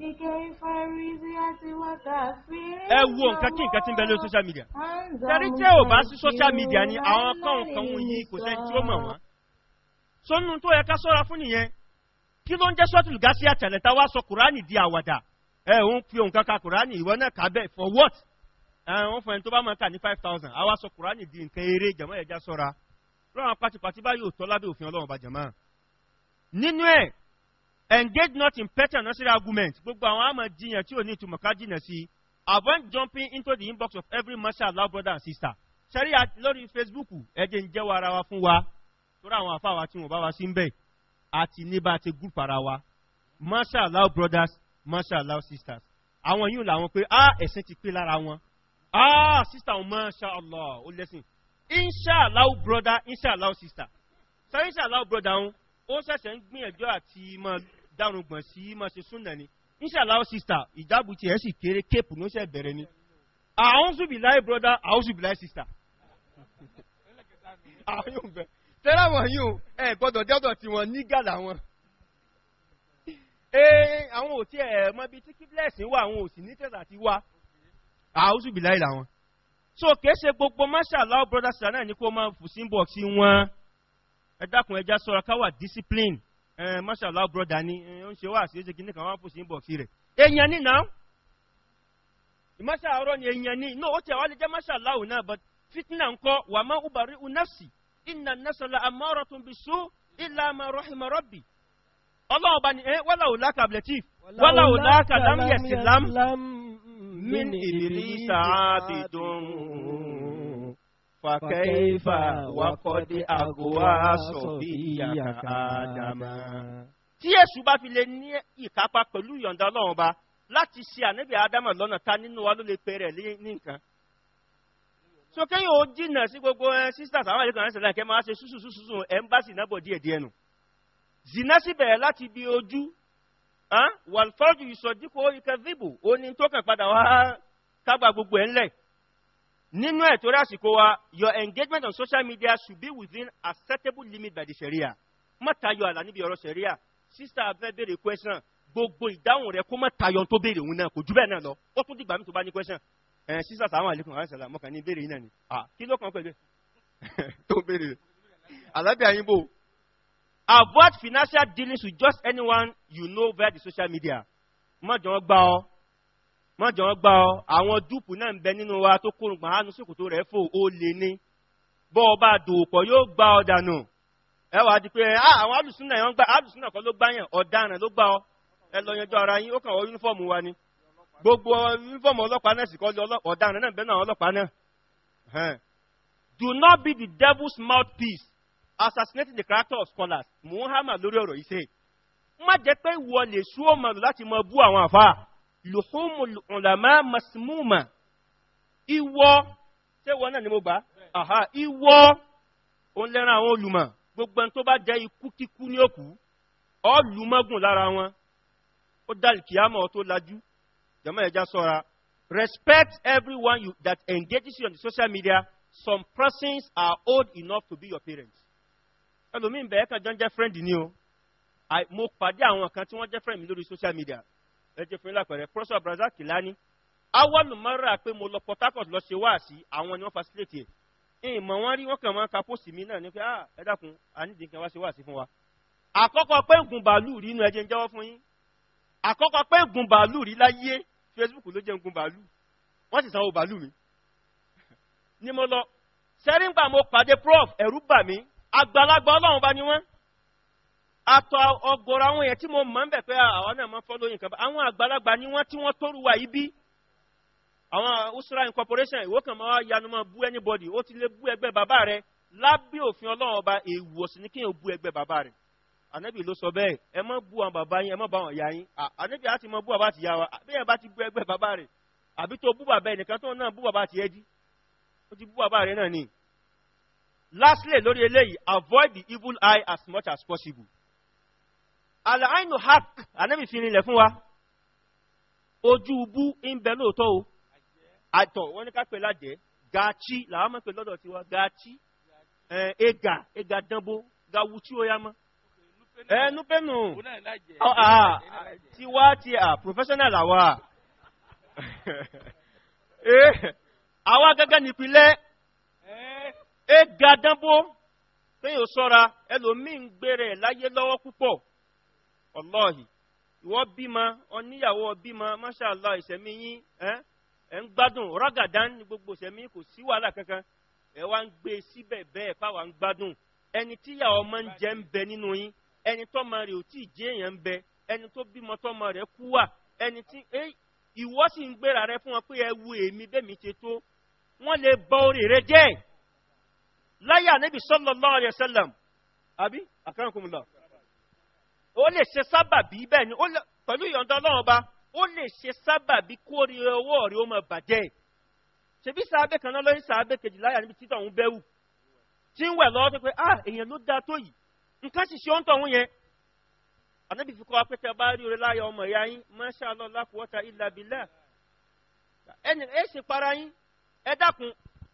ẹ wo nǹkan kí nǹkan tí ń bẹ lórí social media tẹ́rí tí ò bá sí social media ni àwọn kọ́hùn kan wọ̀n yìí kò sẹ́ tí ó mọ̀ wọ́n sónú tó yẹ ká sọ́ra fún nìyẹn kí ló ń jẹ́ sọ́tù gásí àtẹ̀lẹ́ta wá sọ kùránì di àwàdà ẹ ò ń fi òǹkà ka kùránì ìwọ náà kà bẹ́ẹ̀ for what ẹ ń fún ẹni tó bá máa kà ní five thousand àwa sọ kùránì di nǹkan eré jẹ̀mọ́ ẹ̀já sọ́ra lọ́rùn pátipàti bá yóò tọ́ lábẹ́ engage not in petty and unnecessary arguments gbogbo àwọn àmọ jiyàn tí ò ní ìtumọ̀ ká jìnà sí avoid jumping into the inbox of every mashallah brother and sister ṣẹ́rí lórí facebook ẹ̀jẹ̀ ń jẹ́wọ́ ara wa fún wa torí àwọn àfa wa tí wọ́n bá wa sí ń bẹ̀ àti níbà ti group ara wa mashallah brothers mashallah sisters àwọn yìí làwọn pé ah ẹ̀sìn ti pé lára wọn ah sister wọn mashallah ó lẹ́sìn inshallah brother inshallah sister ṣe inshallah brother wọn ó ṣẹ̀ṣẹ̀ ń gbìyànjú àti máa dárun gbọ̀n sí máa ṣe súnà ni inshallah sister ìjábù tiẹ̀ sì kéré kéèpù ló ṣe bẹ̀rẹ̀ ni àwọnsù bí láì brother àwọnsù bí láì sister àwọn yóò bẹ̀ tẹ́lá wọn yóò ẹ̀ gbọ́dọ̀ dẹ́dọ̀ tí wọ́n ní gàlà wọn ee àwọn ò tí ẹ̀ mọ́ bí tí kíblẹ̀sì wà àwọn ò sì ní tẹ̀sà ti wá àwọnsù bí láì làwọn so kìí ṣe gbogbo mashallah brother sister náà ní kó máa fò sí bọ̀ sí wọn ẹ dákun ẹja sọra káwà discipline Eh, mọ́ṣàlá brọ́dà ni eh, ó ń ṣe wá sí kìíní kan wá fún sí bọ̀ọ̀sì rẹ̀ èèyàn ní náà ìmọ́ṣà ọ̀rọ̀ ni èèyàn ní náà ó tẹ̀ wá lè jẹ́ mọ́ṣàlá òun náà but fitna ńkọ́ wà má ubàrí unafsi inna nasala amọ́rọ̀ tún bí sú ilà ma rahima rabbi ọlọ́run bá ní ẹ wọ́lá ò láka abletif wọ́lá ò láka lámyẹ̀sì lám min ìbílí sàábìdùn فكيف وقد أغوى صبيك آدم tí èṣù bá fi lè ní ìkápá pẹ̀lú ìyọ̀ǹda ọlọ́run ọba láti ṣe ànábì ádámà lọ́nà ta nínú wa ló lè pe rẹ̀ ní nǹkan. so kéyìn ó jìnnà sí gbogbo ẹ sisters àwọn àlejò àrẹ́sẹ̀ láì kẹ́ máa ṣe ṣùṣù ṣùṣù ẹ̀ńbàṣì náà bọ̀ díẹ̀ díẹ̀ nù. zina sì bẹ̀rẹ̀ láti bi ojú wàlfọ́ọ̀jù ìsọ̀dípò ìkẹ́fíbù ó ní tó kàn padà wá kágbà gbogbo ẹ̀ ńlẹ̀ nínú ẹ̀ torí àsìkò wa your engagement on social media should be within acceptable limit by the sharia má tayọ àlà níbi ọ̀rọ̀ sharia sister abẹ́ béèrè question gbogbo ìdáhùn rẹ kó má tayọ tó béèrè òun náà kò jù bẹ́ẹ̀ náà lọ ó tún dìgbà mi tó bá ní question ẹ̀ sister sàmà àlékún àwọn ìṣẹ̀lẹ̀ àmọ́kàn ní béèrè yìí náà ni kí ló kàn pẹ̀lú tó béèrè àlábíà yín bò. avoid financial dealings with just anyone you know via the social media má jọ gbà ọ mọ́jọ wọn gbá ọ àwọn dúpù náà ń bẹ nínú wa tó kó gbà ánú sókòtò rẹ̀ fò ó lè ní bọ́ ọba dòòpọ̀ yóò gbá ọ dànù ẹwà di pé ah, àwọn alùsùnà yẹn gbá alùsùnà kan ló gbáyàn ọ̀daràn ló gbá ọ ẹ lọ yanjú ara yín ó kàn wọ yúnífọ́ọ̀mù wa ni gbogbo yúnífọ́ọ̀mù ọlọ́pàá náà sì kọ́ lọ ọ̀daràn náà bẹ́ẹ̀ náà do not be the devil's mouthpiece assassinating the character of scholars muhammad lórí ọ̀rọ̀ yìí má jẹ́ pé ìwọ lè sú láti luhumul ulama masmuma ìwọ tẹ́wọ́ náà ni mo bá aha ìwọ òun lẹ́ran àwọn olùmọ̀ gbogbo tó bá jẹ́ ikú kíkú ní òkú ọlùmọ́gùn lára wọn ó dálìkìámọ̀ tó lajú jẹ́mọ́ ẹja sọ́ra respect everyone you, that engages you on the social media some persons are old enough to be your parents ẹlòmíì bẹ̀ẹ́ kan jọ ń jẹ́ friend ni o mo pàdé àwọn kan tí wọ́n jẹ́ friend mi lórí social media ẹ jẹ́ fún lápẹ̀rẹ̀ Professor Abdulrasaq Kilani awọ́lù mọ́ra pé mo lọ Port Harcourt lọ ṣe wáàsí àwọn ni wọ́n facilitate ẹ̀ ìmọ̀ wọn rí wọ́n kàn máa ka pósì mi náà ní pé ah, ẹ dákun àníjì kan wá ṣe wáàsí fún wa àkọ́kọ́ pé gun bàálù rí inú ẹjẹ́ ń jẹ́wọ́ fún yín àkọ́kọ́ pé gun bàálù rí láyé Facebook ló jẹ́ gun bàálù wọ́n sì sanwó bàálù mi ni mo lọ sẹ́rìngbà mo pàdé prof ẹ̀rú bà mí àgbàlagbà ọlọ́run bá ní wọ́n àtọ̀ ọgọ̀rọ̀ àwọn èèyàn tí mo mọ̀ ń bẹ̀ pé àwọn náà máa ń kan àwọn àgbàlagbà ni wọ́n tí wọ́n tóruwà yìí bí àwọn usra incorporation ìwọ kan máa yanu máa bú anybody ó ti lè bú ẹgbẹ́ bàbá rẹ lábẹ́ òfin ọlọ́run ọba èèwọ̀ sí ni kí n bú ẹgbẹ́ bàbá rẹ ànábì ló sọ bẹ́ẹ̀ ẹ má bú àwọn bàbá yín ẹ má bá wọn yá yín ànábì á ti bú bàbá ti yá wa bí bá ti bú ẹgbẹ́ bàbá lastly lórí avoid the evil eye as much as possible àlàáìnù hak ànábì fi rinlẹ̀ fún wa ojú ubu ń bẹ lóòótọ́ o àtọ̀ wọ́n ní ká pè lájẹ́ gàchi làwọn tiwa gachi ega ega dánbó gawu tí ó yá mọ́ ẹ tiwa ti à professional àwa eh, àwa gẹ́gẹ́ nípìnlẹ̀ ega dánbó pé yóò sọ́ra ẹlòmíì ń laye láyé ọlọ́ọ̀hì ìwọ bímọ oníyàwó bímọ mashallah ìṣẹ̀mí yín ẹ̀ ń gbádùn rọ́gàdán ní gbogbo ìṣẹ̀mí kò sí wàhálà kankan ẹ wá ń gbé e síbẹ̀ bẹ́ẹ̀ páwa ń gbádùn ẹni tíyà ọmọ ń jẹ ń bẹ nínú yín ẹni tọ́mọ rẹ̀ ò tí ì jẹ́ èèyàn ń bẹ ẹni tó bímọ tọ́mọ rẹ̀ kú wà ẹni tí ìwọ sì ń gbéra rẹ fún wọn pé ẹ wo èmi bẹ́mi ṣe tó wọ́n lè bọ orí rẹ jẹ́ láyà Ànábì sallallahu alaihi wasallam àbí àkàràkùnmùlà ó lè ṣe sábàbí bẹ́ẹ̀ ni pẹ̀lú ìyọ̀ǹda ọlọ́run ọba ó lè ṣe sábàbí kó rí owó rí ó máa bàjẹ́ ṣebí sàábẹ̀ kan náà lóyún sàábẹ̀ kejì láyà níbi títọ̀ òun bẹ́wù tí ń wẹ̀ lọ́wọ́ pé ah èèyàn ló dáa tó yìí nǹkan sì ṣe ó ń tọ̀ òun yẹn ànábì fi kọ́ wa pé tẹ bá rí orí láyà ọmọ ìyá yín masha Allah la quwwata illa billah ẹnì ẹ ṣe para yín ẹ dákun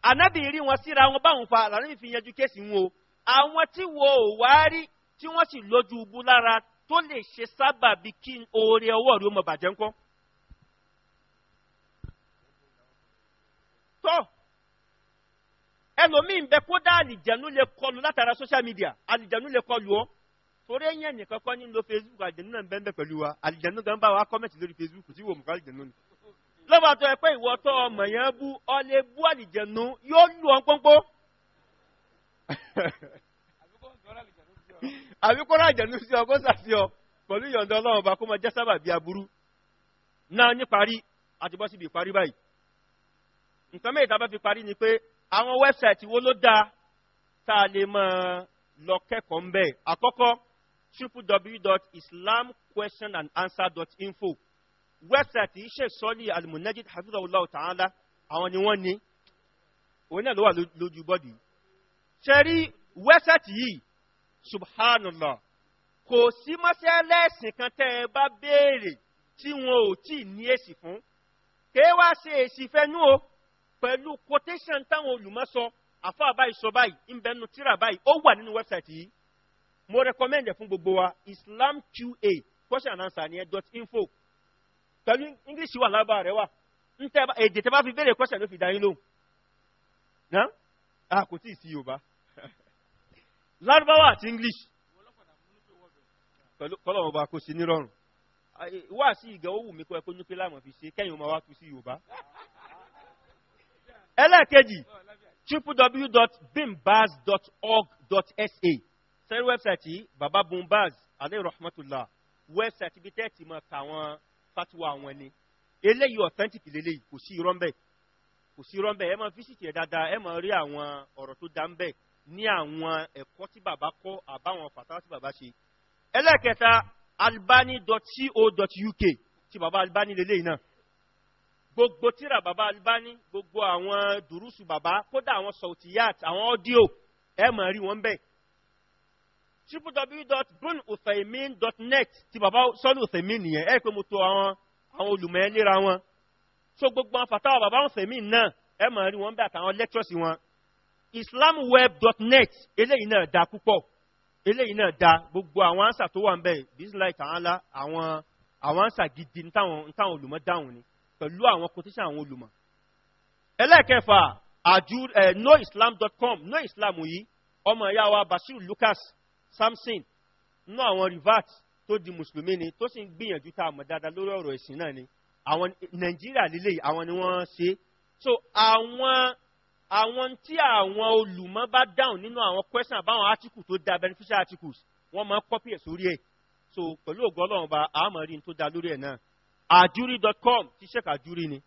ànábì rí wọn síra wọn báwọn fa ànábì àwọn tí wo ò wá rí tí wọ́n sì lójú bú lára tó lè ṣe sábà bí kí oore ọwọ́ rí ó mọ̀ bàjẹ́ ńkọ́. tọ́ ẹlòmíín bẹ kódà àlìjẹ̀nu lè kọlù látara social media àlìjẹ̀nu lè kọlù ọ́ torí ẹ̀yìn ẹ̀nìkan kọ́ ní facebook àlìjẹ̀nu náà ń bẹ́ẹ̀ pẹ̀lú wa àlìjẹ̀nu gan bá wa kọ́mẹ̀tì lórí facebook tí wò mú kọ́ àlìjẹ̀nu ni. lọ́wọ́ àtọ́ ẹ pé ìwọ tọ́ ọmọ yẹn bú ọ lè bú àlìjẹ̀nu yóò lù ọ́ pọ́npọ́ àbí kó rà jẹ̀nu sí ọ kó sàfi ọ pẹ̀lú ìyọ̀ǹda ọlọ́run ọba kó máa jẹ́ sábà bí aburú náà níparí àti bọ́ síbi ìparí báyìí nǹkan mẹ́ta bá fi parí ni pé àwọn wẹ́bsáìtì wo ló dáa tá a lè máa lọ kẹ́kọ̀ọ́ ń bẹ̀ àkọ́kọ́ www.islamquestionandanswer.info wẹ́bsáìtì iṣẹ́ sọ́lì alimunajid hafizahullah ta'ala àwọn ni wọ́n ní òun náà ló wà lójú bọ́dì ṣe rí wẹ́bsáìtì yìí subhanallah kò sí mọ́ṣáláṣí kan tẹ́ ẹ bá béèrè tí wọn ò tí ì ní èsì fún kéé wá ṣe èsì fẹnú o pẹ̀lú quotation táwọn olùmọ̀sọ àfọ̀àbá ìsọ báyìí ńbẹ́nu tíra báyìí ó wà nínú wẹ́bsáìtì yìí mo recommend fún gbogbo wa islamqa question and answer ni ẹ dot info pẹ̀lú english wà lábà rẹ wà èdè tẹ́ bá fi béèrè question ló fi dá yín lóhùn. a kò tí ì sí yorùbá lárúbáwá àti english kọlọ́wọ́n bá kó sí nírọ̀rùn wá sí ìgẹ̀ ó wù mí kọ́ ẹ kó ní pé láàmú fi ṣe kẹ́yìn ọmọ wa kú sí yorùbá ẹlẹ́ẹ̀kejì www.bimbaz.org.sa sẹ́rí wẹ́bsáìtì yìí baba bumbaz alẹ́ rahmatullah wẹ́bsáìtì bí tẹ́ẹ̀tì mọ̀ káwọn fatiwa wọn ni eléyìí authentic lélẹ́yìí kò sí irọ́ ń bẹ̀ kò sí irọ́ ń bẹ̀ ẹ máa fíṣítì ẹ̀ dáadáa ẹ máa rí àwọn ọ̀rọ̀ tó dá ń bẹ̀ ní àwọn ẹ̀kọ́ tí bàbá kọ́ àbáwọn fàtàwà tí bàbá ṣe ẹlẹ́kẹta albani.co.uk tí bàbá albani lélẹ́yìn náà gbogbo tíra bàbá albani gbogbo àwọn dùrúsù bàbá kódà àwọn sọ̀tìyàt àwọn ọ́díò ẹ máa rí wọn bẹ́ẹ̀ www.brunuthaimin.net ti bàbá sọ́lù uthaimin nìyẹn ẹ pé mo tò àwọn àwọn olùmọ̀ ẹ léra wọn so gbogbo àwọn fàtàwà bàbá uthaimin náà ẹ máa rí wọn bẹ́ẹ̀ àtàwọn lectures wọn islamweb.net eléyìí náà da púpọ̀ eléyìí náà da gbogbo àwọn ansa tó wà ń bẹ̀ bisimilayi ta'ala àwọn àwọn ansa gidi ntáwọn ntáwọn olùmọ̀ dáhùn ni pẹ̀lú àwọn quotation àwọn olùmọ̀ ẹlẹ́ẹ̀kẹfà àjú ẹ̀ noislam.com noislam yìí ọmọ ìyá wa bashir lucas samson nínú àwọn rivers tó di mùsùlùmí ni tó sì ń gbìyànjú tá a mọ̀ dáadáa lórí ọ̀rọ̀ ẹ̀sìn náà ni àwọn nàìjíríà líle àwọn ni wọ́n ṣe so àwọn àwọn tí àwọn olùmọ̀ bá dáhùn nínú àwọn question àbáwọn article tó da beneficial articles wọ́n máa copy ẹ̀ sórí ẹ̀ so pẹ̀lú ògo Ọlọ́run ọba àmọrí tó da lórí ẹ̀ náà àjúrí.com ti ṣẹkà àjúrí ni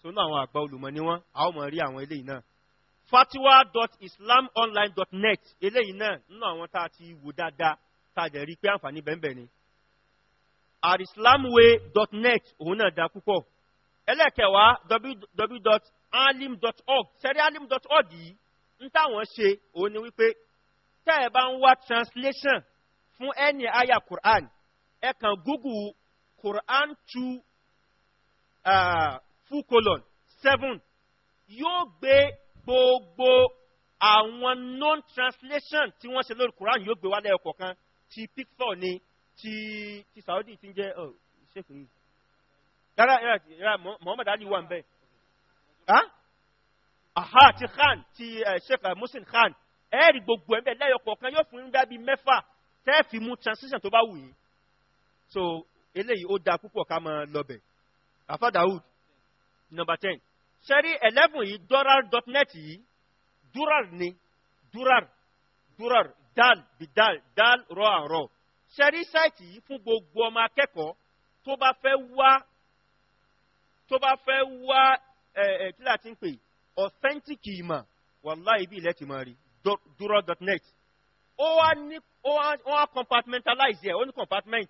sọnù àwọn àgbà olùmọ̀ ni wọ́n àmọrí àwọn eléyìí náà fatiwa.islamonline.net eléyìí náà nínú àwọn tá a ti wò dáadáa tá a dẹ̀ rí i pé àǹfààní bẹ́ẹ̀ bẹ́ẹ̀ ni arislamway.net òun náà da púpọ̀ ẹlẹ́kẹ̀wá www alim.org sẹ́rí alim.org yìí ń táwọn ṣe òun ni wípé tẹ́ ẹ bá ń wá translation fún ẹni aya Quran ẹ kàn google Quran two uh, full colon seven yóò gbé gbogbo àwọn non translation tí wọ́n ṣe lórí Quran yóò gbé wálé ọkọ̀ ti picture ni ti ti Saudi ti ń jẹ́ ṣèkìrì yàrá yàrá Muhammad Ali wà ń bẹ́ẹ̀ aha ti khan ti eh, sheikh eh, musin khan ẹ̀ẹ́rì gbogbo ẹ̀mẹ́ lẹ́yọ kọ̀ọ̀kan yóò fún bá bí mẹ́fà tẹ́ẹ̀fì mú transition tó bá wù yín so eléyìí ó da púpọ̀ ká máa lọ́bẹ̀ afa daoud number ten ṣẹ́rí eleven yìí dural dot yìí dural ni dural dural dal bi dal dal rọ àrọ ṣẹ́rí sáìtì yìí fún gbogbo ọmọ akẹ́kọ̀ọ́ tó bá fẹ́ wá tó bá fẹ́ wá kí láti ń pè authentic ìmọ̀ wàláì bí ilẹ̀ ti mọ̀ rí dúró.net ó wá ní ó wá compartmentalize ẹ̀ ó ní compartment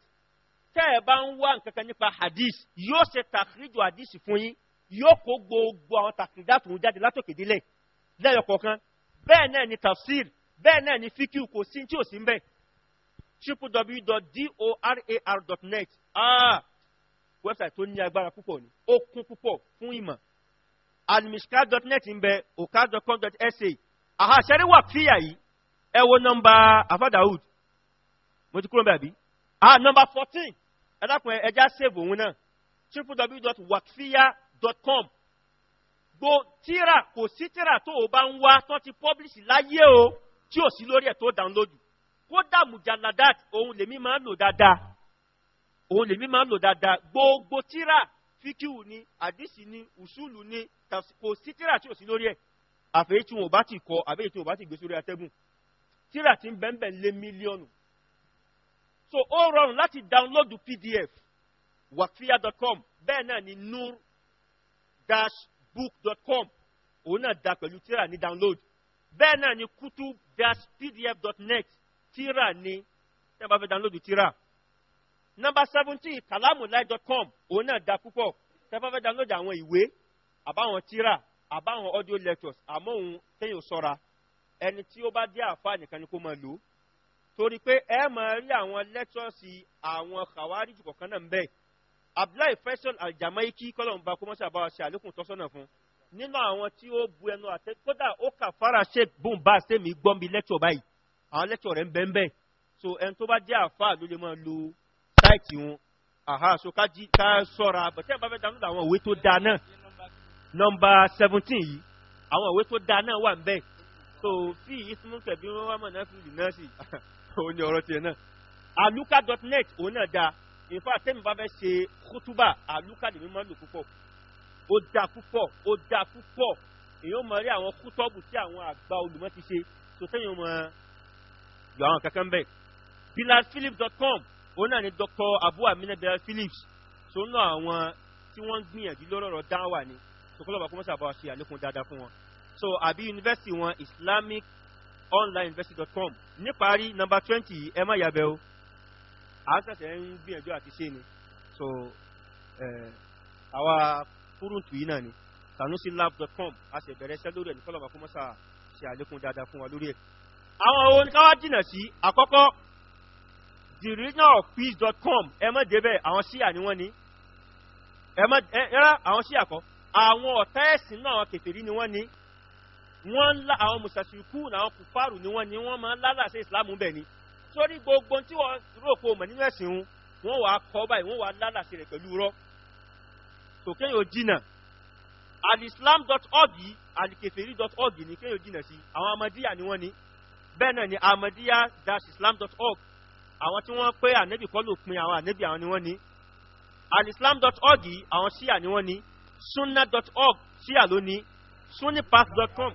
tẹ́ ẹ bá ń wá nǹkan kan nípa hadith yóò ṣe tàkìrìjọ hadith fún yín yóò kó gbogbo àwọn tàkìrìjà tó ń jáde látòkè délẹ̀ lẹ́yọ̀ kọ̀ọ̀kan bẹ́ẹ̀ náà ni tafsir bẹ́ẹ̀ náà ni fíkìú kò sí tí ò sí ń bẹ̀ www.dorar.net ah website tó ní agbára púpọ̀ ni ó kún púpọ̀ fún ìmọ̀ almishka.net ń bẹ oka.com.sa àha ṣẹ́rí wà fíyà yìí ẹ wo nọmba afadahood mo ti kúrò bàbí ah nọmba fourteen ẹ dákun ẹja save òun náà www.wakfiya.com gbo tíra kò sí tíra tó o bá ń wá tó ti publish láyé o tí ò sí lórí ẹ̀ tó dánlódù kódà mujaladat òun lèmi máa ń lò dáadáa òun lèmi máa ń lò dáadáa gbogbo tíra fíkíù ni àdìsí ni ùsùlù ni kò sí tíra tí ò sí lórí ẹ̀ àfẹ́yí tí wọn bá ti kọ àbẹ́yí tí wọn bá ti gbé sórí atẹ́gùn tíra ti ń bẹ́ẹ̀nbẹ́ lé mílíọ̀nù so ó rọrùn láti dáńlódù pdf wàkfíà.com bẹ́ẹ̀ náà ni nur-book.com òun náà da pẹ̀lú tíra ní download bẹ́ẹ̀ náà ni kutub-pdf.net tíra ní tẹ́ bá fẹ́ dáńlódù tíra nọmba seventeen kalamulai.com òun náà da púpọ̀ tẹ́fẹ́fẹ́ download àwọn ìwé àbáwọn tíra àbáwọn audio lectures àmọ́ òun kéèyàn sọ́ra ẹni tí ó bá jẹ́ àfa nìkan ni kó máa lò ó torí pé ẹ máa rí àwọn lectures àwọn kàwárí jù kọ̀ọ̀kan náà ń bẹ abdullahi faisal aljamaiki kọlọmba kó mọ́sá àbáwá ṣe àlékún tọ́sọ́nà fún nínú àwọn tí ó bu ẹnu àtẹ kódà ó kà fara sheik bùn bá sẹ́mi gbọ́n bí lecture báyìí àwọn lecture rẹ̀ ń bẹ́ẹ̀ bẹ́ẹ̀ so ẹni tó bá jẹ́ àfa ló lè máa lo sáìtì wọn àhá so ká jí ká sọ́ra bọ̀tẹ́ bá fẹ́ download àwọn ìwé tó dáa náà nọmba seventeen yìí àwọn ìwé tó dáa náà wà ń bẹ́ẹ̀ so fi ismu kẹ̀bí wọn wà mọ̀ náà fi lì náà sí òun ọ̀rọ̀ tiẹ̀ náà aluka dot net òun náà dáa in tẹ́mi bá fẹ́ ṣe kútúbà aluka lèmi máa ń lò púpọ̀ ó dáa púpọ̀ ó dáa púpọ̀ èyí ó mọ rí àwọn kútọ́ọ̀bù tí àwọn àgbà olùmọ̀ ti ṣe so tẹ́yìn ó mọ òun náà ni Dr. Abu Aminabel Phillips tó ń lọ àwọn tí wọ́n ń gbìyànjú lọ́rọ̀ dáwà ni sọkọlọ́ba kó mọ́sàbá wa ṣe àlékún dáadáa fún wọn so àbí yunifásitì wọn Islamic online university dot com níparí nọ́mbà twenty ẹ má yàbẹ o à ń ṣẹ̀ṣẹ̀ ń gbìyànjú àti ṣe ni so àwa kúrúntù yìí náà ni sanusi lab dot com a ṣe bẹ̀rẹ̀ iṣẹ́ lórí ẹ̀ ní kọ́lọ́ba kó mọ́sà ṣe àlékún dáadáa fún wa lórí ẹ̀. àwọn ohun káwá jìnnà sí àkọ́kọ́ the regional of peace.com ẹ mọ́ débẹ̀ àwọn ṣíà ni wọ́n ní ẹ mọ́ ẹ̀rá àwọn ṣíà kọ́ àwọn ọ̀tá ẹ̀sìn náà àwọn kèfèrí ni wọ́n ní wọ́n ń lá àwọn mùsàṣìkú àwọn kùfàrù ni wọ́n ní wọ́n máa ń lálàṣẹ ìsìlámù bẹ̀ ni sórí gbogbo tí wọ́n rò pé o mọ̀ nínú ẹ̀sìn wọn wọ́n wàá kọ́ báyìí wọ́n wàá lálàṣẹ rẹ̀ pẹ̀lú rọ́ tó kéèyàn jìnà alislam.org alikeferi.org ni kéèyàn jìnà sí àwọn amadiya ni wọ́n ní bẹ́ẹ̀ náà ni amadiya-islam.org àwọn tí wọ́n pé ànẹ́bì kọ́ ló pin àwọn ànẹ́bì àwọn ni wọ́n ní alislam.org àwọn ṣíà ni wọ́n ní sunna.org ṣíà ló ní sunnipath.com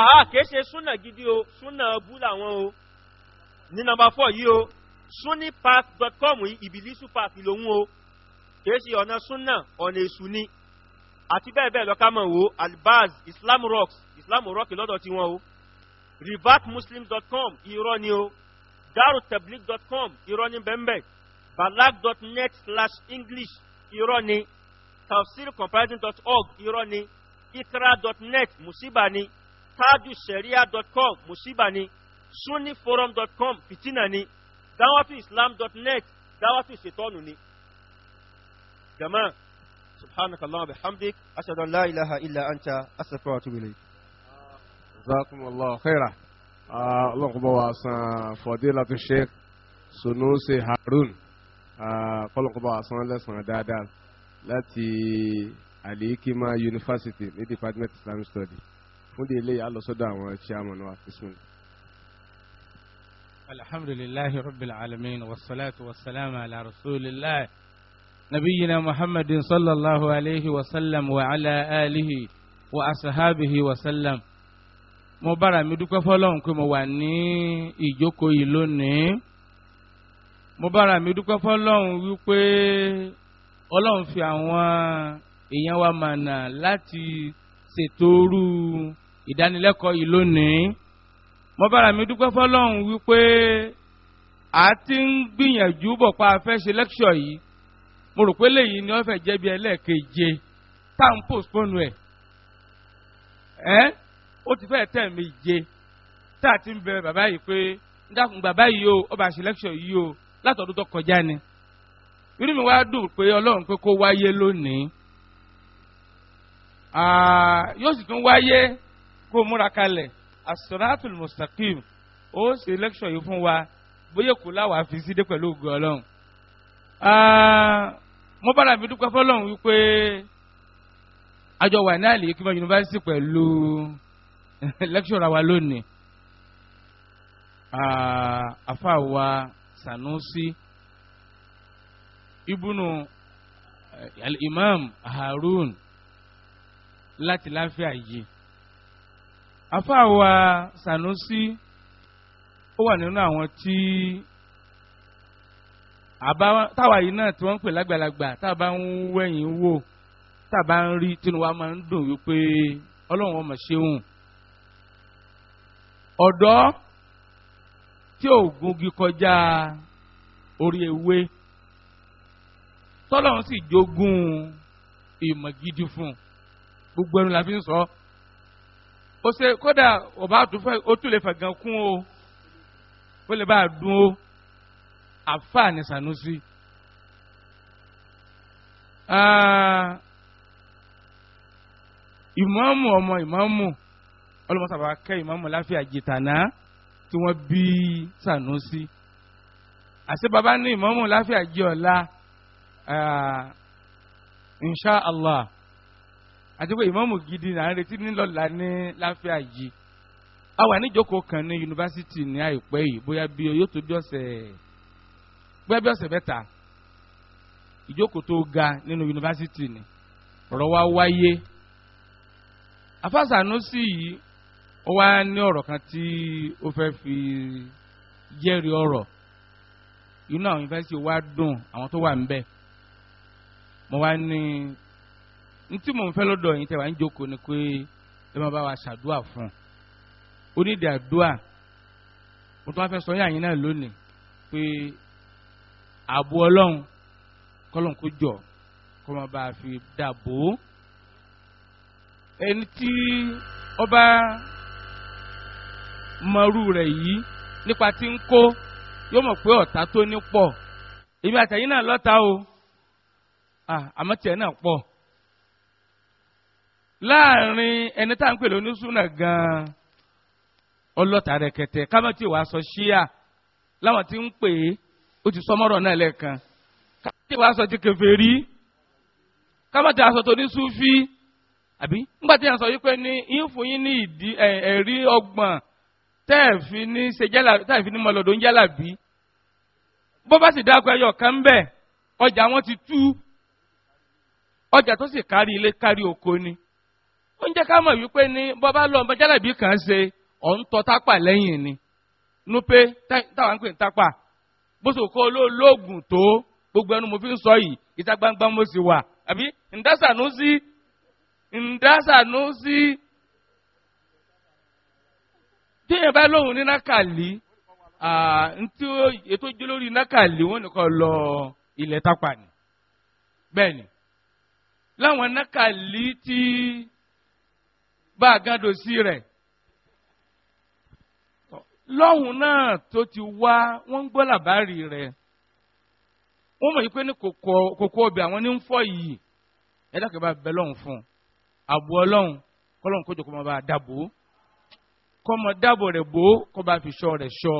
àhá kìí ṣe súnà gidi o súnà bú làwọn o ní nọ́mbà fọ yìí o sunnipath.com ìbílísù path lòun o kìí ṣe ọ̀nà súnà ọ̀nà èṣù ni àti bẹ́ẹ̀ bẹ́ẹ̀ lọ́ka wo albaz islam rocks islam rocks lọ́dọ̀ tiwọn o rivatmuslims.com irọ́ ni o darutablik.com irọ́ ní bẹ́ẹ̀nbẹ́ balag.net slash english irọ́ ní tafsircomparison.org irọ́ ní ikra.net musiba ní tajusheria.com musiba ní sunniforum.com fitina ní dawatuislam.net dawatu ṣetọ́nù ní. jama subhanaka allah bihamdik ashhadu an la ilaha illa anta astaghfiruka wa atubu ilayk. jazakumullahu ọlọ́kùnbọ̀ wa san Fadilatu Sheikh Sunusi Harun kọ́lọ́kùnbọ̀ wa san lẹ́sàn dáadáa láti Alikima University ní Department Islamic Study fún di ilé alọ́sọ́dọ̀ àwọn chairman wa bismillah. alhamdulillahi rabbil alamin wasalaatu wasalaamu ala rasulillah nabiyina muhammadin sallallahu alayhi wa sallam wa ala alihi wa asahabihi wa sallam mo bára mi dúpẹ́ fọlọ́run pé mo wà ní ìjókòó yìí lónìí mo bára mi dúpẹ́ fọlọ́run wípé ọlọ́run fi àwọn èèyàn wa mànà láti ṣètò orú ìdánilẹ́kọ̀ọ́ yìí lónìí mo bára mi dúpẹ́ fọlọ́run wípé a ti ń gbìyànjú bọ̀ pa afẹ́ ṣe lẹ́kṣọ̀ yìí mo rò pé lẹ́yìn ni wọ́n fẹ́ jẹ́ bí ẹlẹ́ẹ̀keje tá à ẹ̀ Eh? ó ti fẹ́ẹ̀ tẹ̀ mí je tá a ti ń bẹ bàbá yìí pé ń dákun bàbá yìí o ọba àṣìlẹ́kṣọ̀ yìí o látọ̀dún tó kọjá ni inú mi wá dùn pé ọlọ́run pé kó wáyé lónìí yóò sì tún wáyé kó múra kalẹ̀ asratul mustaqim ó ṣe lẹ́kṣọ̀ yìí fún wa bóyá kò láwàá fi sídé pẹ̀lú ògùn ọlọ́run. mo bára mi dúpẹ́ fọlọ́run wípé àjọ wà ní àlè kí n yunifásitì pẹ̀lú. lecturer wa lónìí afa wa sanusi ibunu eh, al-imam harun láti láfíà yìí afa wa sanusi ó wà nínú àwọn tí táwa yìí náà tí wọ́n ń pè lágbàlagbà tá a bá ń wẹ̀yìn wò tá ń rí tí wọ́n máa ń dùn wípé ọlọ́run ọmọ ṣeun ọ̀dọ́ tí ò gungi kọjá orí ewé tọ́lọ́run sì jogún ìmọ̀ gidi fún un gbogbo ẹnu la fi ń sọ ó ṣe kódà ọba àtúfẹ́ ó tún lè fẹ̀gàn kún o ó lè bá a dún o àfáà ní ah, ìmọ̀ọ́mù ọmọ ìmọ̀ọ́mù ọlọmọsàbà kẹ ìmọ̀mù láfíà jìtànà tí wọ́n bí sànúsì àti baba ní ìmọ̀mù láfíà jì ọ̀la insha allah àti pé ìmọ̀mù gidi náà ń retí nílọ́la ní láfíà jì a wà níjókòó kan ní yunifásitì ní àìpẹ́ yìí bóyá bí yóò tó bí ọ̀sẹ̀ bóyá bí ọ̀sẹ̀ mẹ́ta ìjókòó tó ga nínú yunifásitì ni ọ̀rọ̀ wa wáyé afásànúsì yìí ó wá ní ọ̀rọ̀ kan tí ó fẹ́ fi jẹ́rìí ọ̀rọ̀ inú àwọn yunifásitì wa dùn àwọn tó wà níbẹ̀ mo wá ní n tí mò ń fẹ́ lọ́dọ̀ yìí tẹ́ wá ń jókòó ni pé ẹ máa bá wa ṣàdúà fún un onídìí àdúà mo tún wá fẹ́ sọ yín àyín náà lónìí pé ààbò ọlọ́run kọ́lọ́n kó jọ kó máa bá a fi dàbò ẹni tí ọba. mọrú rẹ̀ yìí nípa tí ń kó yóò mọ̀ pé ọ̀tá tó ní pọ̀ èmi àtẹ̀yìn náà lọ́ta o àmọ́ tiẹ̀ náà pọ̀ láàrin ẹni tá à ń pè lóní súnà gan-an ọlọ́ta rẹ̀kẹ̀tẹ̀ kámọ́ tí wàá sọ ṣíà láwọn tí ń pè é ó ti sọmọ́rọ̀ náà lẹ́ẹ̀kan kámọ́ tí wàá sọ ti kèfèrí kámọ́ tí wàá sọ tó ní súfì àbí nígbà tí yàn sọ yìí pé ní ìfún yín ní ìdí ẹ̀rí ọgbọ̀n tẹ́ẹ̀fì ní ṣe jálàbí tẹ́ẹ̀fì ní mọ̀lọ́dọ̀ ń jálàbí bó bá sì dáko ẹyọ kan bẹ́ẹ̀ ọjà wọn ti tú ọjà tó sì kárí ilé kárí oko ni ó ń jẹ́ ká mọ̀ wípé ní bó bá lọ ọmọ jálàbí kan ṣe ọ̀ ń tọ́ tápà lẹ́yìn ni nupe táwa ń pè ní tápà bó sì kó olóògùn tó gbogbo ẹnu mo fi ń sọ yìí ìta gbangba mo sì wà àbí ǹdásànú sí ǹdásànú sí. téèyàn bá lóhùn ní nákàlí ntí ètò ìjọ lórí nákàlí wọn nìkan lọ ilẹ̀ ni bẹ́ẹ̀ ni láwọn nákàlí tí bá a sí rẹ̀ lọ́hùn náà tó ti wá wọ́n ń gbọ́ rẹ̀ wọ́n mọ̀ yí pé ní kòkó ọbẹ̀ àwọn fún un kójọ kó kọ́mọ dáàbò rẹ̀ bò ó kó bá fi ṣọ́ rẹ̀ ṣọ́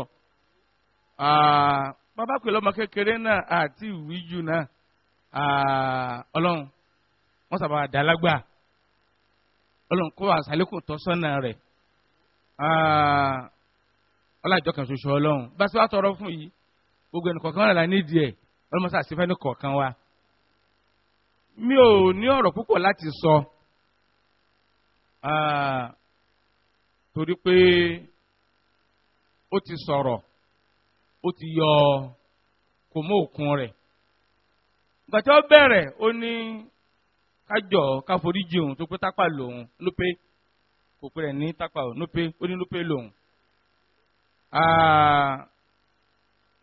bàbá pè lọ́mọ kékeré náà àti ìwíjú náà ọlọ́run wọ́n sábà dàlágbà ọlọ́run kó àṣàlékùn tọ́sọ́nà rẹ̀ ọlájọ kan ṣoṣo ọlọ́run bá a ṣe wá tọrọ fún yìí gbogbo ẹnìkọ̀ọ̀kan rẹ̀ la nídìí ẹ̀ ọlọ́mọ sáà kọ̀ọ̀kan wa mi ò ní ọ̀rọ̀ púpọ̀ láti sọ torí pé ó ti sọ̀rọ̀ ó ti yọ kò mọ́ òkun rẹ̀ gbàtí ó bẹ̀rẹ̀ ó ní kájọ káforíjì òun tó pé tápà lòun ló pé kò pé rẹ̀ ní tápà òun ló ó ní ló lòun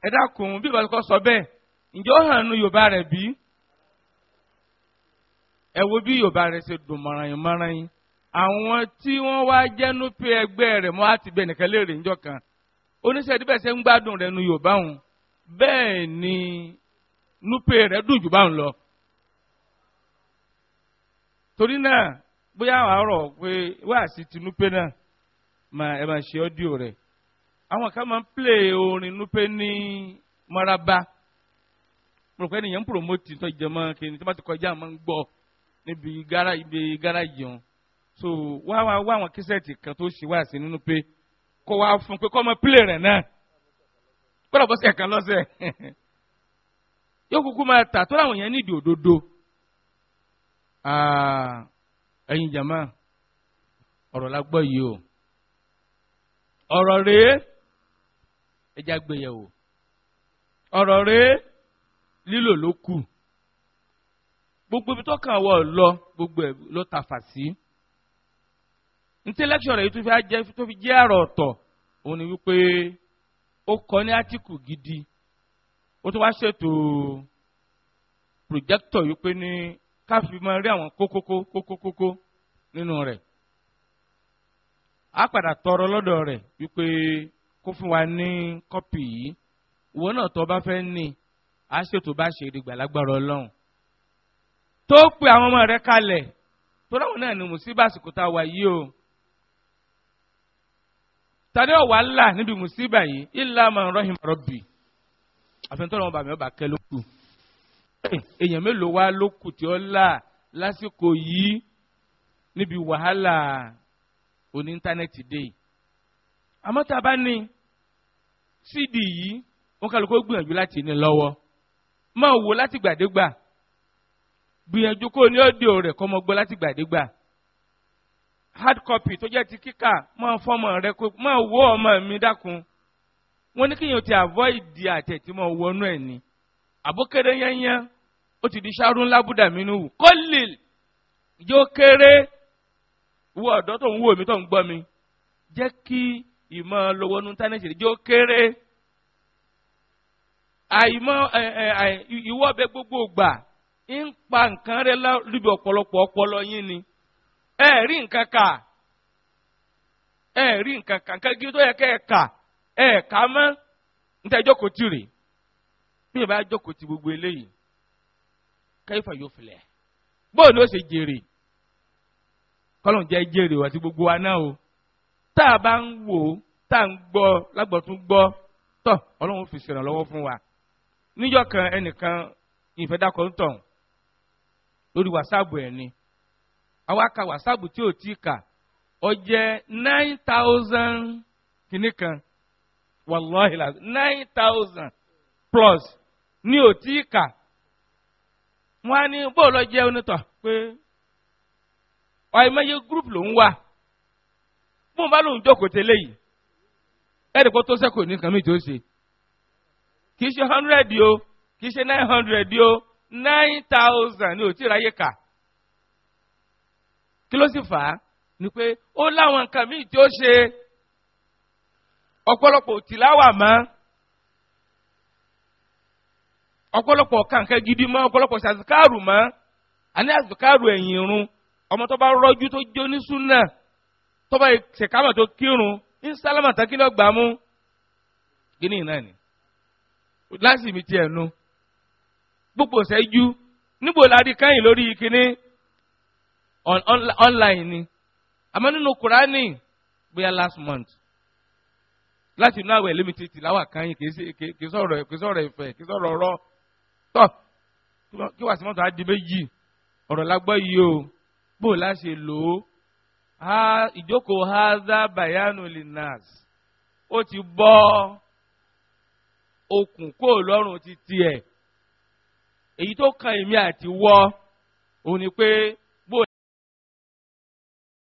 ẹ dákun bí ìbáṣekọ sọ bẹ́ẹ̀ ǹjẹ́ ó hàn nu yorùbá rẹ̀ bí ẹ wo bí yorùbá rẹ̀ ṣe dùn mọ̀ràn yín mọ̀ràn yín àwọn tí wọ́n wá jẹ́nu pé ẹgbẹ́ rẹ̀ mọ́ àti bẹ̀ nìkan léèrè ńjọ kan oníṣẹ́ ìdíbẹ̀ ṣe ń gbádùn rẹ̀ nu yorùbá òun bẹ́ẹ̀ ni núpè rẹ̀ dùn jù bá òun lọ. torí náà bóyá àwọn àárọ̀ pé wáàsí ti núpè náà máa ẹ máa ṣe ọ́díò rẹ̀ àwọn kan máa ń plé orin núpè ní maraba pòròpẹ́ nìyẹn ń promote tó jẹ mọ́ kí ni tó bá ti kọjá máa ń gbọ́ níbi gáràjì òun so wá wá wá àwọn kíṣẹ́ẹ̀tì kan tó ṣe wá sí nínú pé kó wá fún pé kó ọmọ pílẹ̀ rẹ̀ náà gbọ́dọ̀ bọ́sẹ̀ kan lọ́sẹ̀ yóò kúkú máa tà tó láwọn yẹn nídìí òdodo ah, ẹ̀yin jàmá ọ̀rọ̀ la gbọ́ yìí o ọ̀rọ̀ rèé ẹja gbéyẹ̀wò ọ̀rọ̀ rèé lílò ló kù gbogbo ibi tó kàn wọ́ lọ gbogbo ẹ̀ ló ta fà sí. Si ntẹ́lẹ́kṣọ̀ rẹ̀ tó fi jẹ́ tó fi jẹ́ àrọ̀ ọ̀tọ̀ òun ni wípé ó kọ ní átíkù gidi ó tún wá ṣètò pòjẹ́kítọ̀ wípé ní ká fi máa rí àwọn kókókókókókó nínú rẹ̀ á padà tọrọ lọ́dọ̀ rẹ̀ wípé kó fún wa ní kọ́pì yìí ìwọ náà tó bá fẹ́ ní á ṣètò bá ṣe èrè gbàlagbára ọlọ́run tó pe àwọn ọmọ rẹ̀ kalẹ̀ tó láwọn náà ní mùsíbà àsìkò tá a wà yìí o tàdé ọ̀wà ńlá níbi mùsíbà yìí illa man rahim rabbi àfihàn ọmọ bàmí ọba kẹ ló kù èèyàn mélòó wá ló kù tí ó là lásìkò yìí níbi wàhálà oní íńtánẹ́ẹ̀tì dé yìí àmọ́ tá a bá ní sídì yìí wọn kàlùkò gbìyànjú láti ní lọ́wọ́ máa wò láti gbìyànjú kó ní ọ́díò rẹ̀ kọ́ mọ́ gbọ́ láti hard copy tó jẹ́ ti kíkà máa fọ́mọ rẹ kó máa wọ ọmọ mi dákun wọn ní kíyàn ti avoid di tí mo wọnú ẹ̀ ni àbókèrè yẹnyẹn ó ti di ṣáárú ńlá búdà mi nù kọ́lì yóò kéré wọ ọ̀dọ́ tó ń wò mí tó ń gbọ́ mi jẹ́ kí ìmọ̀ lọ́wọ́ nu yóò gbogbo gbà ń pa nǹkan rẹ lórí ọpọlọ yín ni ẹ rí nǹkan kà ẹ rí nǹkan kà nǹkan gidi tó yẹ kẹ́ ẹ kà ẹ kà mọ́ níta ìjókòó tì rè bí ìbá jókòó ti gbogbo eléyìí jere yóò filẹ̀ bóun ló ṣe gbogbo wa náà o taa ba n wo wò ó tá a ń gbọ́ lágbọ̀tún gbọ́ tọ̀ ọlọ́run fún wa níjọ́ kan ẹnìkan ìfẹ́dàkọ̀ ń tàn lórí wàsáàbù ẹ̀ ni àwa ka wàsáàbù tí ò tí kà ó jẹ́ nine thousand kìíní kan wàlọ́hì lásán nine thousand plus ní ò tí kà wọ́n á ní bóòlù ọjẹ́ onítọ̀ pé ọ̀ẹ́mẹ́yẹ group ló ń wà bóun bá lóun jókòó tẹ́lẹ̀ yìí ẹ̀rì kó tó sẹ́kù ní mi tó ṣe kì í ṣe hundred o kì í ṣe nine hundred o nine thousand ní ò tí ráyè kà kí ló sì fà á ni pé ó láwọn nǹkan míì tí ó ṣe ọ̀pọ̀lọpọ̀ tìláwà mọ́ ọ̀pọ̀lọpọ̀ kàǹkẹ́ gidi mọ́ ọ̀pọ̀lọpọ̀ ṣàzùkárù mọ́ àní àzùkárù ẹ̀yìn irun ọmọ tó bá rọ́jú tó jó ní súnà tó bá ṣèkámọ̀ tó kírun ní sálámà tán kí ló gbà mú kí ni ìnáà láti mi tiẹ̀ nu gbogbo ṣẹ́jú níbo la rí kẹ́yìn lórí kíní online ni àmọ́ nínú kùránì bóyá last month láti inú àwẹ̀ limited tètè láwà kan yìí kì í sọ̀rọ̀ kì í sọ̀rọ̀ ìfẹ́ kì í sọ̀rọ̀ ọ̀rọ̀ tọ́ kí wàá sí mọ́tò á di méjì ọ̀rọ̀ lágbọ́ yìí o bó la ṣe lò ó ìjókòó haza bayanu linas ó ti bọ́ okùn kó lọ́rùn ti tiẹ̀ èyí tó kan èmi àti wọ́ òun ni pé